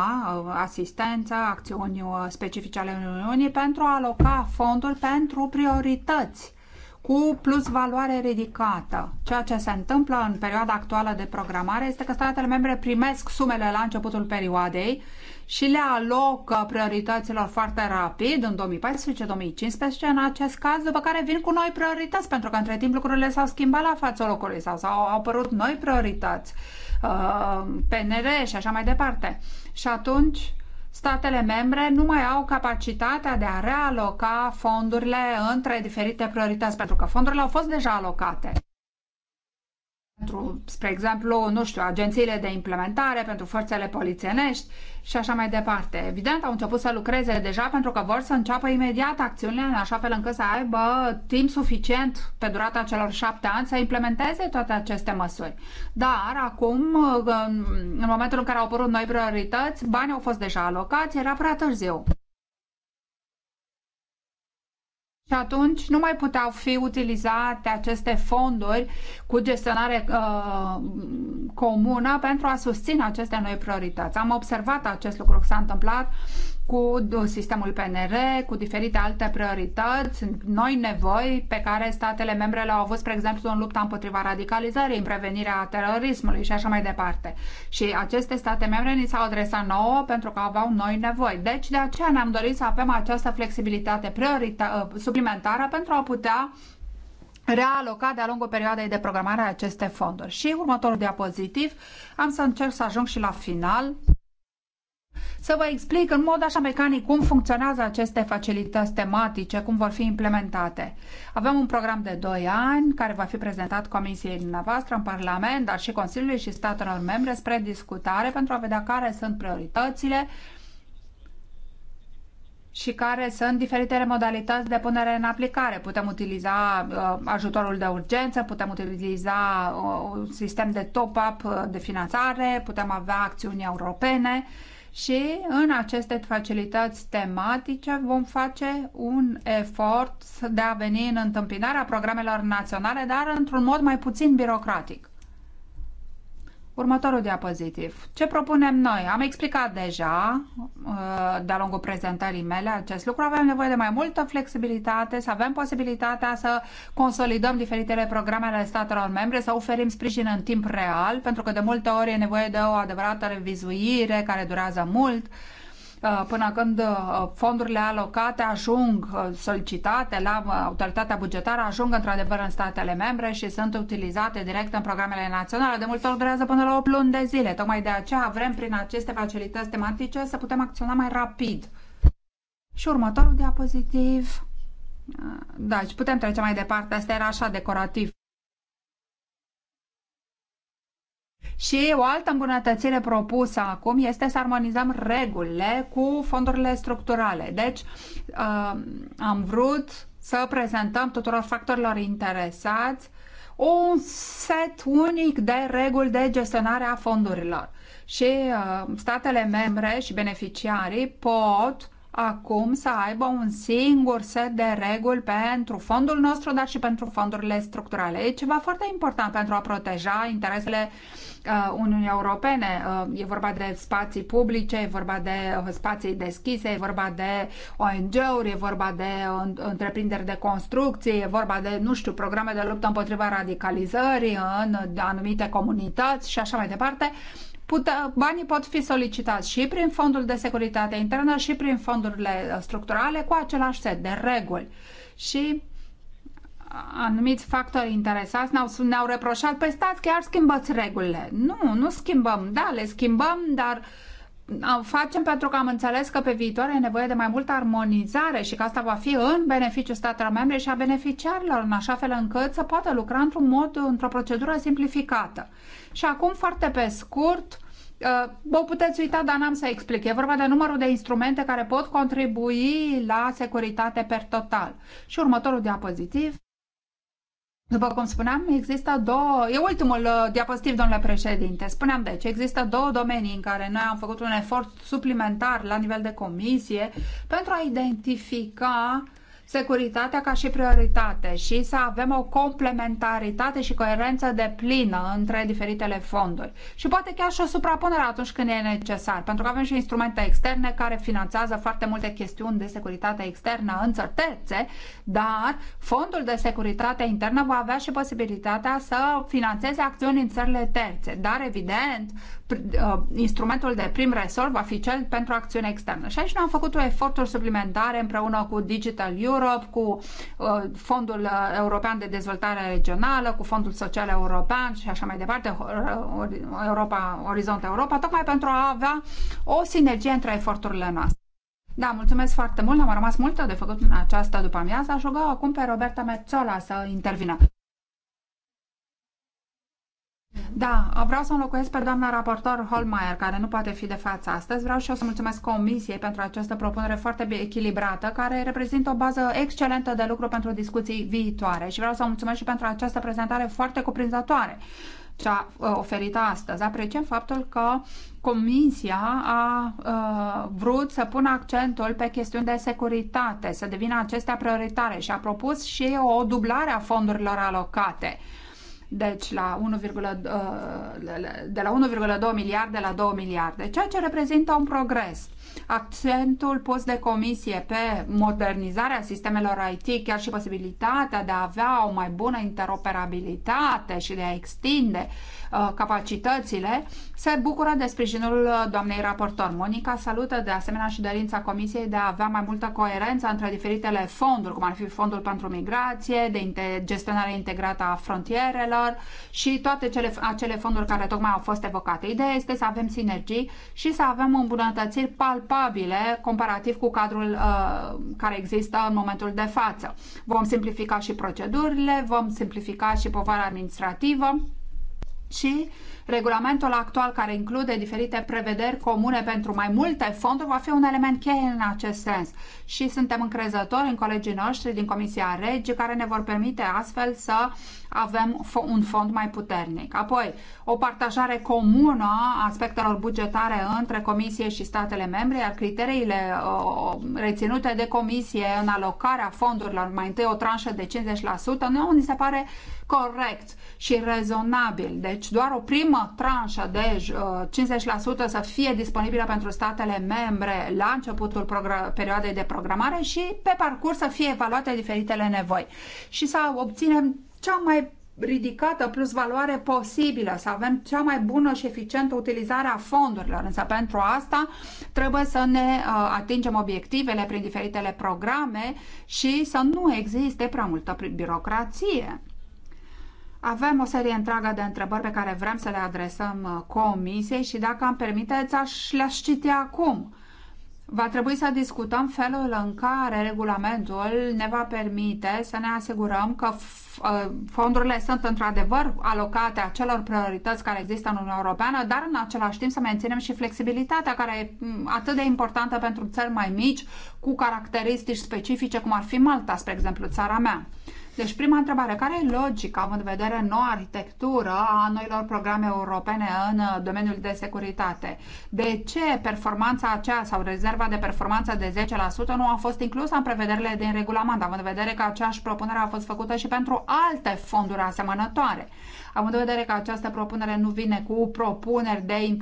uh, asistență, acțiuni uh, specifice ale Uniunii, pentru a aloca fonduri pentru priorități cu plus valoare ridicată. Ceea ce se întâmplă în perioada actuală de programare este că statele membre primesc sumele la începutul perioadei și le alocă priorităților foarte rapid, în 2014-2015 în acest caz, după care vin cu noi priorități, pentru că între timp lucrurile s-au schimbat la fața locului sau au apărut noi priorități, uh, PNR și așa mai departe. Și atunci statele membre nu mai au capacitatea de a realoca fondurile între diferite priorități, pentru că fondurile au fost deja alocate pentru, spre exemplu, nu știu, agențiile de implementare, pentru forțele polițienești și așa mai departe. Evident, au început să lucreze deja pentru că vor să înceapă imediat acțiunile în așa fel încât să aibă timp suficient pe durata celor șapte ani să implementeze toate aceste măsuri. Dar acum, în momentul în care au apărut noi priorități, banii au fost deja alocați, era prea târziu. și atunci nu mai puteau fi utilizate aceste fonduri cu gestionare uh, comună pentru a susține aceste noi priorități. Am observat acest lucru că s-a întâmplat cu sistemul PNR, cu diferite alte priorități, noi nevoi pe care statele membre le-au avut, spre exemplu, în lupta împotriva radicalizării, în prevenirea terorismului și așa mai departe. Și aceste state membre ni s-au adresat nouă pentru că aveau noi nevoi. Deci, de aceea ne-am dorit să avem această flexibilitate suplimentară pentru a putea realoca de-a lungul perioadei de programare aceste fonduri. Și următorul diapozitiv, am să încerc să ajung și la final să vă explic în mod așa mecanic cum funcționează aceste facilități tematice, cum vor fi implementate. Avem un program de 2 ani care va fi prezentat Comisiei dumneavoastră în Parlament, dar și Consiliului și statelor membre spre discutare pentru a vedea care sunt prioritățile și care sunt diferitele modalități de punere în aplicare. Putem utiliza uh, ajutorul de urgență, putem utiliza uh, un sistem de top-up uh, de finanțare, putem avea acțiuni europene. Uh, și în aceste facilități tematice vom face un efort de a veni în întâmpinarea programelor naționale, dar într-un mod mai puțin birocratic. Următorul diapozitiv. Ce propunem noi? Am explicat deja uh, de-a lungul prezentării mele acest lucru. Avem nevoie de mai multă flexibilitate, să avem posibilitatea să consolidăm diferitele programe ale statelor membre, să oferim sprijin în timp real, pentru că de multe ori e nevoie de o adevărată revizuire care durează mult Uh, până când uh, fondurile alocate ajung uh, solicitate la autoritatea bugetară, ajung într-adevăr în statele membre și sunt utilizate direct în programele naționale. De multe ori durează până la 8 luni de zile. Tocmai de aceea vrem prin aceste facilități tematice să putem acționa mai rapid. Și următorul diapozitiv. Da, și putem trece mai departe. Asta era așa decorativ. Și o altă îmbunătățire propusă acum este să armonizăm regulile cu fondurile structurale. Deci uh, am vrut să prezentăm tuturor factorilor interesați un set unic de reguli de gestionare a fondurilor. Și uh, statele membre și beneficiarii pot acum să aibă un singur set de reguli pentru fondul nostru, dar și pentru fondurile structurale. E ceva foarte important pentru a proteja interesele uh, Uh, Uniunii Europene. Uh, e vorba de spații publice, e vorba de uh, spații deschise, e vorba de ONG-uri, e vorba de întreprinderi de construcție, e vorba de, nu știu, programe de luptă împotriva radicalizării în anumite comunități și așa mai departe pute, banii pot fi solicitați și prin fondul de securitate internă și prin fondurile structurale cu același set de reguli. Și anumiți factori interesați ne-au, ne reproșat, pe păi stați chiar schimbați regulile. Nu, nu schimbăm. Da, le schimbăm, dar o facem pentru că am înțeles că pe viitor e nevoie de mai multă armonizare și că asta va fi în beneficiul statelor membre și a beneficiarilor, în așa fel încât să poată lucra într-un mod, într-o procedură simplificată. Și acum, foarte pe scurt, uh, Vă puteți uita, dar n-am să explic. E vorba de numărul de instrumente care pot contribui la securitate per total. Și următorul diapozitiv. După cum spuneam, există două, e ultimul uh, diapozitiv, domnule președinte, spuneam deci, există două domenii în care noi am făcut un efort suplimentar la nivel de comisie pentru a identifica uh, securitatea ca și prioritate și să avem o complementaritate și coerență de plină între diferitele fonduri. Și poate chiar și o suprapunere atunci când e necesar, pentru că avem și instrumente externe care finanțează foarte multe chestiuni de securitate externă în țări terțe, dar fondul de securitate internă va avea și posibilitatea să finanțeze acțiuni în țările terțe. Dar, evident, uh, instrumentul de prim resort va fi cel pentru acțiune externă. Și aici noi am făcut o eforturi suplimentare împreună cu Digital Europe Europe, cu uh, Fondul European de Dezvoltare Regională, cu Fondul Social European și așa mai departe, Europa, Orizont Europa, tocmai pentru a avea o sinergie între eforturile noastre. Da, mulțumesc foarte mult, am rămas multă de făcut în această după amiază. Aș ruga acum pe Roberta Mețola să intervină. Da, vreau să înlocuiesc pe doamna raportor Holmeier, care nu poate fi de față astăzi. Vreau și eu să mulțumesc Comisiei pentru această propunere foarte echilibrată, care reprezintă o bază excelentă de lucru pentru discuții viitoare. Și vreau să mulțumesc și pentru această prezentare foarte cuprinzătoare a uh, oferit astăzi. Apreciem faptul că Comisia a, a uh, vrut să pună accentul pe chestiuni de securitate, să devină acestea prioritare și a propus și o dublare a fondurilor alocate deci la 1, uh, de la 1,2 miliarde la 2 miliarde, ceea ce reprezintă un progres accentul pus de comisie pe modernizarea sistemelor IT, chiar și posibilitatea de a avea o mai bună interoperabilitate și de a extinde uh, capacitățile, se bucură de sprijinul uh, doamnei raportor. Monica salută de asemenea și dorința comisiei de a avea mai multă coerență între diferitele fonduri, cum ar fi fondul pentru migrație, de gestionare integrată a frontierelor și toate cele, acele fonduri care tocmai au fost evocate. Ideea este să avem sinergii și să avem îmbunătățiri palpabile comparabile comparativ cu cadrul uh, care există în momentul de față. Vom simplifica și procedurile, vom simplifica și povara administrativă și regulamentul actual care include diferite prevederi comune pentru mai multe fonduri va fi un element cheie în acest sens și suntem încrezători în colegii noștri din Comisia Regi care ne vor permite astfel să avem un fond mai puternic. Apoi, o partajare comună a aspectelor bugetare între Comisie și statele membre, iar criteriile uh, reținute de Comisie în alocarea fondurilor, mai întâi o tranșă de 50%, nu ni se pare corect și rezonabil. Deci doar o primă tranșă de 50% uh, să fie disponibilă pentru statele membre la începutul perioadei de program programare și pe parcurs să fie evaluate diferitele nevoi și să obținem cea mai ridicată plus valoare posibilă, să avem cea mai bună și eficientă utilizare a fondurilor. Însă pentru asta trebuie să ne uh, atingem obiectivele prin diferitele programe și să nu existe prea multă birocrație. Avem o serie întreagă de întrebări pe care vrem să le adresăm uh, comisiei și dacă îmi permiteți, aș le-aș citi acum va trebui să discutăm felul în care regulamentul ne va permite să ne asigurăm că uh, fondurile sunt într-adevăr alocate acelor priorități care există în Uniunea Europeană, dar în același timp să menținem și flexibilitatea care e mm, atât de importantă pentru țări mai mici, cu caracteristici specifice, cum ar fi Malta, spre exemplu, țara mea. Deci, prima întrebare, care e logica, având în vedere noua arhitectură a noilor programe europene în uh, domeniul de securitate? De ce performanța aceea sau rezerva de performanță de 10% nu a fost inclusă în prevederile din regulament, având în vedere că aceeași propunere a fost făcută și pentru alte fonduri asemănătoare? având în vedere că această propunere nu vine cu propuneri de,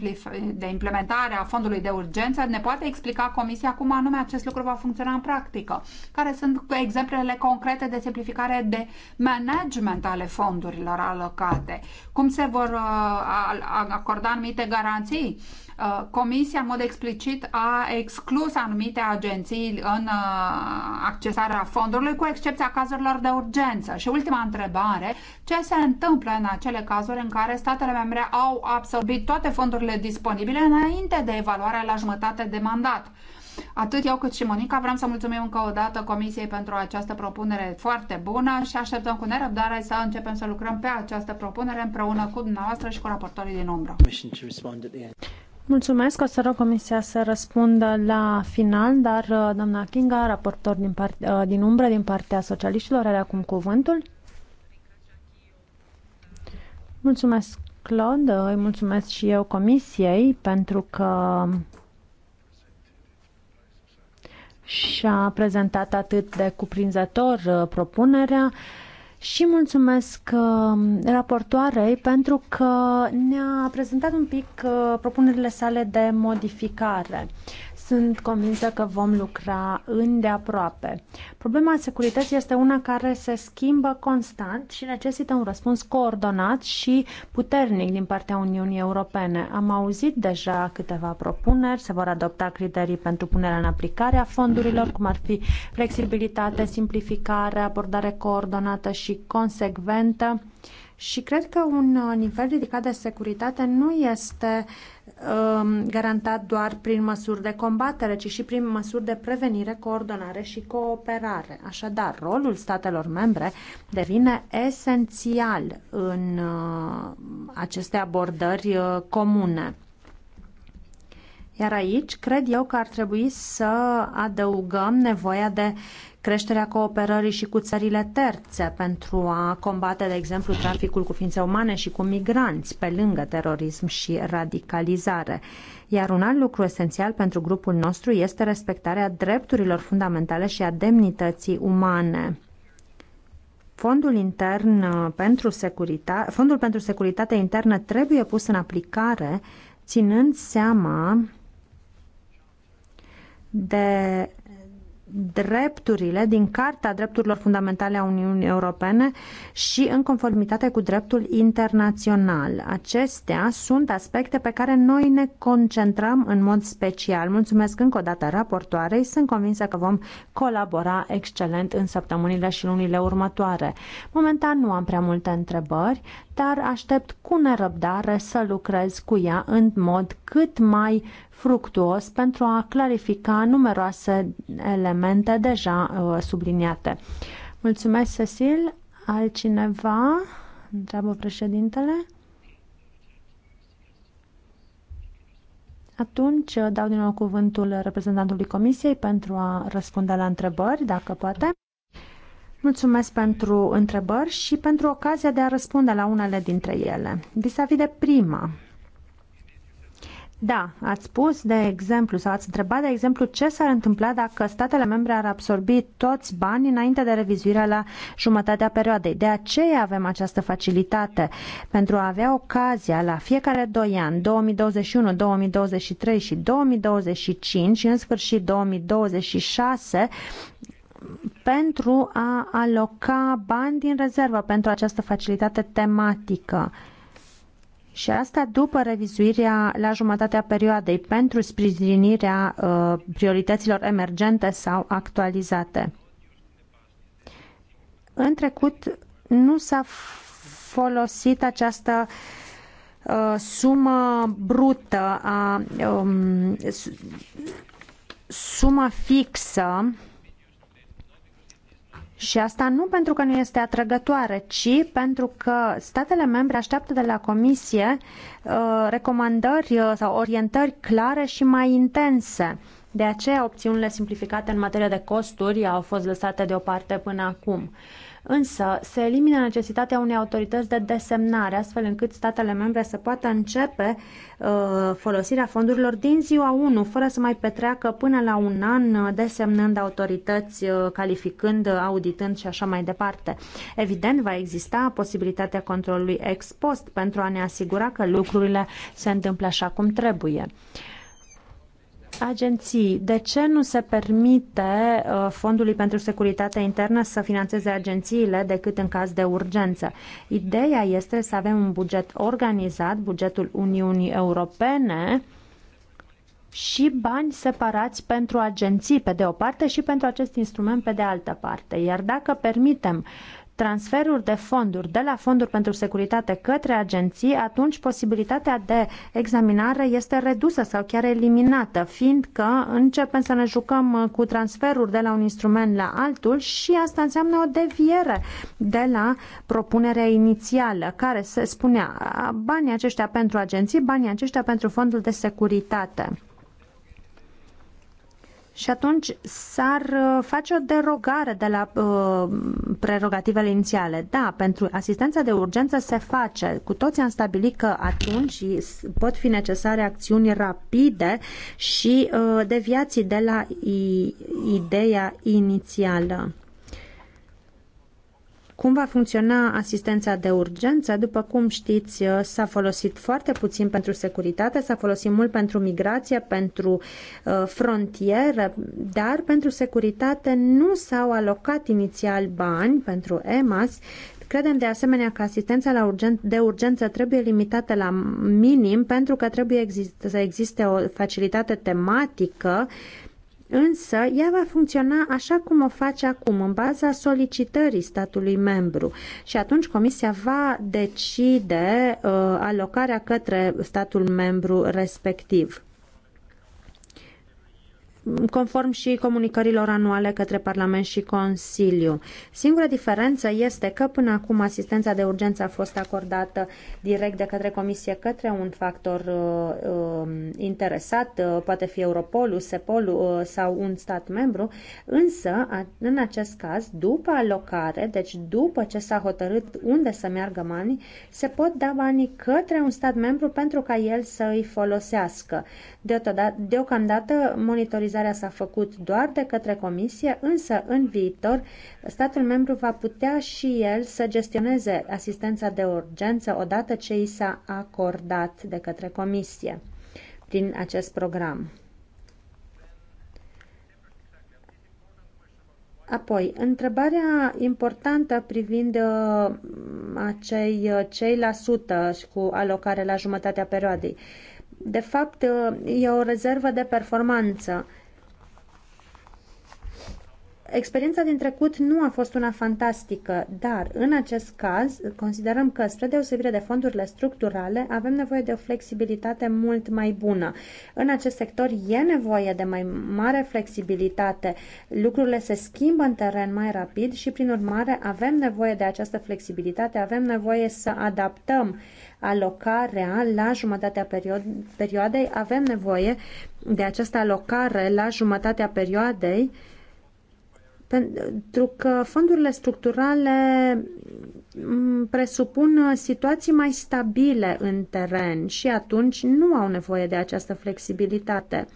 de implementare a fondului de urgență, ne poate explica Comisia cum anume acest lucru va funcționa în practică? Care sunt exemplele concrete de simplificare de management ale fondurilor alocate? Cum se vor uh, acorda anumite garanții? Uh, comisia, în mod explicit, a exclus anumite agenții în uh, accesarea fondurilor, cu excepția cazurilor de urgență. Și ultima întrebare, ce se întâmplă în acele cazuri în care statele membre au absorbit toate fondurile disponibile înainte de evaluarea la jumătate de mandat? Atât eu cât și Monica vrem să mulțumim încă o dată Comisiei pentru această propunere foarte bună și așteptăm cu nerăbdare să începem să lucrăm pe această propunere împreună cu dumneavoastră și cu raportorii din umbră. Mulțumesc. O să rog Comisia să răspundă la final, dar uh, doamna Kinga, raportor din, part, uh, din umbră din partea socialiștilor, are acum cuvântul. Mulțumesc, Claude. Îi mulțumesc și eu Comisiei pentru că și-a prezentat atât de cuprinzător uh, propunerea și mulțumesc um, raportoarei pentru că ne-a prezentat un pic uh, propunerile sale de modificare. Sunt convinsă că vom lucra îndeaproape. Problema securității este una care se schimbă constant și necesită un răspuns coordonat și puternic din partea Uniunii Europene. Am auzit deja câteva propuneri, se vor adopta criterii pentru punerea în aplicare a fondurilor, cum ar fi flexibilitate, simplificare, abordare coordonată și consecventă. Și cred că un nivel ridicat de securitate nu este Um, garantat doar prin măsuri de combatere, ci și prin măsuri de prevenire, coordonare și cooperare. Așadar, rolul statelor membre devine esențial în uh, aceste abordări uh, comune. Iar aici, cred eu că ar trebui să adăugăm nevoia de creșterea cooperării și cu țările terțe pentru a combate, de exemplu, traficul cu ființe umane și cu migranți, pe lângă terorism și radicalizare. Iar un alt lucru esențial pentru grupul nostru este respectarea drepturilor fundamentale și a demnității umane. Fondul, intern uh, pentru securitate, Fondul pentru Securitate Internă trebuie pus în aplicare ținând seama de drepturile din Carta Drepturilor Fundamentale a Uniunii Europene și în conformitate cu dreptul internațional. Acestea sunt aspecte pe care noi ne concentrăm în mod special. Mulțumesc încă o dată raportoarei. Sunt convinsă că vom colabora excelent în săptămânile și lunile următoare. Momentan nu am prea multe întrebări, dar aștept cu nerăbdare să lucrez cu ea în mod cât mai fructuos pentru a clarifica numeroase elemente elemente deja uh, subliniate. Mulțumesc, Cecil. Altcineva? Întreabă președintele. Atunci uh, dau din nou cuvântul reprezentantului Comisiei pentru a răspunde la întrebări, dacă poate. Mulțumesc pentru întrebări și pentru ocazia de a răspunde la unele dintre ele. Vis-a-vis -vis de prima, da, ați spus, de exemplu, sau ați întrebat, de exemplu, ce s-ar întâmpla dacă statele membre ar absorbi toți banii înainte de revizuirea la jumătatea perioadei. De aceea avem această facilitate, pentru a avea ocazia la fiecare 2 ani, 2021, 2023 și 2025 și în sfârșit 2026, pentru a aloca bani din rezervă pentru această facilitate tematică. Și asta după revizuirea la jumătatea perioadei pentru sprijinirea uh, priorităților emergente sau actualizate. În trecut nu s-a folosit această uh, sumă brută a um, suma fixă și asta nu pentru că nu este atrăgătoare, ci pentru că statele membre așteaptă de la Comisie uh, recomandări uh, sau orientări clare și mai intense. De aceea, opțiunile simplificate în materie de costuri au fost lăsate deoparte până acum. Uh, însă se elimină necesitatea unei autorități de desemnare, astfel încât statele membre să poată începe uh, folosirea fondurilor din ziua 1, fără să mai petreacă până la un an uh, desemnând autorități, uh, calificând, uh, auditând și așa mai departe. Evident, va exista posibilitatea controlului ex post pentru a ne asigura că lucrurile se întâmplă așa cum trebuie. Uh, agenții. De ce nu se permite uh, Fondului pentru Securitatea Internă să financeze agențiile decât în caz de urgență? Ideea este să avem un buget organizat, bugetul Uniunii Europene, și bani separați pentru agenții pe de o parte și pentru acest instrument pe de altă parte. Iar dacă permitem uh, transferuri de fonduri de la fonduri pentru securitate către agenții, atunci posibilitatea de examinare este redusă sau chiar eliminată, fiindcă începem să ne jucăm uh, cu transferuri de la un instrument la altul și asta înseamnă o deviere de la propunerea inițială, care se spunea banii aceștia pentru agenții, banii aceștia pentru fondul de securitate. Și atunci s-ar uh, face o derogare de la uh, prerogativele inițiale. Da, pentru asistența de urgență se face. Cu toți am stabilit că atunci pot fi necesare acțiuni rapide și uh, deviații de la ideea inițială. Cum va funcționa asistența de urgență? După cum știți, uh, s-a folosit foarte puțin pentru securitate, s-a folosit mult pentru migrație, pentru uh, frontieră, dar pentru securitate nu s-au alocat inițial bani pentru EMAS, Credem de asemenea că asistența la urgen- de urgență trebuie limitată la minim pentru că trebuie exist- să existe o facilitate tematică Însă, ea va funcționa așa cum o face acum, în baza solicitării statului membru. Și atunci Comisia va decide uh, alocarea către statul membru respectiv conform și comunicărilor anuale către Parlament și Consiliu. Singura diferență este că până acum asistența de urgență a fost acordată direct de către Comisie către un factor uh, um, interesat, uh, poate fi Europolul, Sepolul uh, sau un stat membru, însă a, în acest caz, după alocare, deci după ce s-a hotărât unde să meargă banii, se pot da banii către un stat membru pentru ca el să îi folosească. Deocamdată monitorizăm Autorizarea s-a făcut doar de către Comisie, însă în viitor statul membru va putea și el să gestioneze asistența de urgență odată ce i s-a acordat de către Comisie prin acest program. Apoi, întrebarea importantă privind uh, acei uh, cei la sută cu alocare la jumătatea perioadei. De fapt, uh, e o rezervă de performanță. Uh, Experiența din trecut nu a fost una fantastică, dar în acest caz considerăm că, spre deosebire de fondurile structurale, avem nevoie de o flexibilitate mult mai bună. În acest sector e nevoie de mai mare flexibilitate. Lucrurile se schimbă în teren mai rapid și, prin urmare, avem nevoie de această flexibilitate, avem nevoie să adaptăm alocarea la jumătatea perioadei, avem nevoie de această alocare la jumătatea perioadei pentru că fondurile structurale mm, presupun situații mai stabile în teren și atunci nu au nevoie de această flexibilitate.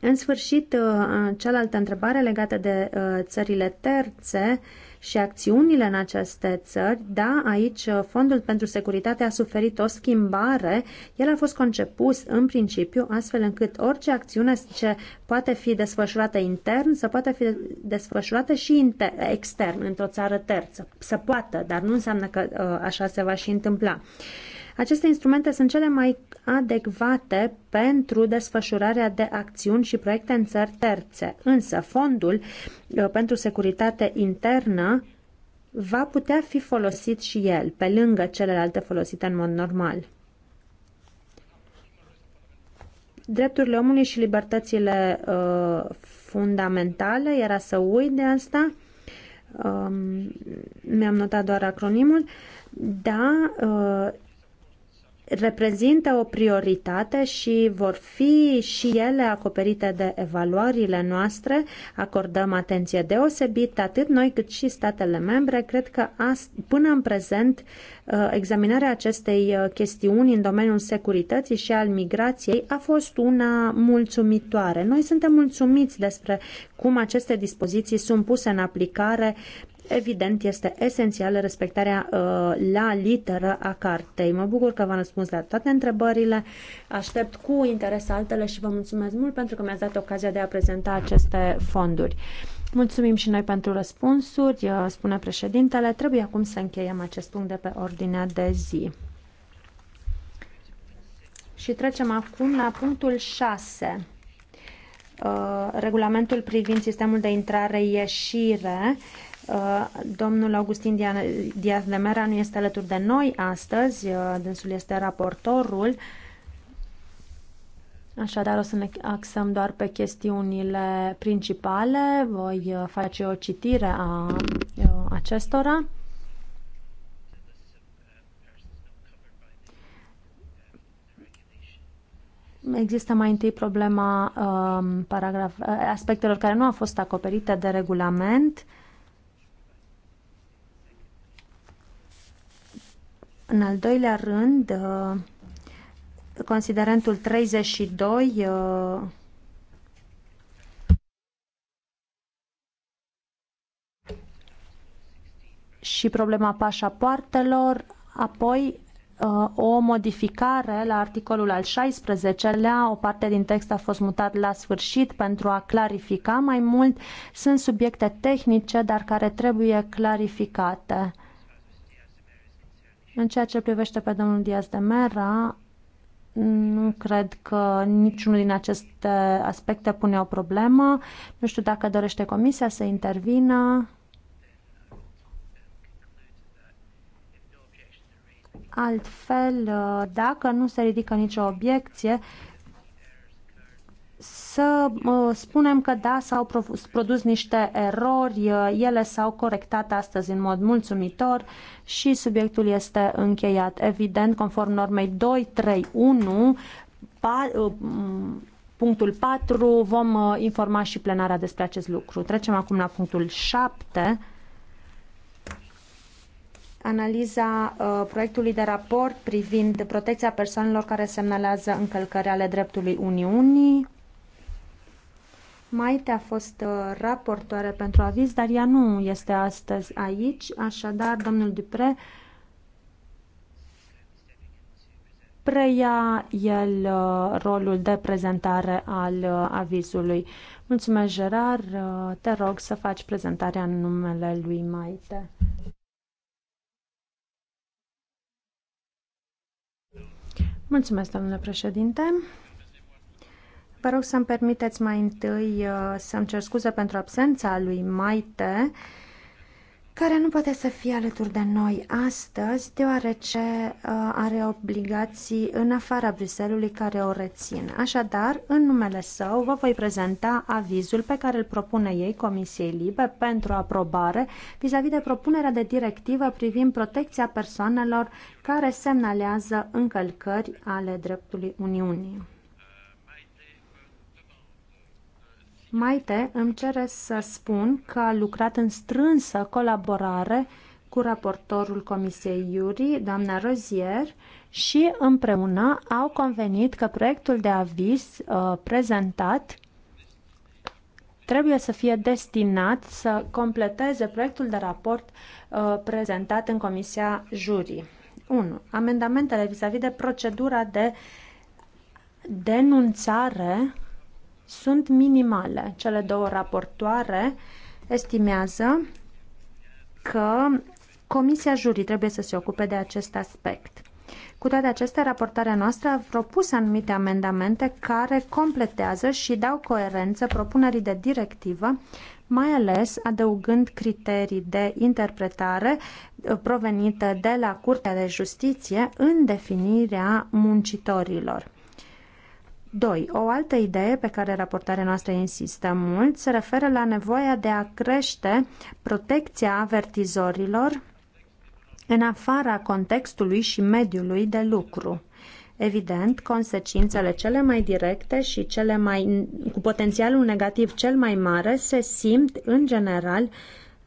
În sfârșit, uh, cealaltă întrebare legată de uh, țările terțe și acțiunile în aceste țări, da, aici uh, Fondul pentru Securitate a suferit o schimbare. El a fost conceput în principiu astfel încât orice acțiune ce poate fi desfășurată intern să poate fi desfășurată și extern, într-o țară terță. Să poată, dar nu înseamnă că uh, așa se va și întâmpla. Aceste instrumente sunt cele mai adecvate pentru desfășurarea de acțiuni și proiecte în țări terțe, însă fondul uh, pentru securitate internă va putea fi folosit și el, pe lângă celelalte folosite în mod normal. Drepturile omului și libertățile uh, fundamentale, era să uit de asta, uh, mi-am notat doar acronimul, da, uh, reprezintă o prioritate și vor fi și ele acoperite de evaluările noastre. Acordăm atenție deosebită atât noi cât și statele membre. Cred că până în prezent uh, examinarea acestei uh, chestiuni în domeniul securității și al migrației a fost una mulțumitoare. Noi suntem mulțumiți despre cum aceste dispoziții sunt puse în aplicare evident, este esențială respectarea uh, la literă a cartei. Mă bucur că v-am răspuns la toate întrebările. Aștept cu interes altele și vă mulțumesc mult pentru că mi-ați dat ocazia de a prezenta aceste fonduri. Mulțumim și noi pentru răspunsuri, uh, spune președintele. Trebuie acum să încheiem acest punct de pe ordinea de zi. Și trecem acum la punctul 6. Uh, regulamentul privind sistemul de intrare-ieșire Uh, domnul Augustin Diaz de Mera nu este alături de noi astăzi, uh, dânsul este raportorul, așadar o să ne axăm doar pe chestiunile principale, voi uh, face o citire a acestora. Există mai întâi problema um, paragraf, aspectelor care nu au fost acoperite de regulament. Uh, În al doilea rând, uh, considerentul 32 uh, și problema pașapoartelor, apoi uh, o modificare la articolul al 16-lea, o parte din text a fost mutat la sfârșit pentru a clarifica mai mult. Sunt subiecte tehnice, dar care trebuie clarificate. În ceea ce privește pe domnul Diaz de Mera, nu cred că niciunul din aceste aspecte pune o problemă. Nu știu dacă dorește comisia să intervină. Altfel, dacă nu se ridică nicio obiecție, să spunem că da, s-au produs niște erori, ele s-au corectat astăzi în mod mulțumitor și subiectul este încheiat. Evident, conform normei 231, uh, punctul 4, vom uh, informa și plenarea despre acest lucru. Trecem acum la punctul 7 analiza uh, proiectului de raport privind protecția persoanelor care semnalează încălcări ale dreptului Uniunii. Maite a fost uh, raportoare pentru aviz, dar ea nu este astăzi aici, așadar domnul Dupre preia el uh, rolul de prezentare al uh, avizului. Mulțumesc, Gerar, te rog să faci prezentarea în numele lui Maite. Mulțumesc, domnule președinte. Vă rog să-mi permiteți mai întâi uh, să-mi cer scuze pentru absența lui Maite, care nu poate să fie alături de noi astăzi, deoarece uh, are obligații în afara Bruselului care o rețin. Așadar, în numele său, vă voi prezenta avizul pe care îl propune ei Comisiei Libe pentru aprobare vis-a-vis -vis de propunerea de directivă privind protecția persoanelor care semnalează încălcări ale dreptului Uniunii. Maite îmi cere să spun că a lucrat în strânsă colaborare cu raportorul Comisiei Iuri, doamna Rozier, și împreună au convenit că proiectul de aviz uh, prezentat trebuie să fie destinat să completeze proiectul de raport uh, prezentat în Comisia Jurii. 1. Amendamentele vis-a-vis -vis de procedura de denunțare sunt minimale. Cele două raportoare estimează că Comisia Jurii trebuie să se ocupe de acest aspect. Cu toate acestea, raportarea noastră a propus anumite amendamente care completează și dau coerență propunerii de directivă, mai ales adăugând criterii de interpretare uh, provenite de la Curtea de Justiție în definirea muncitorilor. 2. O altă idee pe care raportarea noastră insistă mult se referă la nevoia de a crește protecția avertizorilor în afara contextului și mediului de lucru. Evident, consecințele cele mai directe și cele mai, cu potențialul negativ cel mai mare se simt, în general,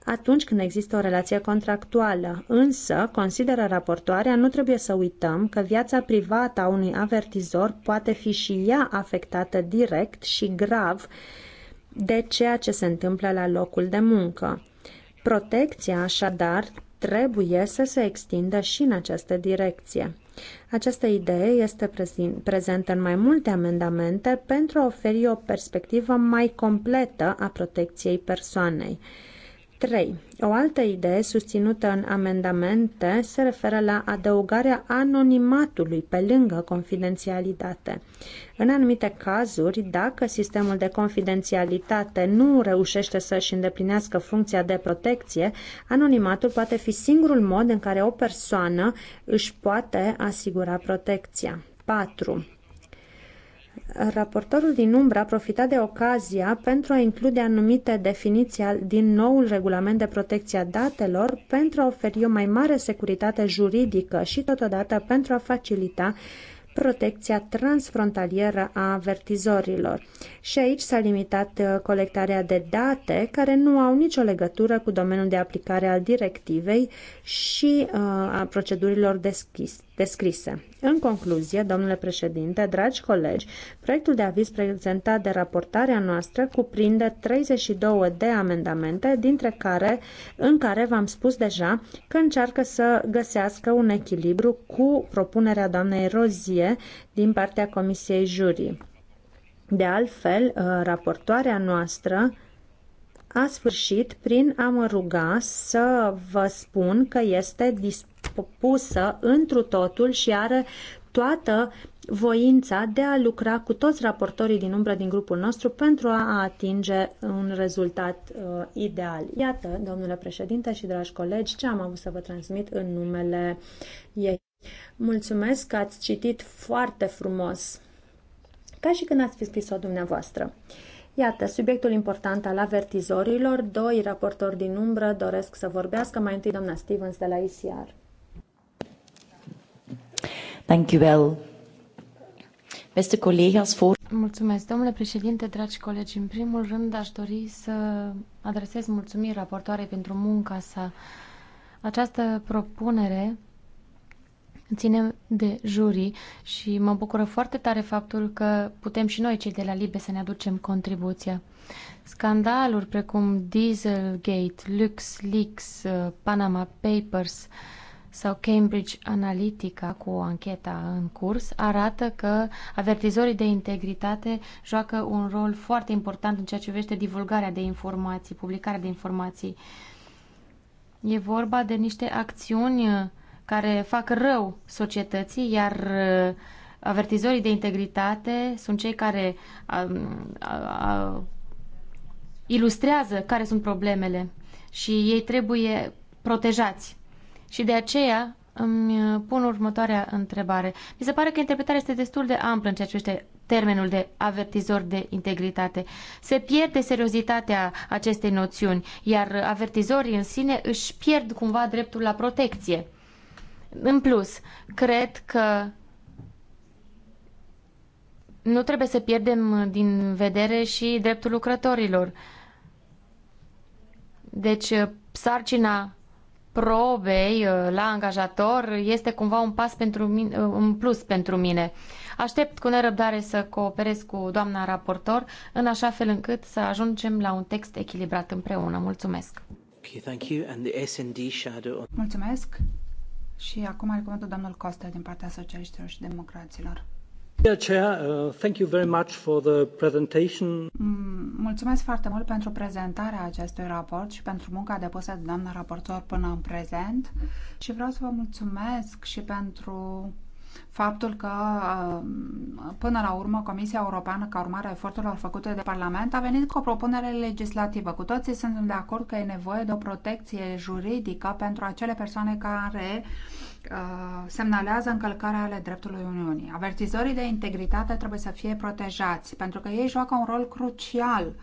atunci când există o relație contractuală, însă, consideră raportoarea, nu trebuie să uităm că viața privată a unui avertizor poate fi și ea afectată direct și grav de ceea ce se întâmplă la locul de muncă. Protecția, așadar, trebuie să se extindă și în această direcție. Această idee este prezentă în mai multe amendamente pentru a oferi o perspectivă mai completă a protecției persoanei. 3. O altă idee susținută în amendamente se referă la adăugarea anonimatului pe lângă confidențialitate. În anumite cazuri, dacă sistemul de confidențialitate nu reușește să-și îndeplinească funcția de protecție, anonimatul poate fi singurul mod în care o persoană își poate asigura protecția. 4 raportorul din umbră a profitat de ocazia pentru a include anumite definiții din noul regulament de protecție a datelor pentru a oferi o mai mare securitate juridică și totodată pentru a facilita protecția transfrontalieră a avertizorilor. Și aici s-a limitat uh, colectarea de date care nu au nicio legătură cu domeniul de aplicare al directivei și uh, a procedurilor deschise descrise. În concluzie, domnule președinte, dragi colegi, proiectul de aviz prezentat de raportarea noastră cuprinde 32 de amendamente, dintre care, în care v-am spus deja că încearcă să găsească un echilibru cu propunerea doamnei Rozie din partea Comisiei Jurii. De altfel, uh, raportoarea noastră a sfârșit prin a mă ruga să vă spun că este dispusă pusă întru totul și are toată voința de a lucra cu toți raportorii din umbră din grupul nostru pentru a atinge un rezultat uh, ideal. Iată, domnule președinte și dragi colegi, ce am avut să vă transmit în numele ei. Mulțumesc că ați citit foarte frumos, ca și când ați fi scris-o dumneavoastră. Iată, subiectul important al avertizorilor, doi raportori din umbră doresc să vorbească, mai întâi doamna Stevens de la ICR. Dank Beste collega's, voor... Mulțumesc, domnule președinte, dragi colegi. În primul rând aș dori să adresez mulțumiri raportoarei pentru munca sa. Această propunere ține de juri și mă bucură foarte tare faptul că putem și noi cei de la Libe să ne aducem contribuția. Scandaluri precum Dieselgate, LuxLeaks, uh, Panama Papers, uh, sau Cambridge Analytica cu o anchetă în curs arată că avertizorii de integritate joacă un rol foarte important în ceea ce privește divulgarea de informații, publicarea de informații. E vorba de niște acțiuni uh, care fac rău societății, iar uh, avertizorii de integritate sunt cei care a, um, a, a, ilustrează care sunt problemele și ei trebuie protejați și de aceea îmi uh, pun următoarea întrebare. Mi se pare că interpretarea este destul de amplă în ceea ce privește termenul de avertizor de integritate. Se pierde seriozitatea acestei noțiuni, iar avertizorii în sine își pierd cumva dreptul la protecție. În plus, cred că nu trebuie să pierdem din vedere și dreptul lucrătorilor. Deci, sarcina probei uh, la angajator este cumva un pas pentru mine, uh, un plus pentru mine. Aștept cu nerăbdare să cooperez cu doamna raportor în așa fel încât să ajungem la un text echilibrat împreună. Mulțumesc! Okay, thank you. And the S&D shadow... Mulțumesc! Și acum are cuvântul domnul Costa din partea socialiștilor și democraților. Mulțumesc foarte mult pentru prezentarea acestui raport și pentru munca depusă de doamna raportor până în prezent și vreau să vă mulțumesc și pentru faptul că uh, până la urmă Comisia Europeană, ca urmare a eforturilor făcute de Parlament, a venit cu o propunere legislativă. Cu toții suntem de acord că e nevoie de o protecție juridică pentru acele persoane care Uh, semnalează încălcarea ale dreptului Uniunii. Avertizorii de integritate trebuie să fie protejați, pentru că ei joacă un rol crucial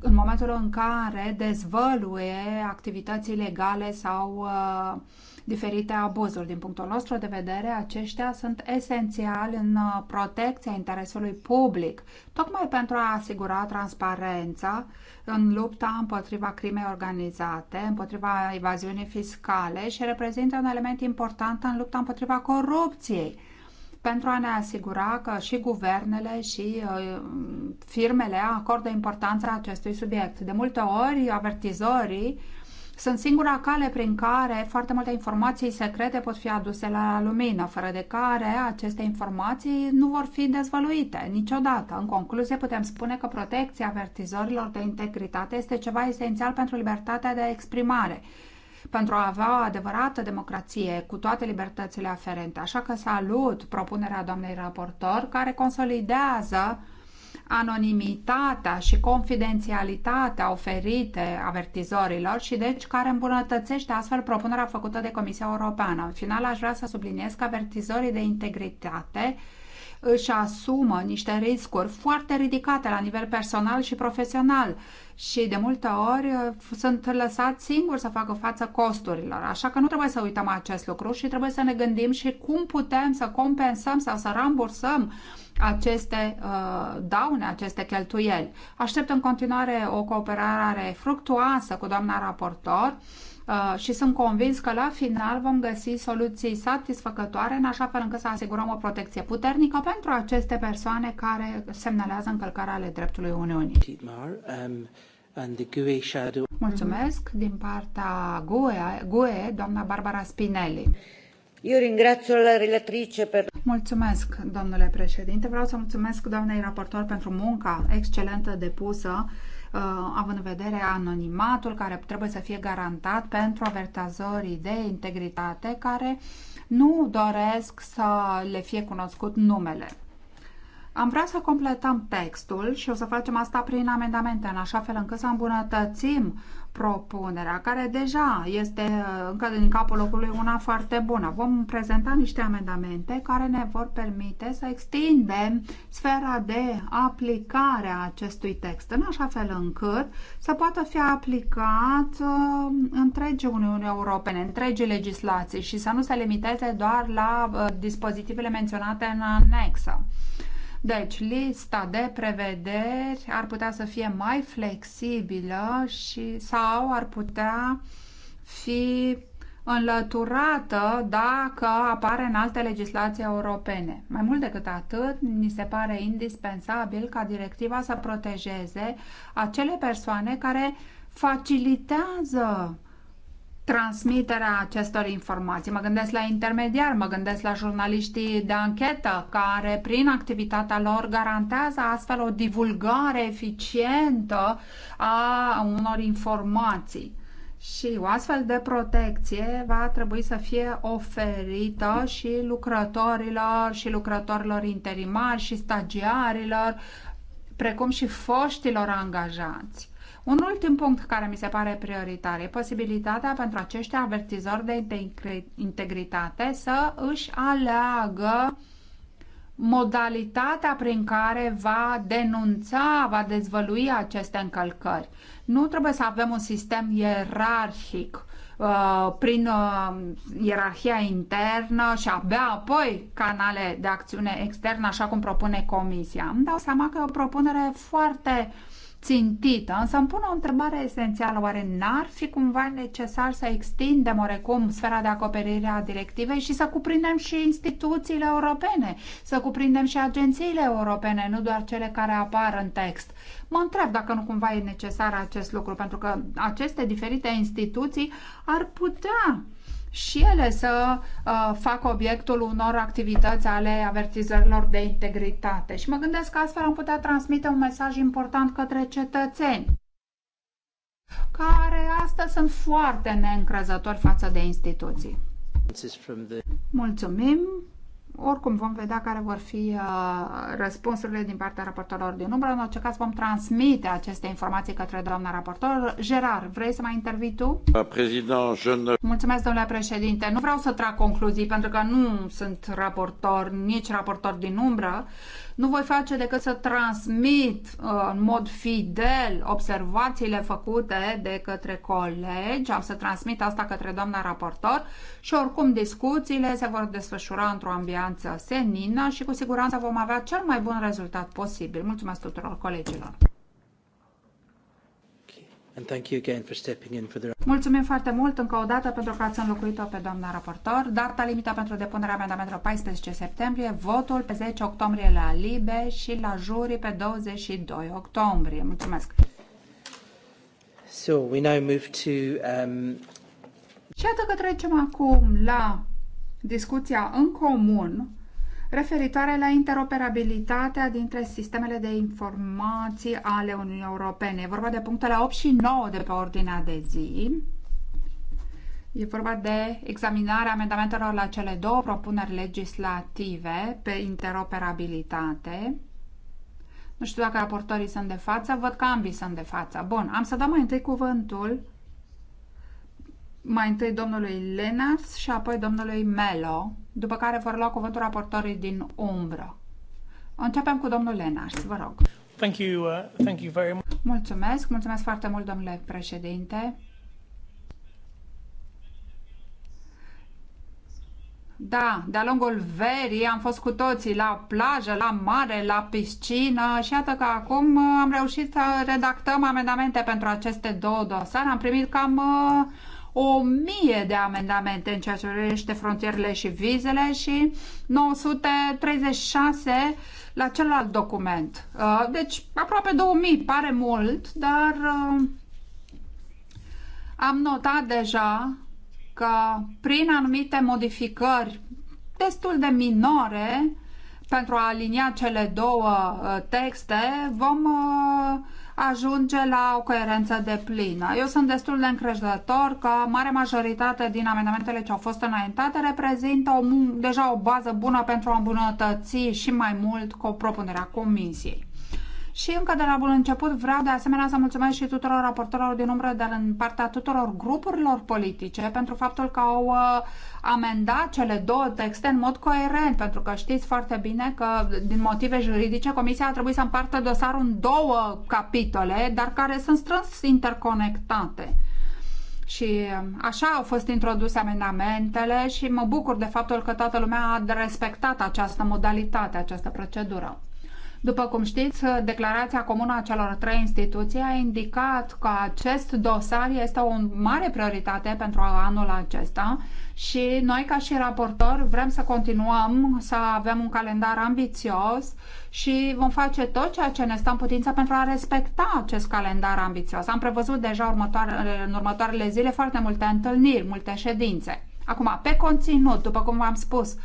în momentul în care dezvăluie activități ilegale sau uh, diferite abuzuri. Din punctul nostru de vedere, aceștia sunt esențiali în uh, protecția interesului public, tocmai pentru a asigura transparența în lupta împotriva crimei organizate, împotriva evaziunii fiscale și reprezintă un element important în lupta împotriva corupției pentru a ne asigura că și guvernele și uh, firmele acordă importanța acestui subiect. De multe ori, avertizorii sunt singura cale prin care foarte multe informații secrete pot fi aduse la lumină, fără de care aceste informații nu vor fi dezvăluite niciodată. În concluzie, putem spune că protecția avertizorilor de integritate este ceva esențial pentru libertatea de exprimare pentru a avea o adevărată democrație cu toate libertățile aferente. Așa că salut propunerea doamnei raportor care consolidează uh, anonimitatea și confidențialitatea oferite avertizorilor și deci care îmbunătățește astfel propunerea făcută de Comisia Europeană. În final aș vrea să subliniez că avertizorii de integritate își asumă niște riscuri foarte ridicate la nivel personal și profesional și de multe ori sunt lăsați singuri să facă față costurilor. Așa că nu trebuie să uităm acest lucru și trebuie să ne gândim și cum putem să compensăm sau să rambursăm uh, aceste uh, daune, aceste cheltuieli. Aștept în continuare o cooperare fructuoasă cu doamna raportor uh, și sunt convins că la final vom găsi soluții satisfăcătoare în așa fel încât să asigurăm o protecție puternică pentru aceste persoane care semnalează încălcarea ale dreptului Uniunii. Um, Mulțumesc din partea GUE, GUE doamna Barbara Spinelli. Eu ringrazio la relatrice per... Mulțumesc, domnule președinte. Vreau să mulțumesc doamnei raportor pentru munca excelentă depusă, uh, având în vedere anonimatul care trebuie să fie garantat pentru avertazorii de integritate care nu doresc să le fie cunoscut numele. Am vrea să completăm textul și o să facem asta prin amendamente, în așa fel încât să îmbunătățim propunerea, care deja este uh, încă din capul locului una foarte bună. Vom prezenta niște amendamente care ne vor permite să extindem sfera de aplicare a acestui text, în așa fel încât să poată fi aplicat uh, întregii Uniuni Europene, întregii legislații și să nu se limiteze doar la uh, dispozitivele menționate în anexă. Deci, lista de prevederi ar putea să fie mai flexibilă și sau ar putea fi înlăturată dacă apare în alte legislații europene. Mai mult decât atât, ni se pare indispensabil ca directiva să protejeze acele persoane care facilitează transmiterea acestor informații. Mă gândesc la intermediari, mă gândesc la jurnaliștii de anchetă care prin activitatea lor garantează astfel o divulgare eficientă a unor informații. Și o astfel de protecție va trebui să fie oferită și lucrătorilor, și lucrătorilor interimari, și stagiarilor, precum și foștilor angajați. Un ultim punct care mi se pare prioritar e posibilitatea pentru acești avertizori de integritate să își aleagă modalitatea prin care va denunța, va dezvălui aceste încălcări. Nu trebuie să avem un sistem ierarhic uh, prin uh, ierarhia internă și abia apoi canale de acțiune externă, așa cum propune Comisia. Îmi dau seama că e o propunere foarte uh, țintită, însă îmi pun o întrebare esențială. Oare n-ar fi cumva necesar să extindem orecum sfera de acoperire a directivei și să cuprindem și instituțiile europene, să cuprindem și agențiile europene, nu doar cele care apar în text? Mă întreb dacă nu cumva e necesar acest lucru, pentru că aceste diferite instituții ar putea și ele să uh, facă obiectul unor activități ale avertizărilor de integritate. Și mă gândesc că astfel am putea transmite un mesaj important către cetățeni care astăzi sunt foarte neîncrezători față de instituții. Mulțumim! Oricum vom vedea care vor fi uh, răspunsurile din partea raportorilor din umbră. În orice caz vom transmite aceste informații către doamna raportor. Gerard, vrei să mai intervii tu? Ne... Mulțumesc, domnule președinte. Nu vreau să trag concluzii pentru că nu sunt raportor, nici raportor din umbră nu voi face decât să transmit uh, în mod fidel observațiile făcute de către colegi. Am să transmit asta către doamna raportor și oricum discuțiile se vor desfășura într-o ambianță senină și cu siguranță vom avea cel mai bun rezultat posibil. Mulțumesc tuturor colegilor! Mulțumim foarte mult încă o dată pentru că ați înlocuit-o pe doamna raportor. Data limită pentru depunerea amendamentelor 14 septembrie, votul pe 10 octombrie la LIBE și la juri pe 22 octombrie. Mulțumesc! So we now move to, um... Și atât că trecem acum la discuția în comun referitoare la interoperabilitatea dintre sistemele de informații ale Uniunii Europene. E vorba de punctele 8 și 9 de pe ordinea de zi. E vorba de examinarea amendamentelor la cele două propuneri legislative pe interoperabilitate. Nu știu dacă raportorii sunt de față, văd că ambii sunt de față. Bun, am să dau mai întâi cuvântul mai întâi domnului Lenars și apoi domnului Melo, după care vor lua cuvântul raportorii din umbră. Începem cu domnul Lenars, vă rog. Thank you, uh, thank you very much. Mulțumesc, mulțumesc foarte mult, domnule președinte. Da, de-a lungul verii am fost cu toții la plajă, la mare, la piscină și iată că acum uh, am reușit să redactăm amendamente pentru aceste două dosare. Am primit cam uh, o mie de amendamente în ceea ce privește frontierele și vizele și 936 la celălalt document. Uh, deci aproape 2000, pare mult, dar uh, am notat deja că prin anumite modificări destul de minore pentru a alinia cele două uh, texte vom ajunge la o coerență de plină. Eu sunt destul de încrezător că mare majoritate din amendamentele ce au fost înaintate reprezintă o, deja o bază bună pentru a îmbunătăți și mai mult cu propunerea Comisiei. Și încă de la bun început vreau de asemenea să mulțumesc și tuturor raportorilor din umbră, dar în partea tuturor grupurilor politice, pentru faptul că au uh, amendat cele două texte în mod coerent, pentru că știți foarte bine că din motive juridice Comisia a trebuit să împartă dosarul în două capitole, dar care sunt strâns interconectate. Și uh, așa au fost introduse amendamentele și mă bucur de faptul că toată lumea a respectat această modalitate, această procedură. După cum știți, declarația comună a celor trei instituții a indicat că acest dosar este o mare prioritate pentru anul acesta și noi ca și raportori vrem să continuăm să avem un calendar ambițios și vom face tot ceea ce ne stă în putință pentru a respecta acest calendar ambițios. Am prevăzut deja următoare, în următoarele zile foarte multe întâlniri, multe ședințe. Acum, pe conținut, după cum v-am spus,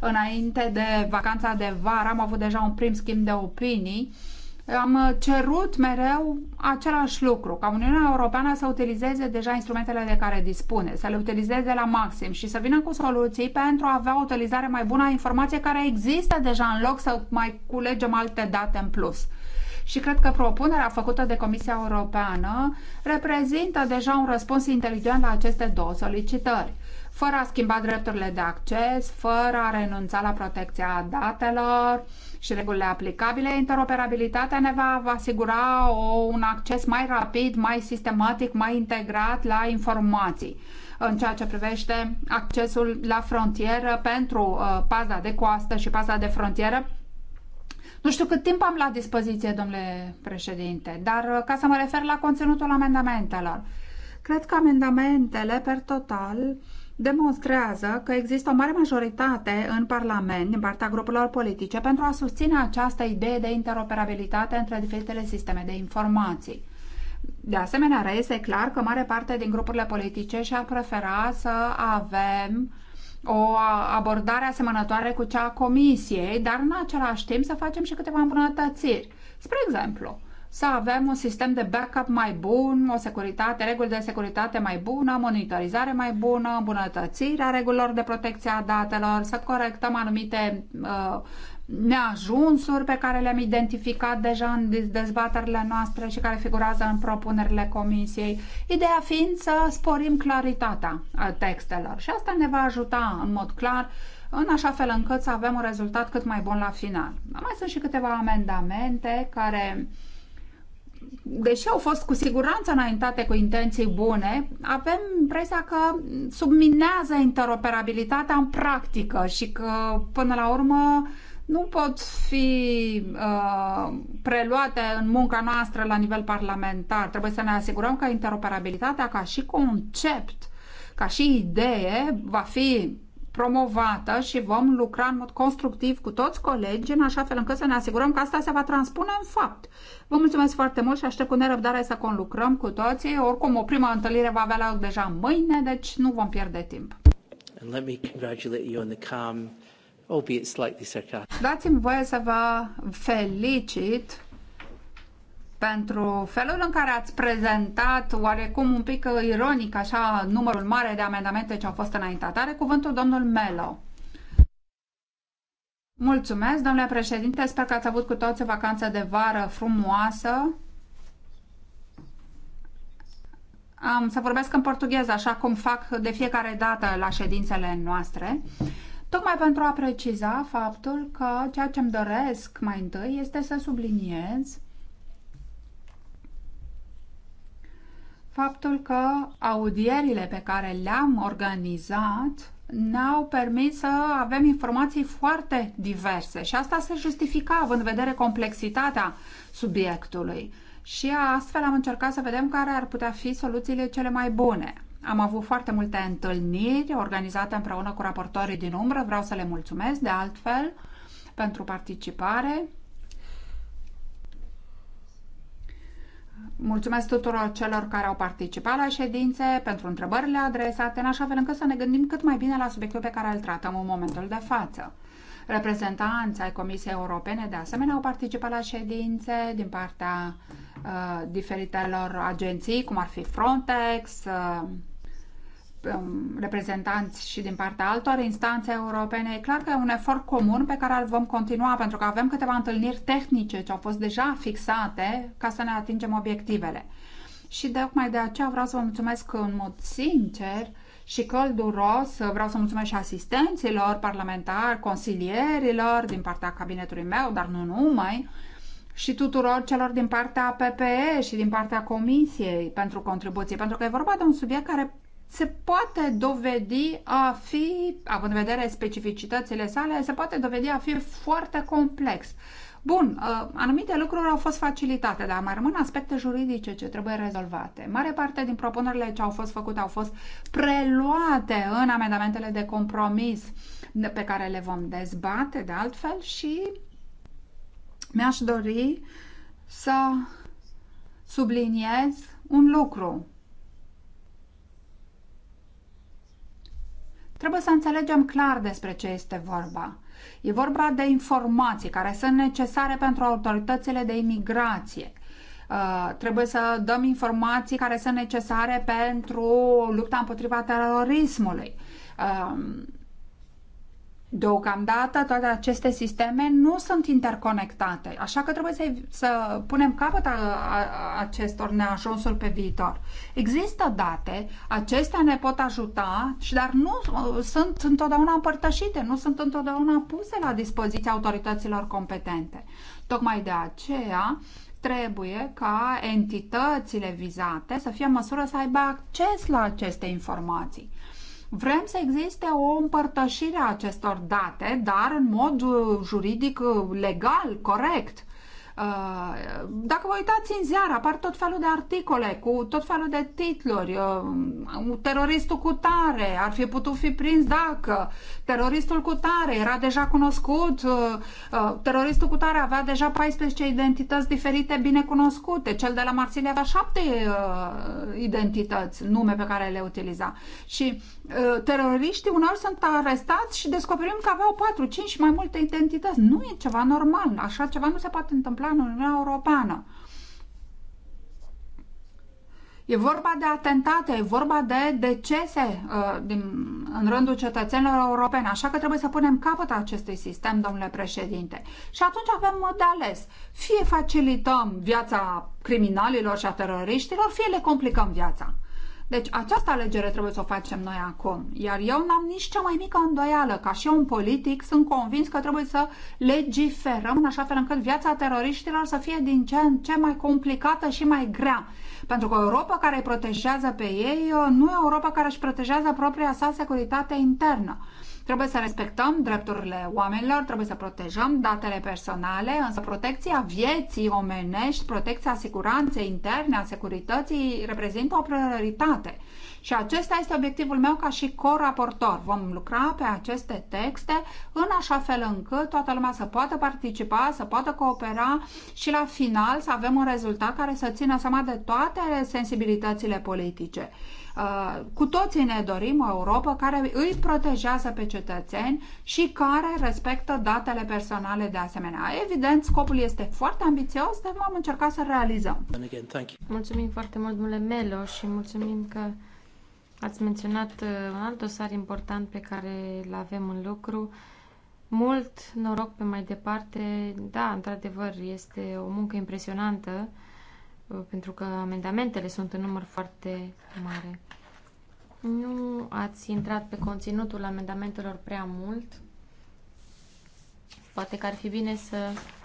Înainte de vacanța de vară am avut deja un prim schimb de opinii am cerut mereu același lucru, ca Uniunea Europeană să utilizeze deja instrumentele de care dispune, să le utilizeze la maxim și să vină cu soluții pentru a avea o utilizare mai bună a informației care există deja în loc să mai culegem alte date în plus. Și cred că propunerea făcută de Comisia Europeană reprezintă deja un răspuns inteligent la aceste două solicitări fără a schimba drepturile de acces, fără a renunța la protecția datelor și regulile aplicabile, interoperabilitatea ne va, asigura o, un acces mai rapid, mai sistematic, mai integrat la informații în ceea ce privește accesul la frontieră pentru uh, paza de coastă și paza de frontieră. Nu știu cât timp am la dispoziție, domnule președinte, dar uh, ca să mă refer la conținutul amendamentelor. Cred că amendamentele, per total, uh, demonstrează că există o mare majoritate în Parlament din partea grupurilor politice pentru a susține această idee de interoperabilitate între diferitele sisteme de informații. De asemenea, reiese clar că mare parte din grupurile politice și-ar prefera să avem o abordare asemănătoare cu cea a Comisiei, dar în același timp să facem și câteva îmbunătățiri. Spre exemplu, să avem un sistem de backup mai bun, o securitate, reguli de securitate mai bună, monitorizare mai bună, îmbunătățirea regulilor de protecție a datelor, să corectăm anumite uh, neajunsuri pe care le-am identificat deja în dezbaterile noastre și care figurează în propunerile comisiei, ideea fiind să sporim claritatea uh, textelor și asta ne va ajuta în mod clar în așa fel încât să avem un rezultat cât mai bun la final. Mai sunt și câteva amendamente care uh, deși au fost cu siguranță înaintate cu intenții bune, avem impresia că subminează interoperabilitatea în practică și că, până la urmă, nu pot fi uh, preluate în munca noastră la nivel parlamentar. Trebuie să ne asigurăm că interoperabilitatea ca și concept, ca și idee, va fi promovată și vom lucra în mod constructiv cu toți colegii, în așa fel încât să ne asigurăm că asta se va transpune în fapt. Vă mulțumesc foarte mult și aștept cu nerăbdare să conlucrăm cu toții. Oricum, o prima întâlnire va avea loc deja mâine, deci nu vom pierde timp. Dați-mi voie să vă felicit pentru felul în care ați prezentat oarecum un pic ironic așa numărul mare de amendamente ce au fost înaintate. Are cuvântul domnul Melo. Mulțumesc, domnule președinte. Sper că ați avut cu toți o vacanță de vară frumoasă. Am să vorbesc în portugheză, așa cum fac de fiecare dată la ședințele noastre, tocmai pentru a preciza faptul că ceea ce îmi doresc mai întâi este să subliniez faptul că audierile pe care le-am organizat ne-au permis să avem informații foarte diverse și asta se justifica având în vedere complexitatea subiectului. Și astfel am încercat să vedem care ar putea fi soluțiile cele mai bune. Am avut foarte multe întâlniri organizate împreună cu raportorii din umbră, vreau să le mulțumesc de altfel pentru participare Mulțumesc tuturor celor care au participat la ședințe, pentru întrebările adresate, în așa fel încât să ne gândim cât mai bine la subiectul pe care îl tratăm în momentul de față. Reprezentanții ai Comisiei Europene, de asemenea, au participat la ședințe din partea uh, diferitelor agenții, cum ar fi Frontex, uh, Um, reprezentanți și din partea altor instanțe europene. E clar că e un efort comun pe care îl vom continua, pentru că avem câteva întâlniri tehnice ce au fost deja fixate ca să ne atingem obiectivele. Și de mai de aceea vreau să vă mulțumesc în mod sincer și călduros. Vreau să mulțumesc și asistenților parlamentari, consilierilor din partea cabinetului meu, dar nu numai, și tuturor celor din partea PPE și din partea Comisiei pentru contribuție, pentru că e vorba de un subiect care se poate dovedi a fi, având în vedere specificitățile sale, se poate dovedi a fi foarte complex. Bun, uh, anumite lucruri au fost facilitate, dar mai rămân aspecte juridice ce trebuie rezolvate. Mare parte din propunerile ce au fost făcute au fost preluate în amendamentele de compromis pe care le vom dezbate de altfel și mi-aș dori să subliniez un lucru Trebuie să înțelegem clar despre ce este vorba. E vorba de informații care sunt necesare pentru autoritățile de imigrație. Uh, trebuie să dăm informații care sunt necesare pentru lupta împotriva terorismului. Uh, Deocamdată toate aceste sisteme nu sunt interconectate, așa că trebuie să, să punem capăt a, a, acestor neajunsuri pe viitor. Există date, acestea ne pot ajuta, și dar nu uh, sunt întotdeauna împărtășite, nu sunt întotdeauna puse la dispoziția autorităților competente. Tocmai de aceea trebuie ca entitățile vizate să fie în măsură să aibă acces la aceste informații. Vrem să existe o împărtășire a acestor date, dar în mod juridic legal, corect. Uh, dacă vă uitați în ziar, apar tot felul de articole cu tot felul de titluri. Uh, teroristul cu tare ar fi putut fi prins dacă. Teroristul cu tare era deja cunoscut. Uh, teroristul cu tare avea deja 14 identități diferite bine cunoscute. Cel de la Marsilia avea 7 identități, nume pe care le utiliza. Și teroriștii uneori sunt arestați și descoperim că aveau 4, 5 și mai multe identități. Nu e ceva normal. Așa ceva nu se poate întâmpla apărea în Uniunea Europeană. E vorba de atentate, e vorba de decese uh, din, în rândul cetățenilor europene, așa că trebuie să punem capăt acestui sistem, domnule președinte. Și atunci avem de ales. Fie facilităm viața criminalilor și a teroriștilor, fie le complicăm viața. Deci această alegere trebuie să o facem noi acum. Iar eu n-am nici cea mai mică îndoială. Ca și un politic sunt convins că trebuie să legiferăm în așa fel încât viața teroriștilor să fie din ce în ce mai complicată și mai grea. Pentru că Europa care îi protejează pe ei nu e Europa care își protejează propria sa securitate internă. Trebuie să respectăm drepturile oamenilor, trebuie să protejăm datele personale, însă protecția vieții omenești, protecția siguranței interne, a securității, reprezintă o prioritate. Și acesta este obiectivul meu ca și co-raportor. Vom lucra pe aceste texte în așa fel încât toată lumea să poată participa, să poată coopera și la final să avem un rezultat care să țină seama de toate sensibilitățile politice. Uh, cu toții ne dorim o Europa care îi protejează pe cetățeni și care respectă datele personale de asemenea. Evident, scopul este foarte ambițios, dar vom încerca să realizăm. Mulțumim foarte mult, domnule Melo, și mulțumim că ați menționat uh, un alt dosar important pe care îl avem în lucru. Mult noroc pe mai departe. Da, într-adevăr, este o muncă impresionantă uh, pentru că amendamentele sunt în număr foarte mare. Nu ați intrat pe conținutul amendamentelor prea mult. Poate că ar fi bine să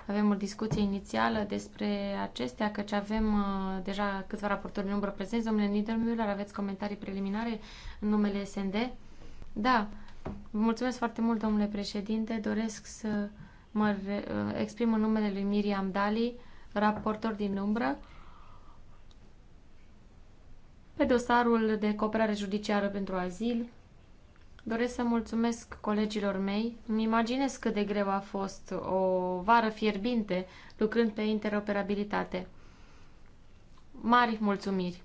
avem o discuție inițială despre acestea, căci avem uh, deja câțiva raportori în umbră prezenți. Domnule Niedermüller, aveți comentarii preliminare în numele SND? Da. mulțumesc foarte mult, domnule președinte. Doresc să mă uh, exprim în numele lui Miriam Dali, raportor din umbră. Pe dosarul de cooperare judiciară pentru azil, doresc să mulțumesc colegilor mei. Îmi imaginez cât de greu a fost o vară fierbinte lucrând pe interoperabilitate. Mari mulțumiri!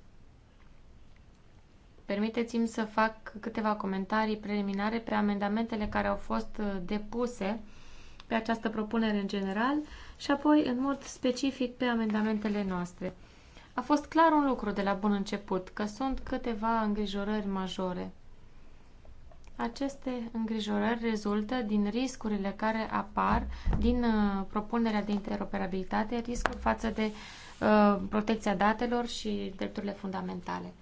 Permiteți-mi să fac câteva comentarii preliminare pe amendamentele care au fost depuse pe această propunere în general și apoi în mod specific pe amendamentele noastre. A fost clar un lucru de la bun început, că sunt câteva îngrijorări majore. Aceste îngrijorări rezultă din riscurile care apar din uh, propunerea de interoperabilitate, riscul față de uh, protecția datelor și drepturile fundamentale.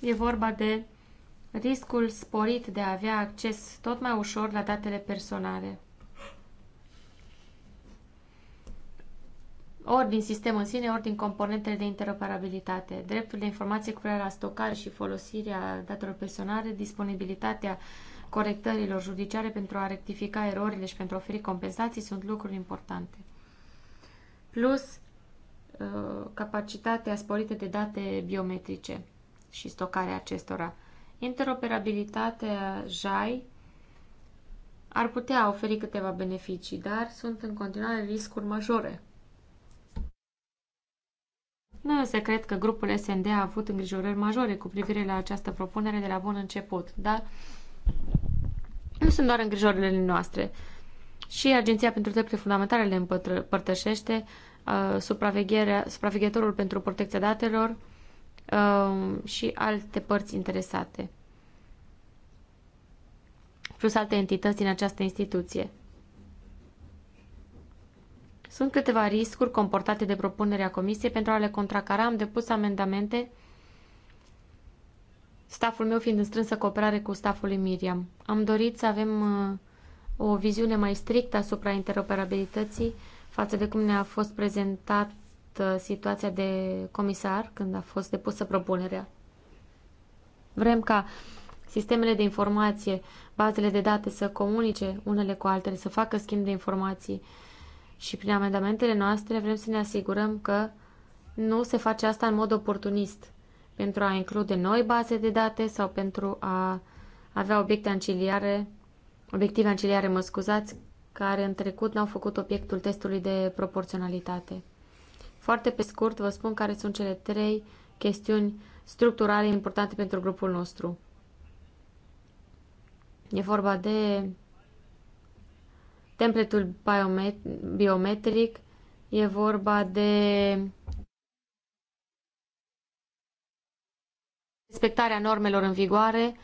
E vorba de riscul sporit de a avea acces tot mai ușor la datele personale. ori din sistem în sine, ori din componentele de interoperabilitate, dreptul de informație cu privire la stocare și folosirea datelor personale, disponibilitatea corectărilor judiciare pentru a rectifica erorile și pentru a oferi compensații sunt lucruri importante. Plus, uh, capacitatea sporită de date biometrice și stocarea acestora. Interoperabilitatea JAI ar putea oferi câteva beneficii, dar sunt în continuare riscuri majore nu se un secret că grupul SND a avut îngrijorări majore cu privire la această propunere de la bun început, dar nu sunt doar îngrijorările noastre. Și Agenția pentru Drepturile Fundamentale le împărtășește, uh, supraveghetorul pentru protecția datelor uh, și alte părți interesate, plus alte entități din această instituție. Sunt câteva riscuri comportate de propunerea Comisiei pentru a le contracara. Am depus amendamente, staful meu fiind în strânsă cooperare cu staful lui Miriam. Am dorit să avem uh, o viziune mai strictă asupra interoperabilității față de cum ne-a fost prezentată situația de comisar când a fost depusă propunerea. Vrem ca sistemele de informație, bazele de date să comunice unele cu altele, să facă schimb de informații, și prin amendamentele noastre vrem să ne asigurăm că nu se face asta în mod oportunist, pentru a include noi baze de date sau pentru a avea obiecte anciliare, obiective anciliare, mă scuzați, care în trecut n-au făcut obiectul testului de proporționalitate. Foarte pe scurt vă spun care sunt cele trei chestiuni structurale importante pentru grupul nostru. E vorba de biomet- biometric, e vorba de respectarea normelor în vigoare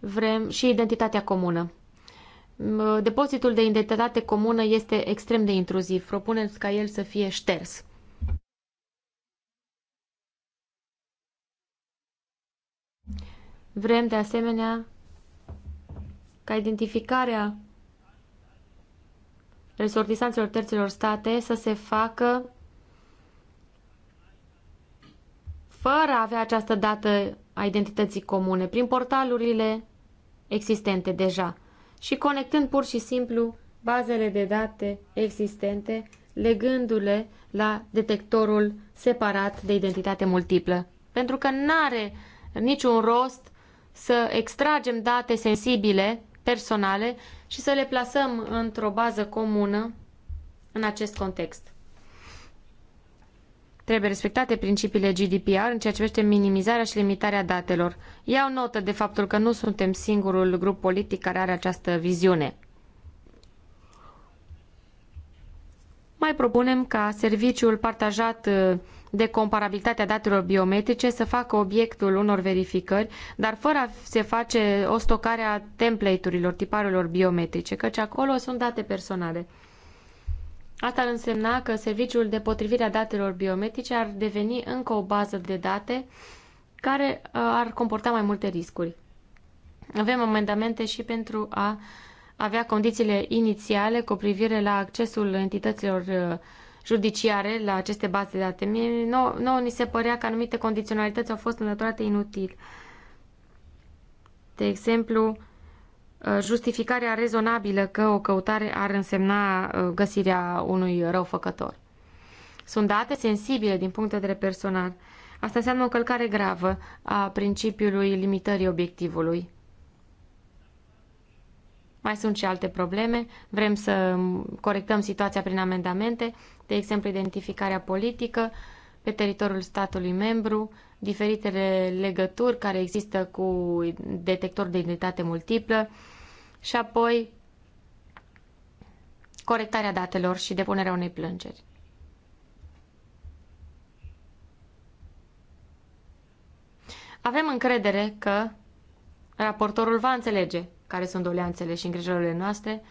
vrem și identitatea comună. Depozitul de identitate comună este extrem de intruziv. Propunem ca el să fie șters. Vrem de asemenea ca identificarea resortisanților terților state să se facă fără a avea această dată a identității comune, prin portalurile existente deja și conectând pur și simplu bazele de date existente, legându-le la detectorul separat de identitate multiplă. Pentru că nu are niciun rost să extragem date sensibile personale și să le plasăm într-o bază comună în acest context. Trebuie respectate principiile GDPR în ceea ce privește minimizarea și limitarea datelor. Iau notă de faptul că nu suntem singurul grup politic care are această viziune. Mai propunem ca serviciul partajat de comparabilitate a datelor biometrice să facă obiectul unor verificări, dar fără a se face o stocare a template-urilor, tiparelor biometrice, căci acolo sunt date personale. Asta ar însemna că serviciul de potrivire a datelor biometrice ar deveni încă o bază de date care uh, ar comporta mai multe riscuri. Avem amendamente și pentru a avea condițiile inițiale cu privire la accesul entităților uh, judiciare la aceste baze de date. Mie, nouă, nouă ni se părea că anumite condiționalități au fost înlăturate inutil. De exemplu, uh, justificarea rezonabilă că o căutare ar însemna uh, găsirea unui răufăcător. Sunt date sensibile din punct de vedere personal. Asta înseamnă o călcare gravă a principiului limitării obiectivului. Mai sunt și alte probleme. Vrem să corectăm situația prin amendamente, de exemplu identificarea politică pe teritoriul statului membru, diferitele legături care există cu detector de identitate multiplă și apoi corectarea datelor și depunerea unei plângeri. Avem încredere că raportorul va înțelege care sunt doleanțele și îngrijorările noastre.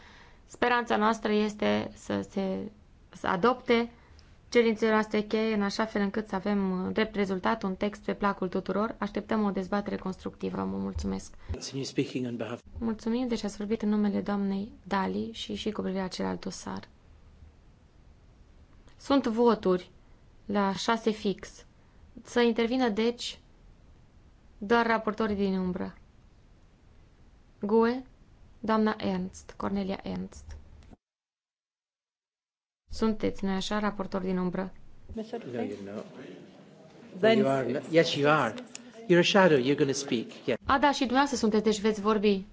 Speranța noastră este să se să adopte cerințele noastre cheie în așa fel încât să avem drept rezultat un text pe placul tuturor. Așteptăm o dezbatere constructivă. Vă mulțumesc. Mulțumim, deci ați vorbit în numele doamnei Dali și și cu privire la celălalt dosar. Sunt voturi la șase fix. Să intervină, deci, doar raportorii din umbră. GUE, doamna Ernst, Cornelia Ernst. Sunteți, nu-i așa, raportor din umbră? Then Yes, you are. You're a shadow. You're going to speak. A, da, și dumneavoastră sunteți, deci veți vorbi.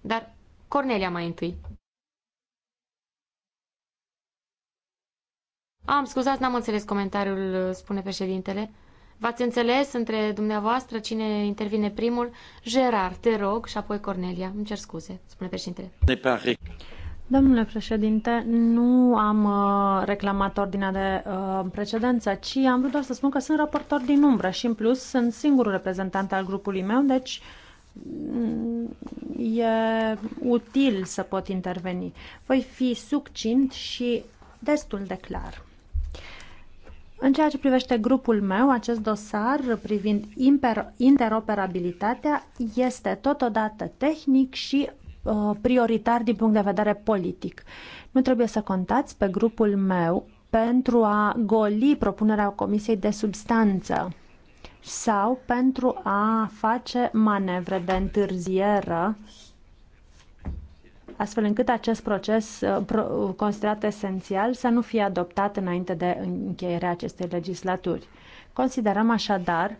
Dar Cornelia mai întâi. Am scuzat, n-am înțeles comentariul, spune președintele. V-ați înțeles între dumneavoastră cine intervine primul? Gerard, te rog, și apoi Cornelia. Îmi cer scuze, spune președintele. Domnule președinte, nu am uh, reclamat ordinea de uh, precedență, ci am vrut doar să spun că sunt raportor din umbră și în plus sunt singurul reprezentant al grupului meu, deci mm, e util să pot interveni. Voi fi succint și destul de clar. În ceea ce privește grupul meu, acest dosar privind interoperabilitatea este totodată tehnic și uh, prioritar din punct de vedere politic. Nu trebuie să contați pe grupul meu pentru a goli propunerea Comisiei de substanță sau pentru a face manevre de întârziere astfel încât acest proces uh, considerat esențial să nu fie adoptat înainte de încheierea acestei legislaturi. Considerăm așadar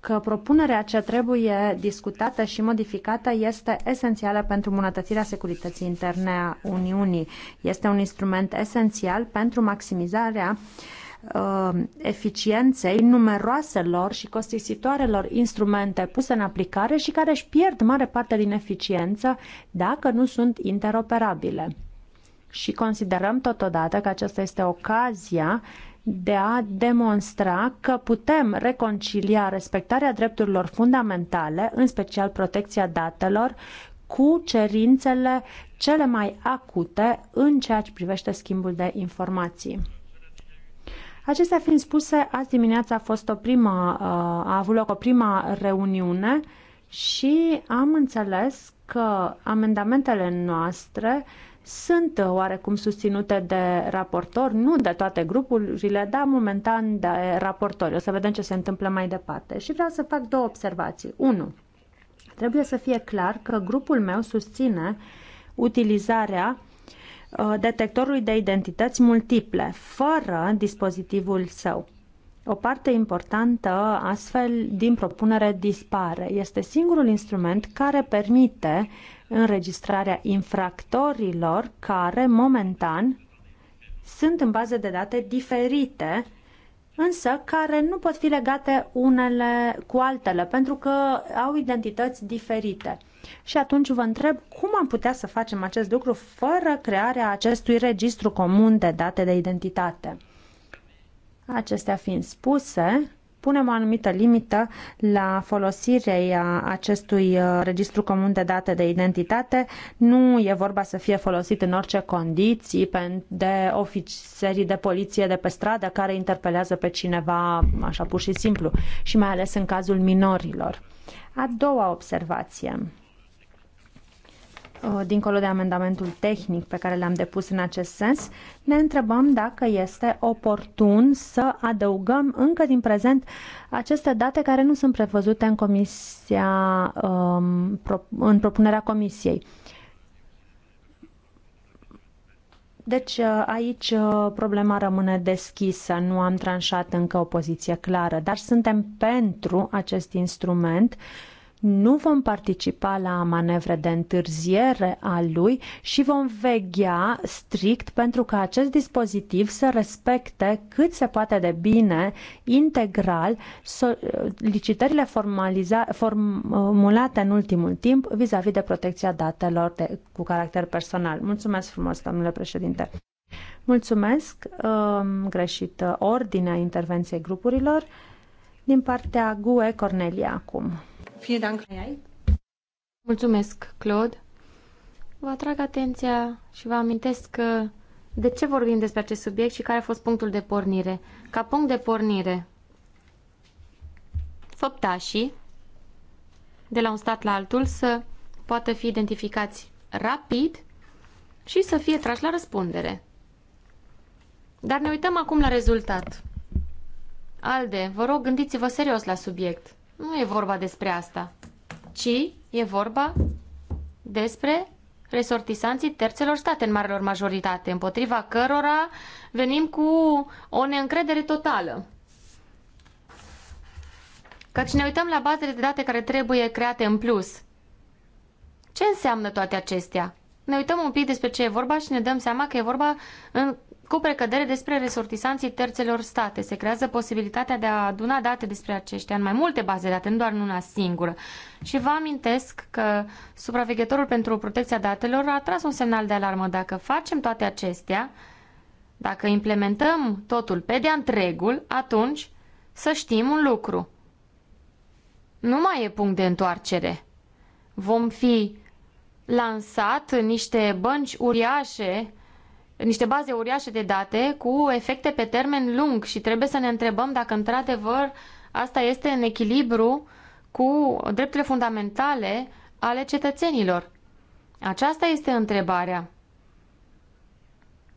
că propunerea ce trebuie discutată și modificată este esențială pentru îmbunătățirea securității interne a Uniunii. Este un instrument esențial pentru maximizarea uh, uh, eficienței numeroaselor și costisitoarelor instrumente puse în aplicare și care își pierd mare parte din eficiență dacă nu sunt interoperabile. Și considerăm totodată că aceasta este ocazia de a demonstra că putem reconcilia respectarea drepturilor fundamentale, în special protecția datelor, cu cerințele cele mai acute în ceea ce privește schimbul de informații. Acestea fiind spuse, azi dimineața a, fost o prima, uh, a avut loc o prima reuniune și am înțeles că amendamentele noastre sunt oarecum susținute de raportori, nu de toate grupurile, dar momentan de raportori. O să vedem ce se întâmplă mai departe. Și vreau să fac două observații. Unu, trebuie să fie clar că grupul meu susține utilizarea Uh, detectorului de identități multiple, fără dispozitivul său. O parte importantă, astfel, din propunere dispare. Este singurul instrument care permite înregistrarea infractorilor care, momentan, sunt în baze de date diferite, însă care nu pot fi legate unele cu altele, pentru că au identități diferite. Și atunci vă întreb cum am putea să facem acest lucru fără crearea acestui registru comun de date de identitate. Acestea fiind spuse, punem o anumită limită la folosirea acestui uh, registru comun de date de identitate. Nu e vorba să fie folosit în orice condiții de ofițerii de poliție de pe stradă care interpelează pe cineva așa pur și simplu și mai ales în cazul minorilor. A doua observație. Uh, dincolo de amendamentul tehnic pe care l-am depus în acest sens, ne întrebăm dacă este oportun să adăugăm încă din prezent aceste date care nu sunt prevăzute în, comisia, um, în propunerea comisiei. Deci uh, aici uh, problema rămâne deschisă, nu am tranșat încă o poziție clară, dar suntem pentru acest instrument uh, nu vom participa la manevre de întârziere a lui și vom veghea strict pentru ca acest dispozitiv să respecte cât se poate de bine, integral, solicitările formulate în ultimul timp vis-a-vis -vis de protecția datelor de, cu caracter personal. Mulțumesc frumos, domnule președinte! Mulțumesc, um, greșit ordinea intervenției grupurilor. Din partea GUE, Cornelia acum. Mulțumesc, Claude. Vă atrag atenția și vă amintesc că de ce vorbim despre acest subiect și care a fost punctul de pornire. Ca punct de pornire, făptașii de la un stat la altul să poată fi identificați rapid și să fie trași la răspundere. Dar ne uităm acum la rezultat. Alde, vă rog, gândiți-vă serios la subiect. Nu e vorba despre asta, ci e vorba despre resortisanții terțelor state în marelor majoritate, împotriva cărora venim cu o neîncredere totală. Căci ne uităm la bazele de date care trebuie create în plus. Ce înseamnă toate acestea? Ne uităm un pic despre ce e vorba și ne dăm seama că e vorba în cu precădere despre resortisanții terțelor state. Se creează posibilitatea de a aduna date despre aceștia în mai multe baze date, nu doar în una singură. Și vă amintesc că supraveghetorul pentru protecția datelor a tras un semnal de alarmă. Dacă facem toate acestea, dacă implementăm totul pe de întregul, atunci să știm un lucru. Nu mai e punct de întoarcere. Vom fi lansat niște bănci uriașe niște baze uriașe de date cu efecte pe termen lung și trebuie să ne întrebăm dacă într-adevăr asta este în echilibru cu drepturile fundamentale ale cetățenilor. Aceasta este întrebarea.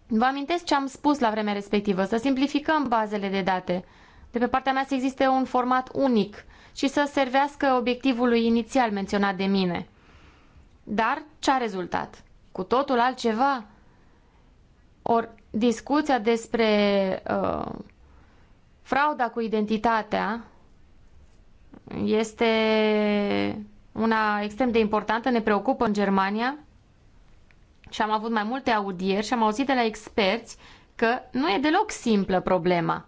Vă amintesc ce am spus la vremea respectivă, să simplificăm bazele de date. De pe partea mea să existe un format unic și să servească obiectivului inițial menționat de mine. Dar ce a rezultat? Cu totul altceva? Ori discuția despre uh, frauda cu identitatea este una extrem de importantă, ne preocupă în Germania și am avut mai multe audieri și am auzit de la experți că nu e deloc simplă problema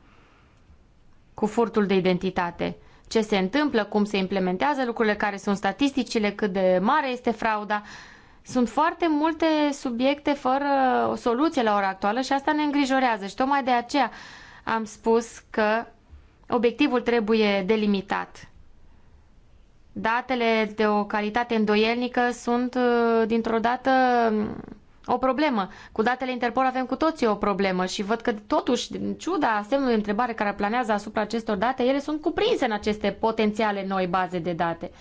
cu furtul de identitate. Ce se întâmplă, cum se implementează lucrurile, care sunt statisticile, cât de mare este frauda. Uh, sunt foarte multe subiecte fără o soluție la ora actuală și asta ne îngrijorează și tocmai de aceea am spus că obiectivul trebuie delimitat. Datele de o calitate îndoielnică sunt uh, dintr-o dată um, o problemă. Cu datele Interpol avem cu toții o problemă și văd că totuși, în ciuda semnului de întrebare care planează asupra acestor date, ele sunt cuprinse în aceste potențiale noi baze de date.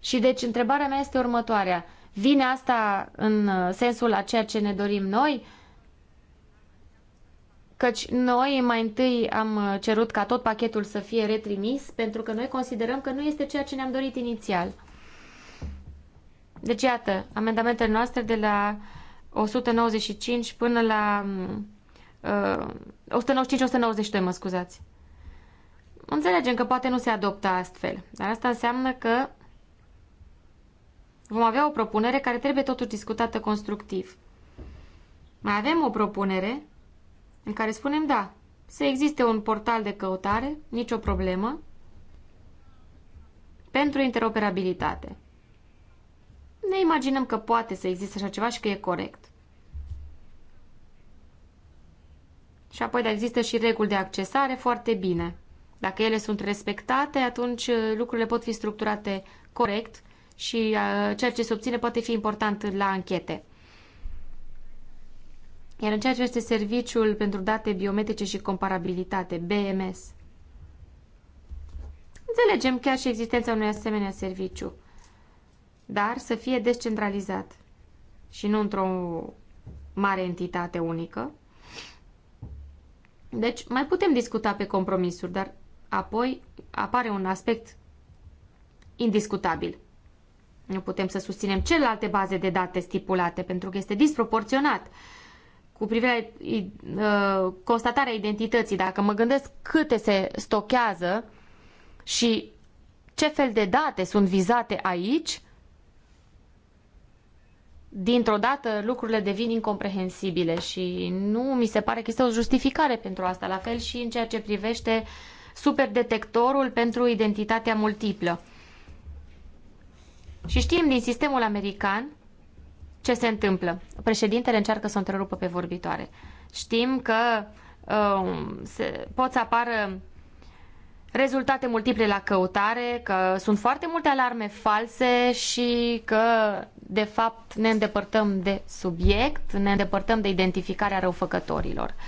Și deci întrebarea mea este următoarea. Vine asta în uh, sensul a ceea ce ne dorim noi? Căci noi mai întâi am uh, cerut ca tot pachetul să fie retrimis, pentru că noi considerăm că nu este ceea ce ne-am dorit inițial. Deci, iată, amendamentele noastre de la 195 până la mm, uh, 195-192, mă scuzați. Înțelegem că poate nu se adoptă astfel, dar asta înseamnă că vom avea o propunere care trebuie totuși discutată constructiv. Mai avem o propunere în care spunem da, să existe un portal de căutare, nicio problemă, pentru interoperabilitate. Ne imaginăm că poate să existe așa ceva și că e corect. Și apoi, dacă există și reguli de accesare, foarte bine. Dacă ele sunt respectate, atunci eh, lucrurile pot fi structurate corect și uh, ceea ce se obține poate fi important la anchete. Iar în ceea ce este Serviciul pentru Date Biometrice și Comparabilitate, BMS, înțelegem chiar și existența unui asemenea serviciu, dar să fie descentralizat și nu într-o mare entitate unică. Deci mai putem discuta pe compromisuri, dar apoi apare un aspect indiscutabil. Nu putem să susținem celelalte baze de date stipulate, pentru că este disproporționat. Cu privire la uh, constatarea identității, dacă mă gândesc câte se stochează și ce fel de date sunt vizate aici, dintr-o dată lucrurile devin incomprehensibile și nu mi se pare că este o justificare pentru asta. La fel și în ceea ce privește superdetectorul pentru identitatea multiplă. Și știm din sistemul american ce se întâmplă. Președintele încearcă să o întrerupă pe vorbitoare. Știm că uh, se, pot să apară rezultate multiple la căutare, că sunt foarte multe alarme false și că, de fapt, ne îndepărtăm de subiect, ne îndepărtăm de identificarea răufăcătorilor. Uh,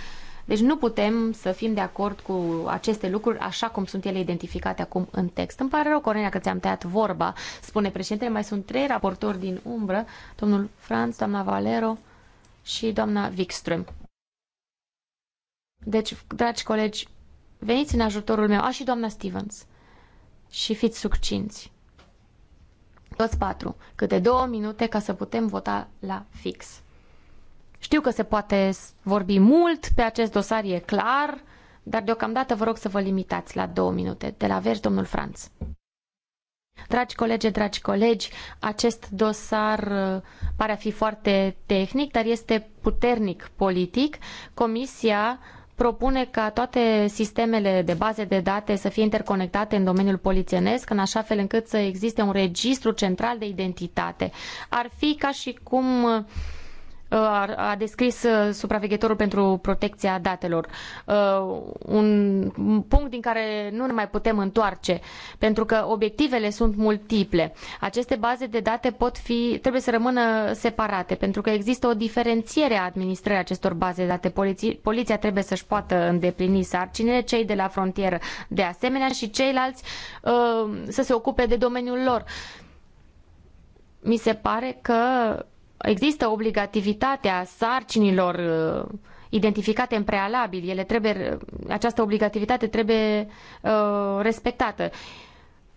deci nu putem să fim de acord cu aceste lucruri așa cum sunt ele identificate acum în text. Îmi pare rău, Cornelia, că ți-am tăiat vorba, spune președintele. Mai sunt trei raportori din umbră, domnul Franz, doamna Valero și doamna Wikström. Deci, dragi colegi, veniți în ajutorul meu, a și doamna Stevens, și fiți succinți. Toți patru, câte două minute ca să putem vota la fix. Știu că se poate vorbi mult pe acest dosar, e clar, dar deocamdată vă rog să vă limitați la două minute. De la vers, domnul Franț. Dragi colegi, dragi colegi, acest dosar uh, pare a fi foarte tehnic, dar este puternic politic. Comisia propune ca toate sistemele de baze de date să fie interconectate în domeniul polițienesc, în așa fel încât să existe un registru central de identitate. Ar fi ca și cum uh, a descris uh, supraveghetorul pentru protecția datelor. Uh, un punct din care nu ne mai putem întoarce, pentru că obiectivele sunt multiple. Aceste baze de date pot fi, trebuie să rămână separate, pentru că există o diferențiere a administrării acestor baze de date. Poliția, poliția trebuie să-și poată îndeplini sarcinile, cei de la frontieră de asemenea și ceilalți uh, să se ocupe de domeniul lor. Mi se pare că există obligativitatea sarcinilor uh, identificate în prealabil, ele trebuie, această obligativitate trebuie uh, respectată.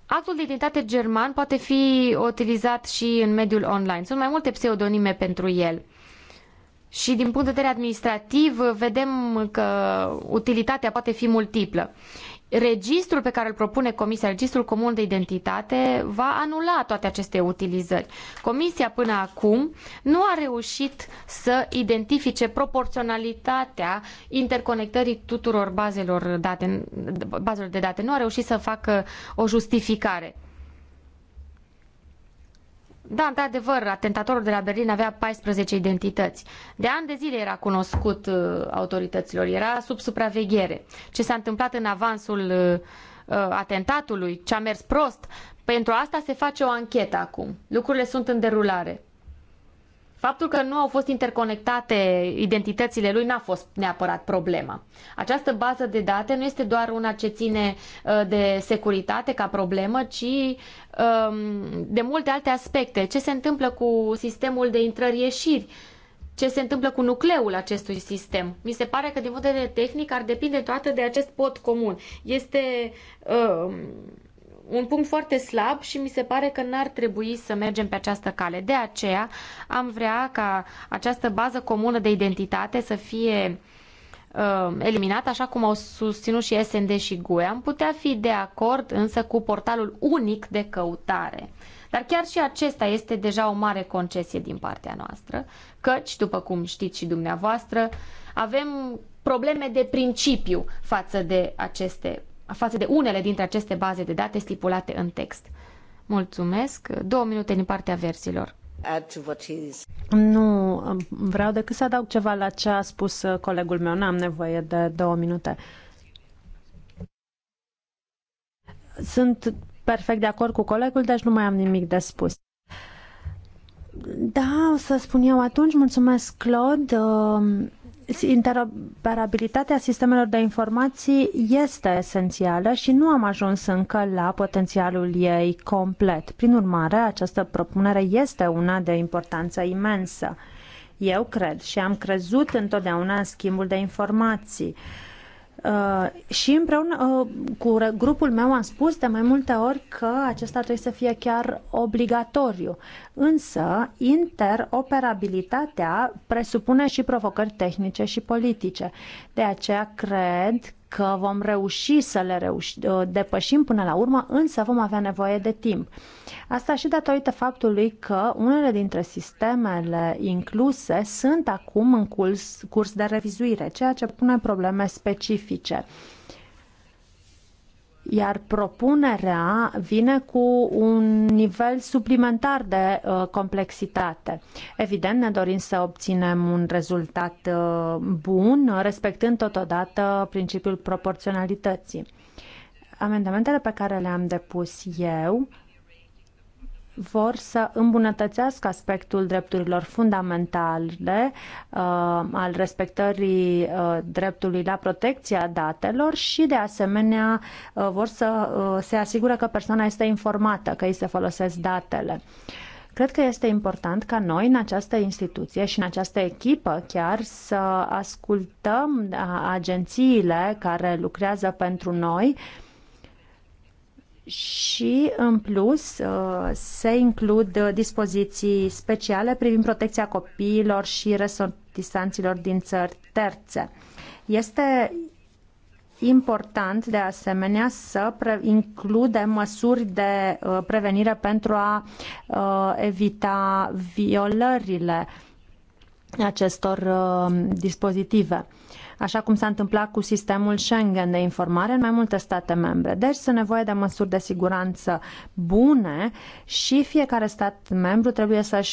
Actul de identitate german poate fi utilizat și în mediul online. Sunt mai multe pseudonime pentru el. Și din punct de vedere administrativ, vedem că utilitatea poate fi multiplă registrul pe care îl propune Comisia, Registrul Comun de Identitate, va anula toate aceste utilizări. Comisia până acum nu a reușit să identifice proporționalitatea interconectării tuturor bazelor, date, bazelor de date, nu a reușit să facă o justificare. Da, într-adevăr, atentatorul de la Berlin avea 14 identități. De ani de zile era cunoscut uh, autorităților, era sub supraveghere. Ce s-a întâmplat în avansul uh, uh, atentatului, ce a mers prost, pentru asta se face o anchetă acum. Lucrurile sunt în derulare. Faptul că nu au fost interconectate identitățile lui n-a fost neapărat problema. Această bază de date nu este doar una ce ține uh, de securitate ca problemă, ci um, de multe alte aspecte. Ce se întâmplă cu sistemul de intrări-ieșiri? Ce se întâmplă cu nucleul acestui sistem? Mi se pare că din punct de vedere tehnic ar depinde toată de acest pod comun. Este um, un punct foarte slab și mi se pare că n-ar trebui să mergem pe această cale. De aceea am vrea ca această bază comună de identitate să fie uh, eliminat, așa cum au susținut și SND și GUE. Am putea fi de acord însă cu portalul unic de căutare. Dar chiar și acesta este deja o mare concesie din partea noastră, căci, după cum știți și dumneavoastră, avem probleme de principiu față de aceste față de unele dintre aceste baze de date stipulate în text. Mulțumesc. Două minute din partea versilor. Nu, vreau decât să adaug ceva la ce a spus uh, colegul meu. N-am nevoie de două minute. Sunt perfect de acord cu colegul, deci nu mai am nimic de spus. Da, o să spun eu atunci. Mulțumesc, Claude. Uh, interoperabilitatea sistemelor de informații este esențială și nu am ajuns încă la potențialul ei complet. Prin urmare, această propunere este una de importanță imensă. Eu cred și am crezut întotdeauna în schimbul de informații. Uh, Uh, și împreună uh, cu grupul meu am spus de mai multe ori că acesta trebuie să fie chiar obligatoriu. Însă, interoperabilitatea presupune și provocări tehnice și politice. De aceea cred că vom reuși să le reuși, uh, depășim până la urmă, însă vom avea nevoie de timp. Asta și datorită faptului că unele dintre sistemele incluse sunt acum în curs, curs de revizuire, ceea ce pune probleme specifice iar propunerea vine cu un nivel suplimentar de uh, complexitate. Evident, ne dorim să obținem un rezultat uh, bun, respectând totodată principiul proporționalității. Amendamentele pe care le-am depus eu vor să îmbunătățească aspectul drepturilor fundamentale, uh, al respectării uh, dreptului la protecția datelor și, de asemenea, uh, vor să se asigure că persoana este informată, că îi se folosesc datele. Cred că este important ca noi în această instituție și în această echipă chiar să ascultăm agențiile care lucrează pentru noi uh, și, în plus, uh, se includ uh, dispoziții speciale privind protecția copiilor și resortisanților din țări terțe. Este important, de asemenea, să include măsuri de uh, prevenire pentru a evita violările acestor dispozitive așa cum s-a întâmplat cu sistemul Schengen de informare în mai multe state membre. Deci sunt nevoie de măsuri de siguranță bune și fiecare stat membru trebuie uh, să,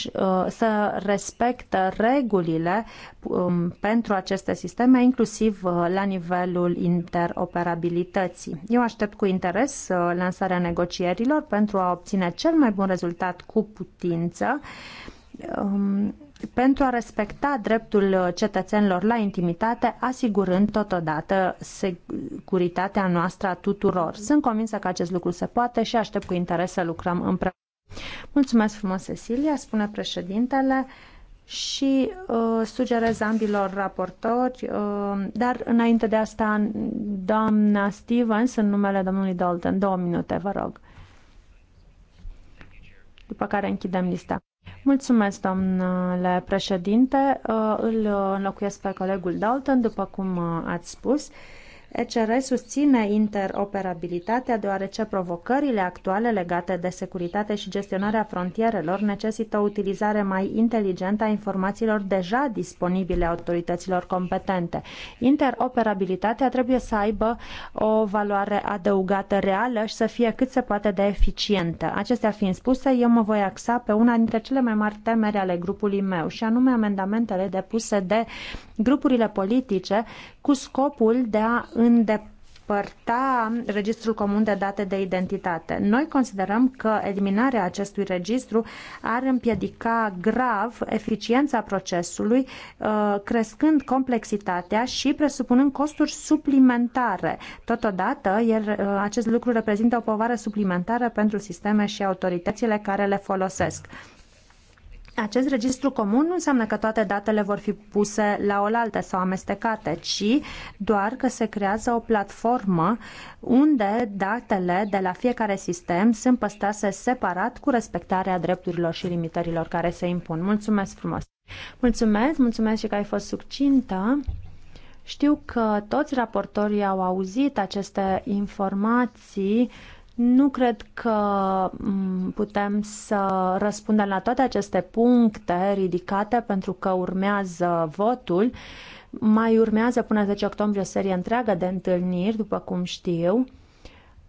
să respectă regulile um, pentru aceste sisteme, inclusiv uh, la nivelul interoperabilității. Eu aștept cu interes uh, lansarea negocierilor pentru a obține cel mai bun rezultat cu putință um, pentru a respecta dreptul cetățenilor la intimitate, asigurând totodată securitatea noastră a tuturor. Sunt convinsă că acest lucru se poate și aștept cu interes să lucrăm împreună. Mulțumesc frumos, Cecilia, spune președintele și uh, sugerez ambilor raportori, uh, dar înainte de asta, doamna Stevens, în numele domnului Dalton, două minute, vă rog. După care închidem lista. Mulțumesc, domnule președinte. Îl înlocuiesc pe colegul Dalton, după cum ați spus. ECR susține interoperabilitatea deoarece provocările actuale legate de securitate și gestionarea frontierelor necesită o utilizare mai inteligentă a informațiilor deja disponibile autorităților competente. Interoperabilitatea trebuie să aibă o valoare adăugată reală și să fie cât se poate de eficientă. Acestea fiind spuse, eu mă voi axa pe una dintre cele mai mari temeri ale grupului meu, și anume amendamentele depuse de grupurile politice cu scopul de a îndepărta părta Registrul Comun de Date de Identitate. Noi considerăm că eliminarea acestui registru ar împiedica grav eficiența procesului, uh, crescând complexitatea și presupunând costuri suplimentare. Totodată, uh, acest lucru reprezintă o povară suplimentară pentru sisteme și autoritățile care le folosesc. Acest registru comun nu înseamnă că toate datele vor fi puse la oaltă sau amestecate, ci doar că se creează o platformă unde datele de la fiecare sistem sunt păstrate separat cu respectarea drepturilor și limitărilor care se impun. Mulțumesc frumos! Mulțumesc, mulțumesc și că ai fost succintă. Știu că toți raportorii au auzit aceste informații nu cred că mm, putem să răspundem la toate aceste puncte ridicate pentru că urmează votul. Mai urmează până 10 octombrie o serie întreagă de întâlniri, după cum știu.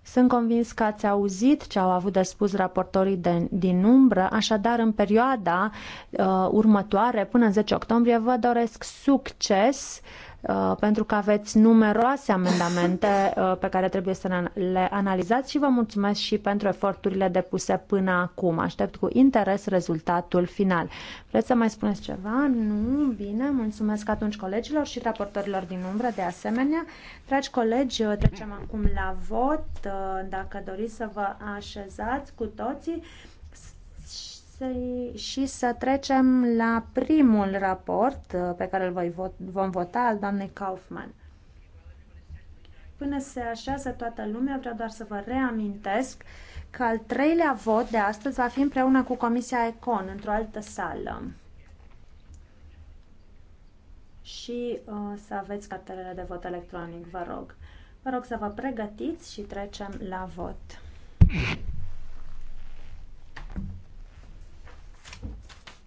Sunt convins că ați auzit ce au avut de spus raportorii de, din umbră, așadar în perioada uh, următoare, până în 10 octombrie, vă doresc succes Uh, pentru că aveți numeroase amendamente uh, pe care trebuie să le analizați și vă mulțumesc și pentru eforturile depuse până acum. Aștept cu interes rezultatul final. Vreți să mai spuneți ceva? Nu? Bine, mulțumesc atunci colegilor și raportorilor din umbră de asemenea. Dragi colegi, uh, trecem acum la vot. Dacă doriți să vă așezați cu toții, să, și să trecem la primul raport uh, pe care îl voi vot, vom vota al doamnei Kaufman. Până se așează toată lumea, vreau doar să vă reamintesc că al treilea vot de astăzi va fi împreună cu Comisia Econ într-o altă sală. Și uh, să aveți cartelele de vot electronic, vă rog. Vă rog să vă pregătiți și trecem la vot.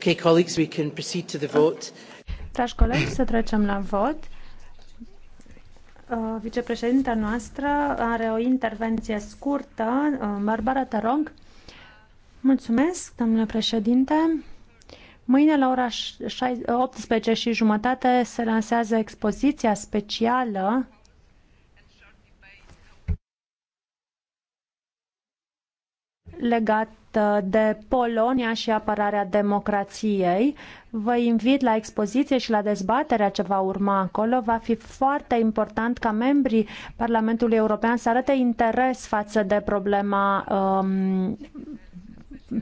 Okay, colleagues, we can proceed to the vote. Dragi colegi, să trecem la vot. Uh, vicepreședinta noastră are o intervenție scurtă, uh, Barbara Tarong. Mulțumesc, domnule președinte. Mâine la ora 18 și jumătate se lansează expoziția specială legat de Polonia și apărarea democrației. Vă invit la expoziție și la dezbaterea ce va urma acolo. Va fi foarte important ca membrii Parlamentului European să arate interes față de problema um,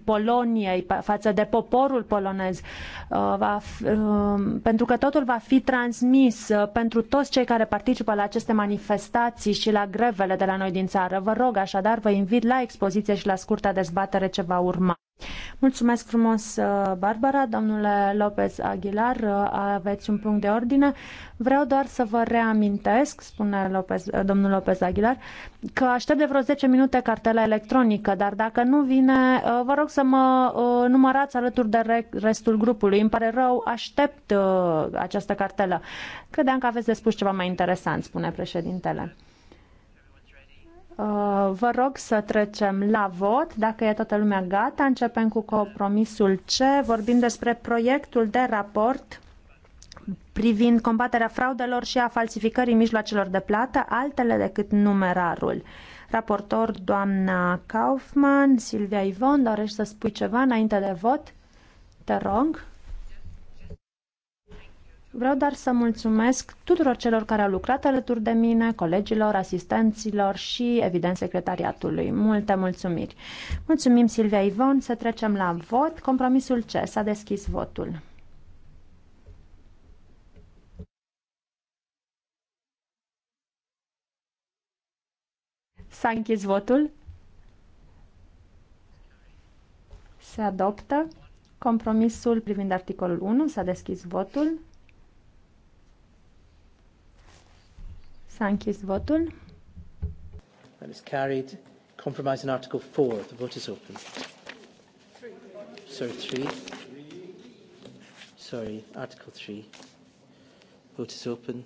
Poloniei, față de poporul polonez, uh, va, uh, pentru că totul va fi transmis uh, pentru toți cei care participă la aceste manifestații și la grevele de la noi din țară. Vă rog așadar, vă invit la expoziție și la scurta dezbatere ce va urma. Mulțumesc frumos, uh, Barbara. Domnule Lopez Aguilar, uh, aveți un punct de ordine. Vreau doar să vă reamintesc, spune Lopez, uh, domnul Lopez Aguilar, că aștept de vreo 10 minute cartela electronică, dar dacă nu vine, vă rog să mă numărați alături de restul grupului. Îmi pare rău, aștept această cartelă. Credeam că aveți de spus ceva mai interesant, spune președintele. Uh, vă rog să trecem la vot. Dacă e toată lumea gata, începem cu compromisul C. Vorbim despre proiectul de raport privind combaterea fraudelor și a falsificării mijloacelor de plată, altele decât numerarul. Raportor doamna Kaufman, Silvia Ivon, dorești să spui ceva înainte de vot? Te rog. Vreau doar să mulțumesc tuturor celor care au lucrat alături de mine, colegilor, asistenților și, evident, secretariatului. Multe mulțumiri. Mulțumim, Silvia Ivon. Să trecem la vot. Compromisul ce? S-a deschis votul. S-a închis votul. Se adoptă. Compromisul privind articolul 1. S-a deschis votul. S-a închis votul. And it's carried. Compromise in Article 4. The vote is open. Sorry, 3. Sorry, Article 3. Vote is open.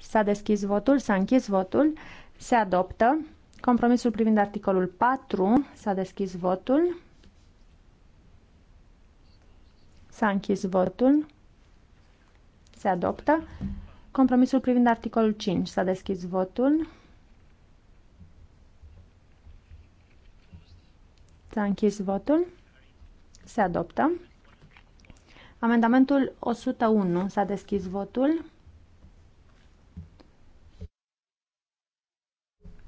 S-a deschis votul, s-a închis votul, se adoptă. Compromisul privind articolul 4, s-a deschis votul, s-a închis votul. Se adoptă. Compromisul privind articolul 5. S-a deschis votul. S-a închis votul. Se adoptă. Amendamentul 101. S-a deschis votul.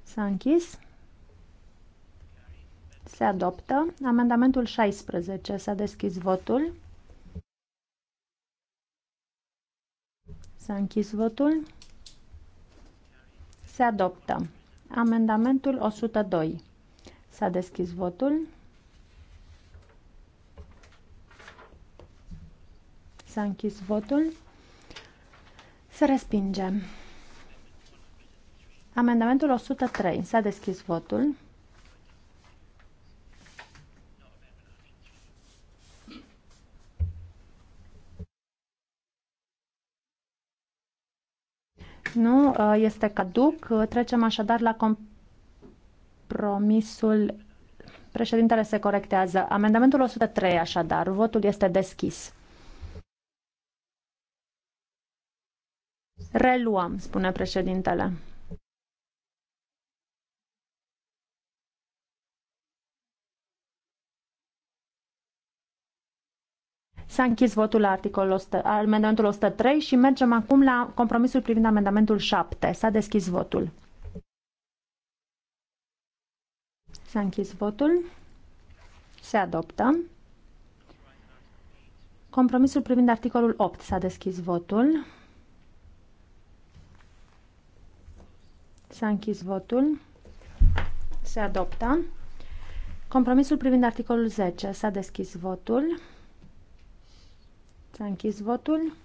S-a închis. Se adoptă. Amendamentul 16. S-a deschis votul. S-a închis votul. Se adoptă. Amendamentul 102. S-a deschis votul. S-a închis votul. Se respinge. Amendamentul 103. S-a deschis votul. nu uh, este caduc. Uh, trecem așadar la compromisul. Președintele se corectează. Amendamentul 103, așadar. Votul este deschis. Reluăm, spune președintele. S-a închis votul la articolul 100, amendamentul 103 și mergem acum la compromisul privind amendamentul 7. S-a deschis votul. S-a închis votul. Se adoptă. Compromisul privind articolul 8. S-a deschis votul. S-a închis votul. Se adoptă. Compromisul privind articolul 10. S-a deschis votul. S-a închis votul.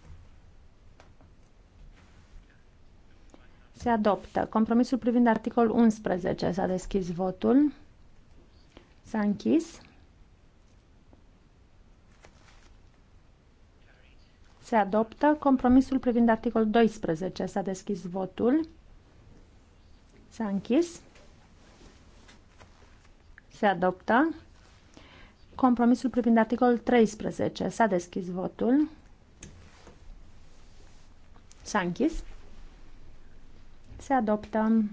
Se adoptă. Compromisul privind articolul 11. S-a deschis votul. S-a închis. Se adoptă. Compromisul privind articolul 12. S-a deschis votul. S-a închis. Se adoptă. Compromisul privind articolul 13. S-a deschis votul. S-a închis. Se adoptă.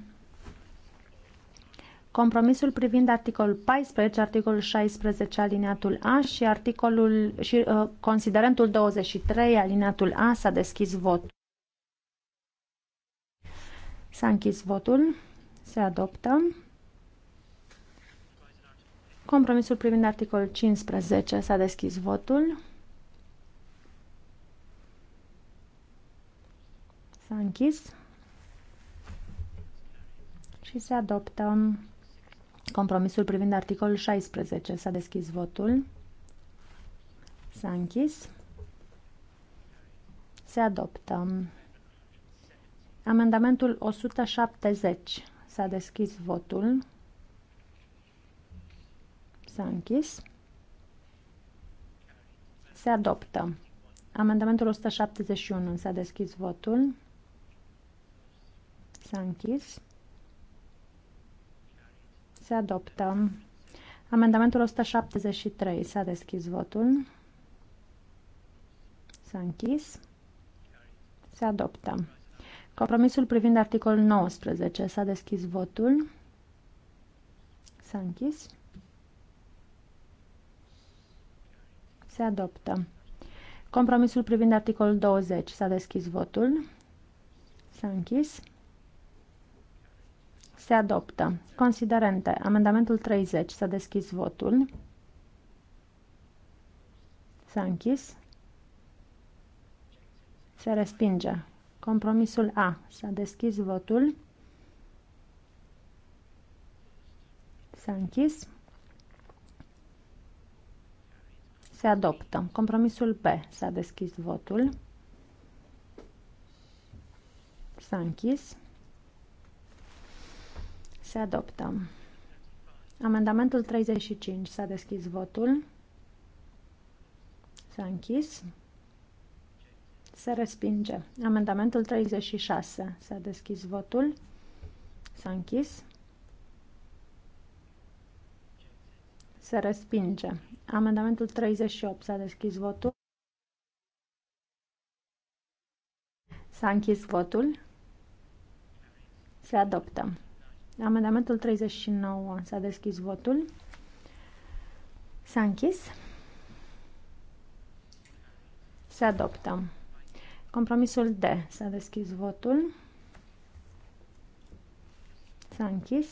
Compromisul privind articolul 14, articolul 16, alineatul A și articolul și uh, considerentul 23, alineatul A, s-a deschis votul. S-a închis votul. Se adoptă. Compromisul privind articolul 15 s-a deschis votul. S-a închis și se adoptă compromisul privind articolul 16. S-a deschis votul. S-a închis. Se adoptă. Amendamentul 170. S-a deschis votul. S-a închis. Se adoptă. Amendamentul 171. S-a deschis votul. S-a închis. Se adoptă. Amendamentul 173. S-a deschis votul. S-a închis. Se adoptă. Compromisul privind articolul 19. S-a deschis votul. S-a închis. Se adoptă. Compromisul privind articolul 20. S-a deschis votul. S-a închis. Se adoptă. Considerente. Amendamentul 30. S-a deschis votul. S-a închis. Se respinge. Compromisul A. S-a deschis votul. S-a închis. Se adoptă. Compromisul P. S-a deschis votul. S-a închis. Se adoptă. Amendamentul 35. S-a deschis votul. S-a închis. Se respinge. Amendamentul 36. S-a deschis votul. S-a închis. Se respinge. Amendamentul 38. S-a deschis votul. S-a închis votul. Se adoptă. Amendamentul 39. S-a deschis votul. S-a închis. Se adoptă. Compromisul D. S-a deschis votul. S-a închis.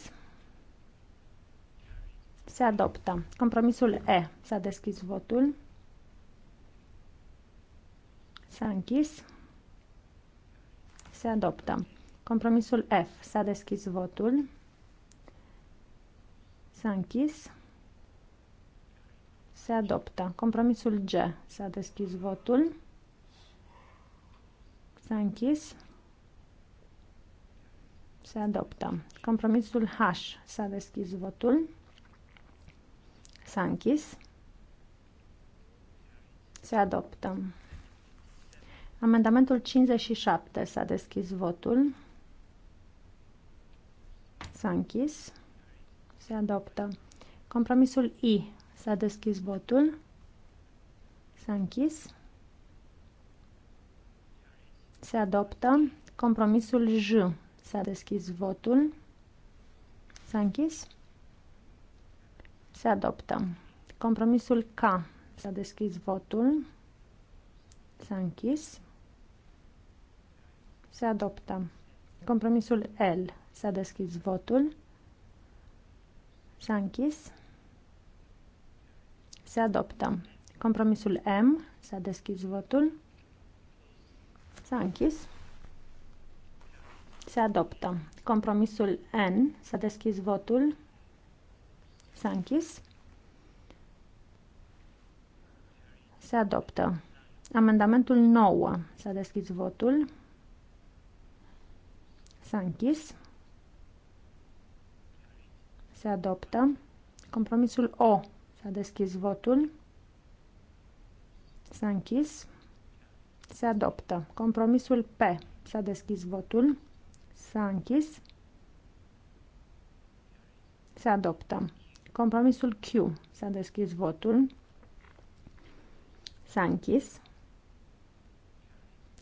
Se adoptă. Compromisul E. S-a deschis votul. S-a închis. Se adoptă. Compromisul F. S-a deschis votul. S-a închis. Se adoptă. Compromisul G. S-a deschis votul. S-a închis. Se adoptă. Compromisul H. S-a deschis votul. S-a închis. Se adoptă. Amendamentul 57. S-a deschis votul. S-a închis. Se adoptă. Compromisul I. S-a deschis votul. S-a închis. Se adoptă. Compromisul J. S-a deschis votul. S-a închis. Se adoptă. Compromisul K. S-a deschis votul. S-a închis. Se adoptă. Compromisul L. S-a deschis votul. S-a închis. Se adoptă. Compromisul M. S-a deschis votul. S-a închis. Se adoptă. Compromisul N. S-a deschis votul. S-a închis. Se adoptă. Amendamentul 9. S-a deschis votul. S-a închis. Se adoptă. Compromisul O. S-a deschis votul. S-a închis. Se adoptă. Compromisul P. S-a deschis votul. S-a închis. Se adoptă. Compromisul Q. S-a deschis votul. S-a închis.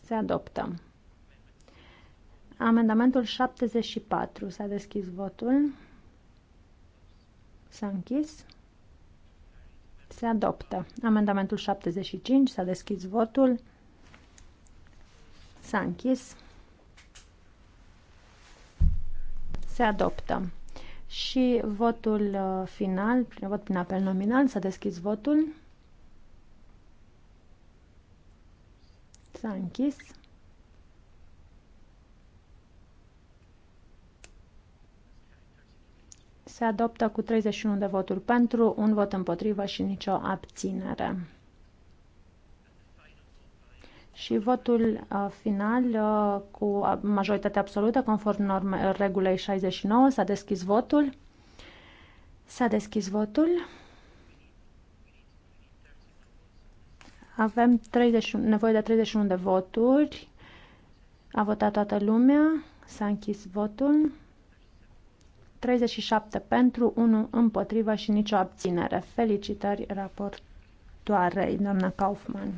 Se adoptă. Amendamentul 74. S-a deschis votul. S-a închis. Se adoptă. Amendamentul 75. S-a deschis votul. S-a închis. Se adoptă și votul uh, final, prin vot prin apel nominal, s-a deschis votul. S-a închis. Se adoptă cu 31 de voturi pentru, un vot împotrivă și nicio abținere și votul uh, final uh, cu uh, majoritate absolută, conform norme, regulei 69, s-a deschis votul. S-a deschis votul. Avem 30, nevoie de 31 de voturi. A votat toată lumea. S-a închis votul. 37 pentru, 1 împotriva și nicio abținere. Felicitări raportoarei, doamna Kaufmann.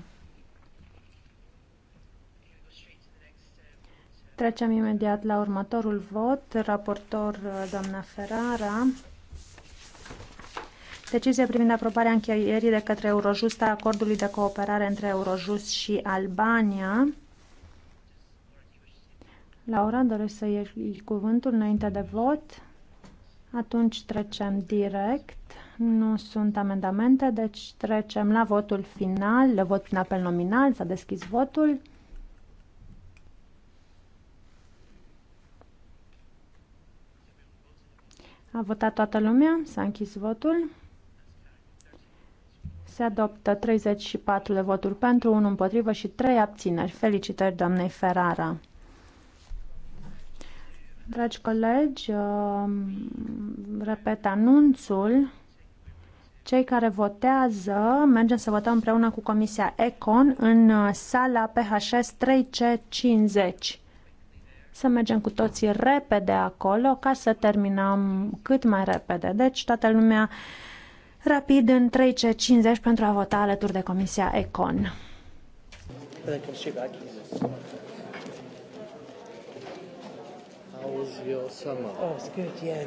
Trecem imediat la următorul vot. Raportor, uh, doamna Ferrara. Decizia privind aprobarea încheierii de către Eurojust a acordului de cooperare între Eurojust și Albania. Laura, doresc să iei cuvântul înainte de vot? Atunci trecem direct. Nu sunt amendamente, deci trecem la votul final, la vot prin apel nominal. S-a deschis votul. A votat toată lumea, s-a închis votul. Se adoptă 34 de voturi pentru, 1 împotrivă și 3 abțineri. Felicitări doamnei Ferrara. Dragi colegi, um, repet anunțul. Cei care votează, mergem să votăm împreună cu Comisia Econ în uh, sala PHS 3C50 să mergem cu toții repede acolo ca să terminăm cât mai repede. Deci toată lumea rapid în 3C50 pentru a vota alături de Comisia Econ. How was your summer? Oh, it's good, yeah.